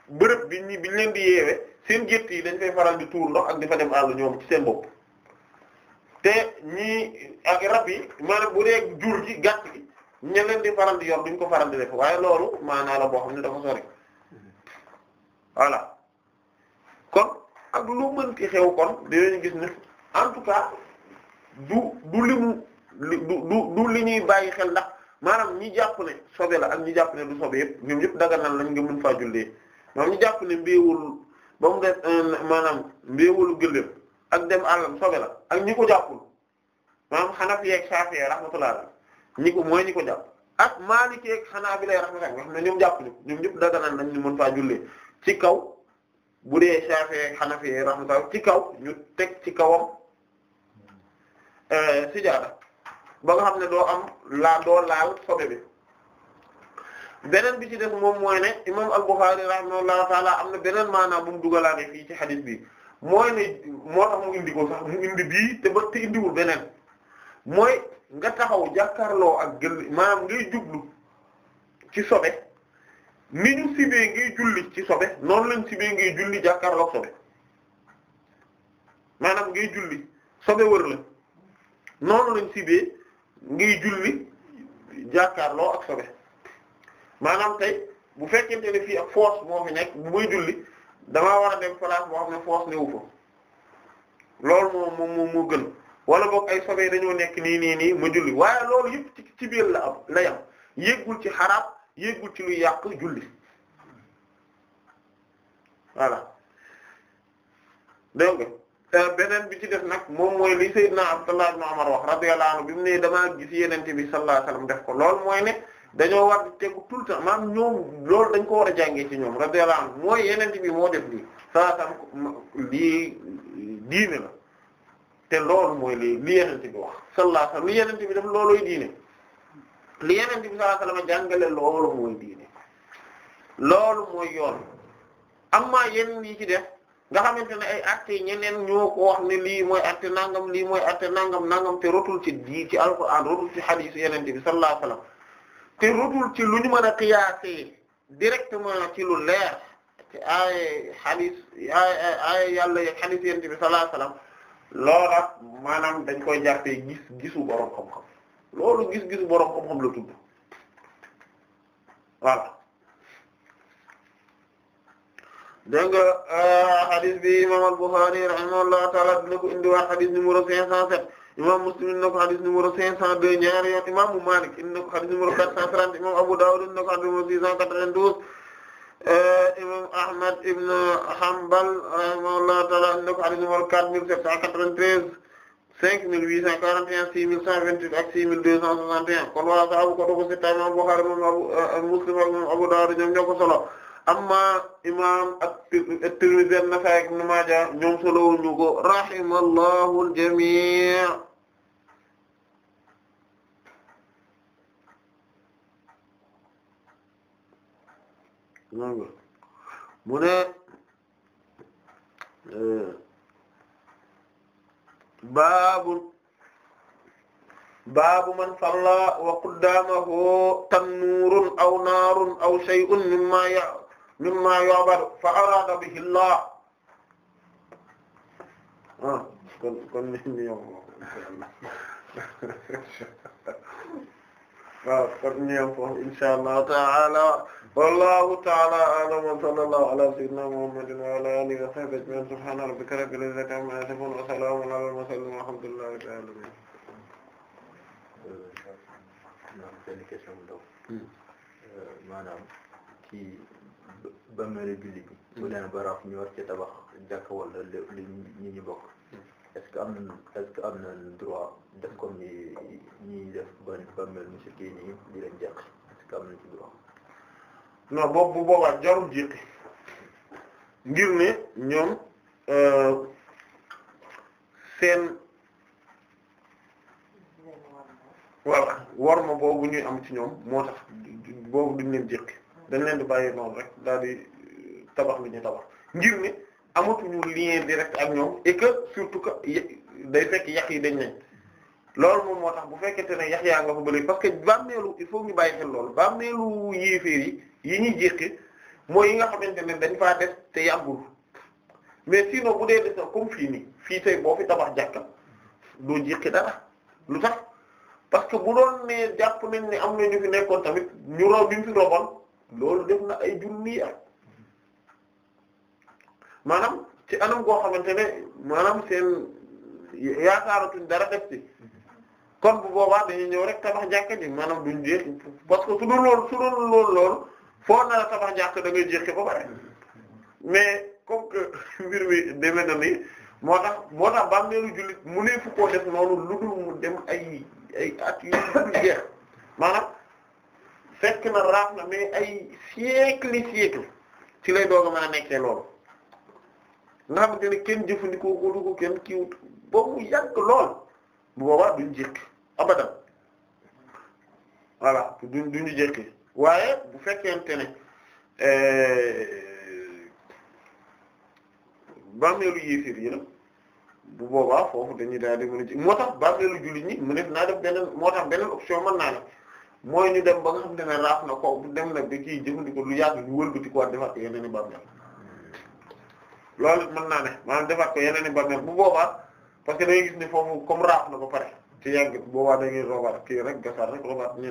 Speaker 2: bërëb bi ñi biñ leen di yeewe seen gétt yi dañ fay faral di tuur ndox ak di fa dem àll ñoom ci seen bopp te ñii ak rab yi maanaam bu dee jur gi gàtt gi ña leen di faral di yor duñ ko faral di def waaye loolu maanaa boo xam ne dafa sori voilà kon ak lu ki xew kon dinañ gis ne en tout cas du du li mu du du du li ñuy bàyyi xel ndax maanaam ñi jàpp ne sobe la ak ñi jàpp ne du sobe ñoom yëpp daganal lañ nga mën faa jullee maanaam ñi jàpp ne mbéewul ba mu de maanaam mbéewulu gëléem ak dem àllam sobe la ak ñi ko jàppul maanaam Hanafi ak Shafi'i rahmatullah ñi ko mooy ñi ko jàpp ak Maliki ak Hanabila rahmatullah nga xam ne ñoom jàpp ñu ñoom yëpp daganal lañ ñu mën faa jullee ci kaw bu dee Shafi'i ak Hanafi rahmatullah ci kaw ñu teg ci kawam euh, sijaada ba nga xam ne doo am laa doo laal sobe bi beneen bi ci def moom mooy ne imam al-Bukhari rahimahullahu taala am na beneen maanaam bu mu dugalaane fii ci xadis bi mooy ne moo tax mu indi ko sax mu indi bii te ba te indiwul beneen mooy nga taxaw jàkkaarloo ak gël maanaam ngay jublu ci sobe ni ñu sibee ngay julli ci sobe noonu lañ sibee ngay julli jàkkaarloog ngay julli sobe wër la noonu lañ sibee jàkkaarloo ak sobe maanaam tey bu fekkente ne fii ak force moo fi nekk bu muy julli damaa war a dem place boo xam ne force newu fa loolu moom moom moom moo gën wala boog ay sobe dañoo nekk nii nii nii ma julli waaye loolu yëpp ci ci biir la am la yam yéggul ci xaraab yéegul ci luy yàq julli voilà dégg beneen bi ci def nag moom mooy li Seydina Abdullah ibn Umar wax radiyallahu anhu bi mu ne damaa gis yenente bi sallallahu alayhi def ko loolu mooy ne dañoo war di tegu tout le temps ko war a jàngee ci ñoom radiyallahu mooy yenente bi moo def lii sallallahu alayhi wasallam lii diine la te loolu mooy li li yenente bi wax sallallahu alayhi wasallam li yenente bi def looloy diine li yeneen bi sallallahu alayhi wasallam jàngale loolu mooy diine loolu mooy yoon amma yeneen yi ci def nga xamante ne ay actes ñeneen ñoo ko wax lii mooy acte nangam lii mooy acte nangam nangam te rotul ci di ci alquran rotul ci hadith yeneen bi sallallahu alayhi wasallam ci lu ñu mën a qiyaasee directement ci lu leer ci ay hadith ay ay yàlla yeeg hadith yeneen bi sallallahu maanaam dañ koy jàppee gis gisu borom xam-xam. loolu gis-gisu borom xam-xam la tudd voilà dégg nga euh, hadith bi imam al-Bukhari rahimahullahu taala dina ko indiwaat hadith numéro 507 imam Muslim dina ko hadith numéro 502 ñaari yoon imam Malik dina ko hadith numéro 430 imam Abu Dawud dina ko hadith numéro 692 euh, imam Ahmad ibn Hanbal rahimahullahu taala dina ko hadith numéro 4793 cinq mille huit cent quarante et un mille cent vingt-huit ak six mille deux cent soixante et un kon waa saabu ko dogo sitta imam Bukhari moom euh, Muslim ak moom Abu Dawud ñoom ñoo ko solo amma imam at-Tirmidhi an-Nasa'i ak Ibn Maaja ñoom solo ñu ko rahimallahu al-jami' mu ne euh, baabu baabu man salla wa quddaamahu tannuurun aw naarun aw shay'un mimmaa ya mimmaa yu'badu fa araada bihi Allah ah kon kon nit ñi yom waaw kon ñu yom foofu inshaa Allah ta'ala wallahu ta'ala a'lam wa sallallahu ala sayyidina muhammadin wa ala alihi wa sahbihi ajma'in subhana rabbika rabbil izzati amma yasifun wa salamun ala al-mursalin walhamdulillahi rabbil alamin
Speaker 1: benn question bu ndaw maanaam ci bammeelu jullit bi bu leen baraaf ñu war ci tabax jàkk wala li ñi ñu bokk est-ce que am na est-ce que am na
Speaker 2: droit def comme ni ñuy def ba bammeelu musiki nii di leen jàkk est-ce que am na ci droit non boobu bu boobaa jarul jiqi ngir ne ñoom euh, seen voilà war ma boobu ñuy am ci ñoom moo tax boobu duñ leen jékki dañ leen di bàyyi noonu rek daal di euh, tabax li ñuy tabax ngir ne amatuñu lien direct ak ñoom et que surtout que day fekk yax yi dañ nañ loolu moom moo tax bu fekkente ne yax yaa nga fa bële parce que bàmmeelu il faut ñu bàyyi xel loolu bàmmeelu yéeféer yi yi ñuy jékki mooy yi nga xamante ne dañ faa def te yàggul mais sinon bu dee def sax comme fii nii fii tey boo fi tabax jàkka doo jékki dara lu tax parce que bu doon ne jàpp nañ ne am na ñu fi nekkoon tamit ñu raw bi fi roboon loolu def na ay junni at maanaam ci anam goo xamante ne maanaam seen yaakaaratuñ dara def ci kon bu boobaa dañuy ñëw rek tabax jàkka ji maanaam duñ jékki parce que su doon loolu su doon loolu loolu foo nar a tabax jàkk da ngay jékki ba mais comme que mbir mi demee na ni moo tax moo tax bàmmeelu jullit mu ne fu koo noonu lu dul mu dem ay ay at yu dul jeex maanaam fekk na raaf na mais ay siècle siècle ci lay doog a mën a nekkee loolu nga xamante ne kenn jëfandikoo ko du ko kenn kiiwut boobu mu lool bu boobaa duñ abadan voilà duñ duñu waaye bu fekkente ne eh, bàmmeelu yéefir yi la bu boobaa foofu dañuy daal di mën moo tax bàmmeelu jullit ñi mu nekk naa def beneen moo tax beneen option mën naa ne mooy ñu dem ba nga xam ne raaf na ko dem na ba kii jëfandikoo lu yàgg ñu wëlbati ko defaat ko yeneen i bàmmeel loolu mën naa ne maanaam defaat ko yeneen i bàmmeel bu boobaa parce que da ngay gis ne foofu comme raaf na ba pare ci yàgg boobaa da ngay roobaat rek gasar rek roobaat ñu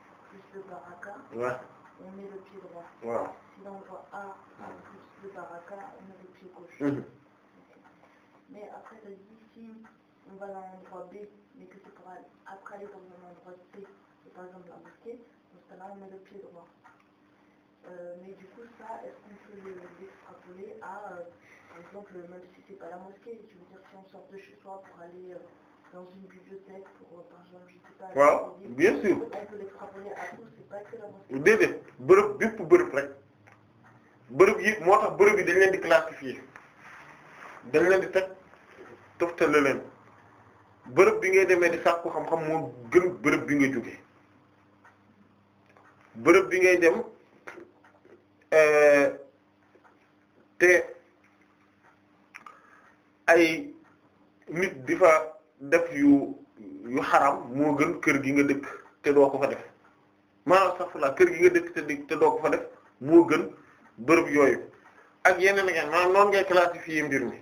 Speaker 3: plus le baraka. On met le pied droit. Voilà. Si l'on A plus le baraka, on met le pied gauche. Mhm. Mais après, ça dit si on va dans l'endroit B, mais que c'est pour aller, après aller dans l'endroit B, et par exemple la mosquée, dans ce cas met le pied droit. Euh, mais du coup, ça, est-ce qu'on peut l'extrapoler à, euh, par pas la mosquée, tu veux dire si on sort de chez soi pour aller euh, Euh, waaw bien sûr
Speaker 2: déedéet bërëb bépp bërëb rek bërëb yi moo tax bërëb yi dañ leen di classifier dañ leen di teg toftale leen bërëb bi ngay demee di sàkku xam-xam moo gën bërëb bi nga jóge bërëb bi ngay dem euh, te ay nit di fa def yu yu xaram moo gën kër gi nga dëkk te doo ko fa def maanaam sax la kër gi nga dëkk te doo ko fa def moo gën bërëb yooyu ak yeneen ak yeneen maanaam noonu ngay classifier mbir mi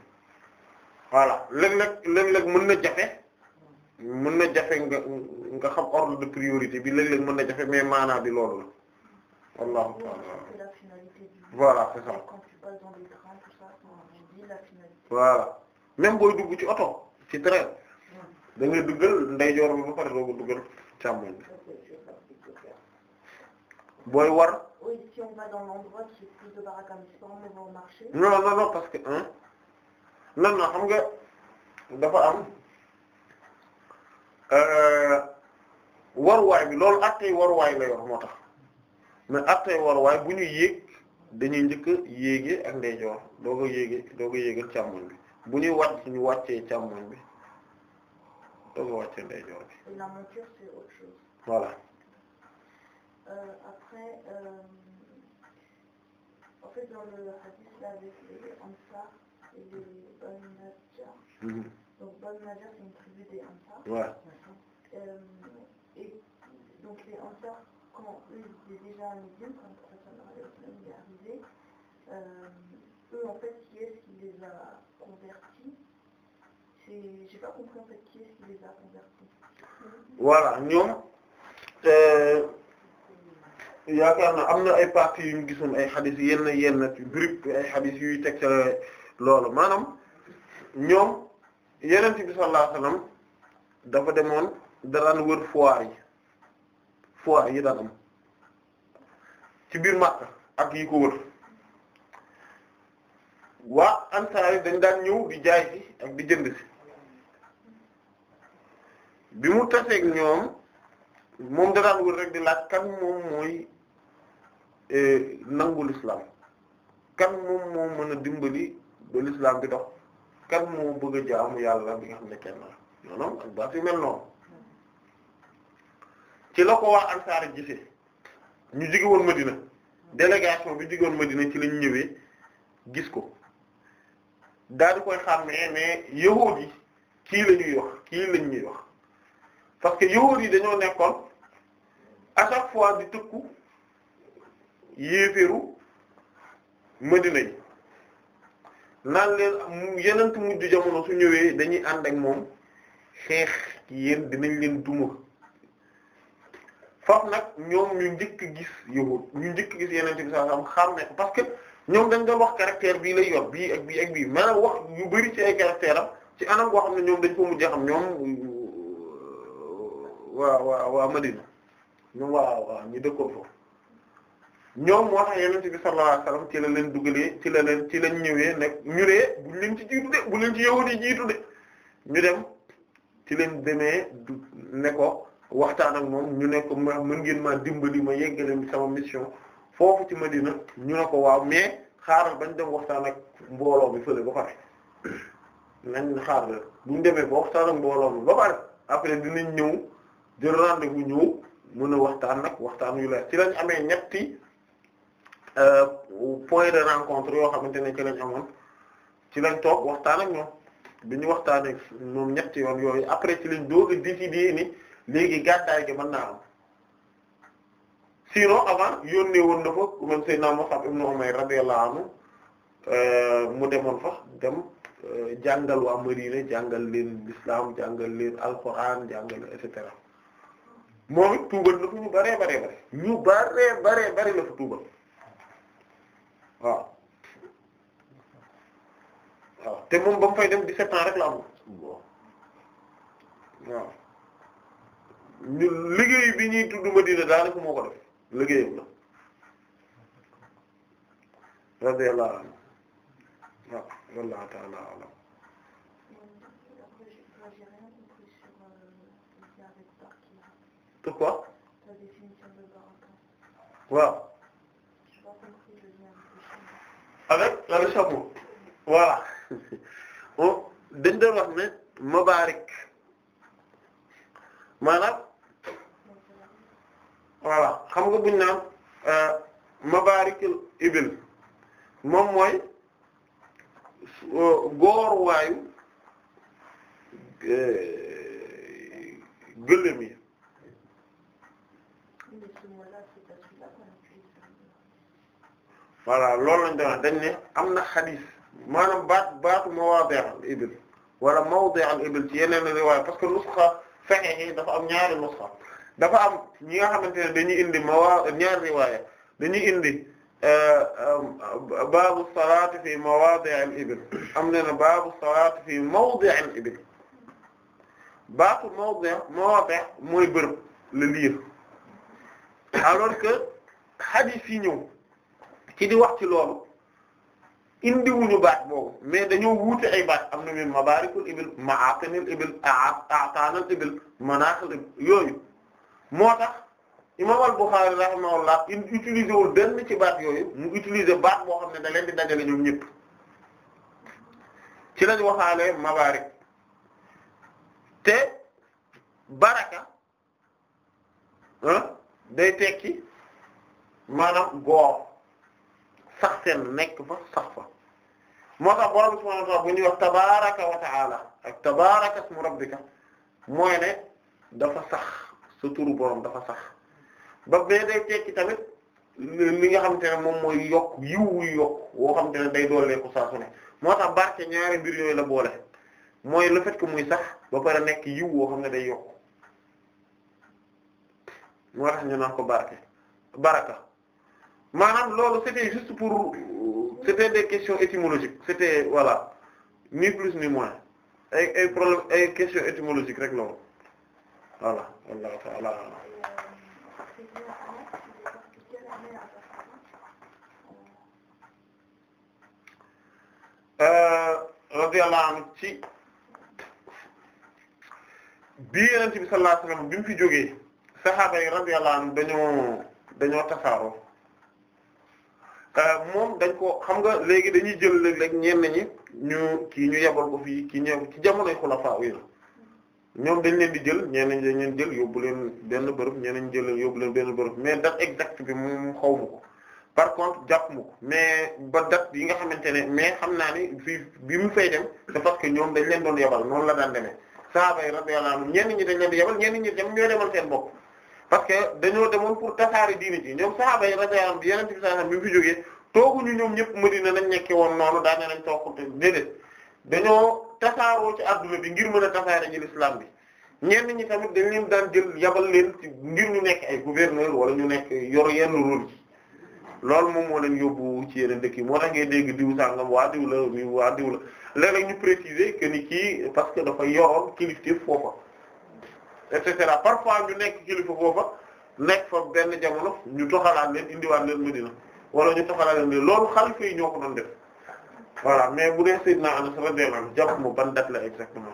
Speaker 2: voilà léeg-léeg léeg mën na jafe mën na jafe nga nga xam ordre de priorité bi léeg-léeg mën na jafe mais maanaa bi loolu la wallahu ta'ala voilà c'est ça voilà même booy dugg ci oto ci train da ngay duggal ndeyjoor bi ba pare doo ko duggal càmmoñ bi booy war. oui si on parce que hein non xam nga dafa am euh, waruwaay bi loolu attey waruwaay la moo tax mais attey waruwaay bu ñu yéeg dañuy njëkk a yéegee ak ndeyjoor doo ko yéegee doo ko yéegal càmmoñ bi bu ñuy wàcc ñu wàccee càmmoñ bi. doog
Speaker 3: la monture c'est autre chose. voilà. Euh, après euh, en fait dans le hadith avec les Ansar et les Banu Najjar. donc Banu Najjar c'est des Ansar. Euh, et donc les Ansar quand eux ils étaient déjà à Médine quand le prophète est arrivé eux en fait qui est-ce qui les a convertis j'ai
Speaker 2: ñoom yaakaar na am na ay parties yu ñu gisoon ay xadis yenn yenn briques ay xadis yuy teg loolu maanaam ñoom Yonent bi sallallahu alayhi wasallam dafa demoon daraan wër foire yi foire yi daan am ci biir Makka ak yi ko wër waa ansaar yi dañ daan ñëw di jaay di jënd bi mu taseeg ñoom moom da wër rek di laaj kan moom mooy eh, nangu l'islam kan moom moo mën a dimbali ba l'islam bi dox kan moo bëgg a jaamu yàlla bi nga xam ne kenn la maanaam ak baat yu mel noonu ci la ko wax ansaari gisee ñu jóge woon Madina délégation bi jóge woon Madina ci lañu ñëwee gis ko daal di koy xàmmee ne yahuud yi kii la ñuy wax kii lañ ñuy wax parce que yowóor yi dañoo nekkoon à chaque fois di tëkku yéeféeru Madina yi naan leen yenent mujj jamono su ñëwee dañuy ànd ak moom xeex yéen dinañ leen duma foofu nag ñoom ñu njëkk gis yowóor ñu njëkk gis yenent bi sallallahu alayhi wasallam xam ne parce que ñoom dañ doon wax caractère bii lay yor bii ak bii ak bii a wax yu bari ci ay caractère ci anam goo xam ne ñoom dañ ko mujjee xam ñoom waa waa waa Madina ñoom waa waa ñu dëkkoon foofu ñoom moo tax Yonent bi sallallahu alayhi wasallam ci la leen dugalee ci la leen ci lañ ñëwee nekk ñu dee buñ leen ci jiitu de buñ leen ci yow di jiitu de ñu dem ci leen demee ne ko waxtaan ak moom ñu nekk ko ma mën ngeen maa dimbali ma yeggale sama mission foofu ci Madina ñu ne ko waaw mais xaaral bañ dem waxtaan ak mbooloo bi fële ba pare xaar xaaral buñ demee ba waxtaan ak mbooloo bi ba pare après dinañ ñëw. di rendez-vous ñëw mën a waxtaan nag waxtaan yu leer ci lañ amee ñetti euh, point de rencontre yoo xamante ne ci lañ amoon ci lañ toog waxtaan ak ñoom bi ñu waxtaanee ñoom ñetti yoon yooyu après ci lañ doog a décider ni léegi gàddaay gi mën naa am sinon avant yónnee woon na fa man Seydina Mus'ab ibn Umayr radiyallahu anhu euh, mu demoon fa dem euh, jàngal waa Madina jàngal leen l'islam jàngal leen alquran jàngal et cetera. moom it tuubal na ko ñu baree bare ñu baree baree bare la fa tuubal waaw waaw te moom ba mu fay dem 17 ans rek la am waaw liggéey bi ñuy tudd Madina daanaka moo ko def liggéeyam la radiyallahu anhu waaw wallahu ta'ala alam sur quoi waaw avec avec chameau voilà dañ doon wax mabarik maanaam voilà xam nga buñ naan euh, mabarikul ibil moom mooy euh, góor waayu euh, gëléem yi voilà loolu lañ doon dañ ne am na xadis maanaam baat baatu mawadi' al-ibil wala mawdi' al-ibil ci yeneen riwaaya parce que nusxa fexe yi dafa am ñaari nusxa dafa am ñi nga xamante ne dañuy indi mawaa ñaari riwaaya dañuy indi euh, baabu salaati fi mawadi' al-ibil am na ne baabu salaati fi mawdi' al-ibil baatu mawdi' mawadi' mooy bërëb le lieu alors que xadis yi ñëw. ci di wax ci loolu indiwuñu baat boobu mais dañoo wuute ay baat am na min mabarikul ibil ma'aqinil ibil a'tanal ibil manaqil ibil yooyu moo tax imam al-Bukhari rahimahullah in utilisé wul benn ci baat yooyu mu utilise baat boo xam ne da leen di dajale ñoom ñëpp ci lañ waxaale mabarik te baraka ah, day tekki maanaam góor sax seen nekk fa sax fa moo tax borom subhaanahu wa ta'aala bu ñuy wax tabaaraka wa ta'aala ak tabaaraka ismu rabbika mooy ne dafa sax sa turu borom dafa sax ba bee day tekki tamit li nga xamante ne moom mooy yokk yiw wuy yokk woo xamante ne day dooleeku saa su ne moo tax barke ñaari mbir yooyu la boole mooy le fait que muy sax ba pare nekk yiw woo xam ne day yokk moo tax ñu naan ko barke baraka maanaam loolu c'était juste pour c'était des questions étymologiques c'était voilà ni plus ni moins ay ay problème ay questions étymologiques rek loolu voilà wallahu ta'ala euh, radiyallahu anhu ci bi Yonent bi sallallahu alayhi wasallam bi mu fi jógee saxaaba yi radiyallahu anhu dañoo dañoo tasaaroo Euh, moom dañ ko xam nga léegi dañuy jël léeg-léeg ñenn ñi ñu kii ñu yebal ko fii kii ñëw ci jamonoy xulafaa yi ñoom dañ leen di jël ñeneen dañ leen jël yóbbu leen benn ñeen ñeneen jël yóbbu leen benn bërëb mais date exacte bi mu xaw ma ko par contre jàpp ma mais ba date yi nga xamante ne mais xam naa ni fii bi mu fay dem c'est parce que ñoom dañ leen doon yebal noonu la daan deme sahaaba yi radiyallahu anhum ñenn ñi dañ leen di yebal ñenn ñi dem ñoo demal seen bopp parce que dañoo demoon pour tasaare diini ji ñoom sahaaba yi radiyallahu anhum yeneen ci sahaaba bi fi jógee tooguñu ñoom ñëpp Madina nañ nekkee woon noonu daane nañ toogte déedéet dañoo tasaaroo ci adduna bi ngir mën a tasaare ji l'islam bi ñenn ñi tamit dañ leen daan jël yabal leen ngir ñu nekk ay gouverneur wala ñu nekk yor yenn rôle yi loolu moom moo leen yóbbu ci yeneen dëkk yi moo tax ngay dégg diw sàngam waa diw la mi waa diw ñu préciser que kii parce que dafa yoroon kilifteef foofa et cetera parfois ñu nekk kilifa foofa nekk fa benn jamono ñu toxalaat leen indiwaat leen Medina wala ñu toxalaat leen loolu xalifa yi ñoo ko def voilà mais bu dee Seydina Anas radiyallahu anhu jàpp mu ban la baax na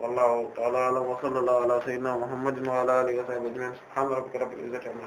Speaker 2: wallahu ta'ala a'lam wa sallallahu ala sayyidina Muhammadin wa ala alihi wa sahbihi ajma'in subhana rabbika rabbil izzati amma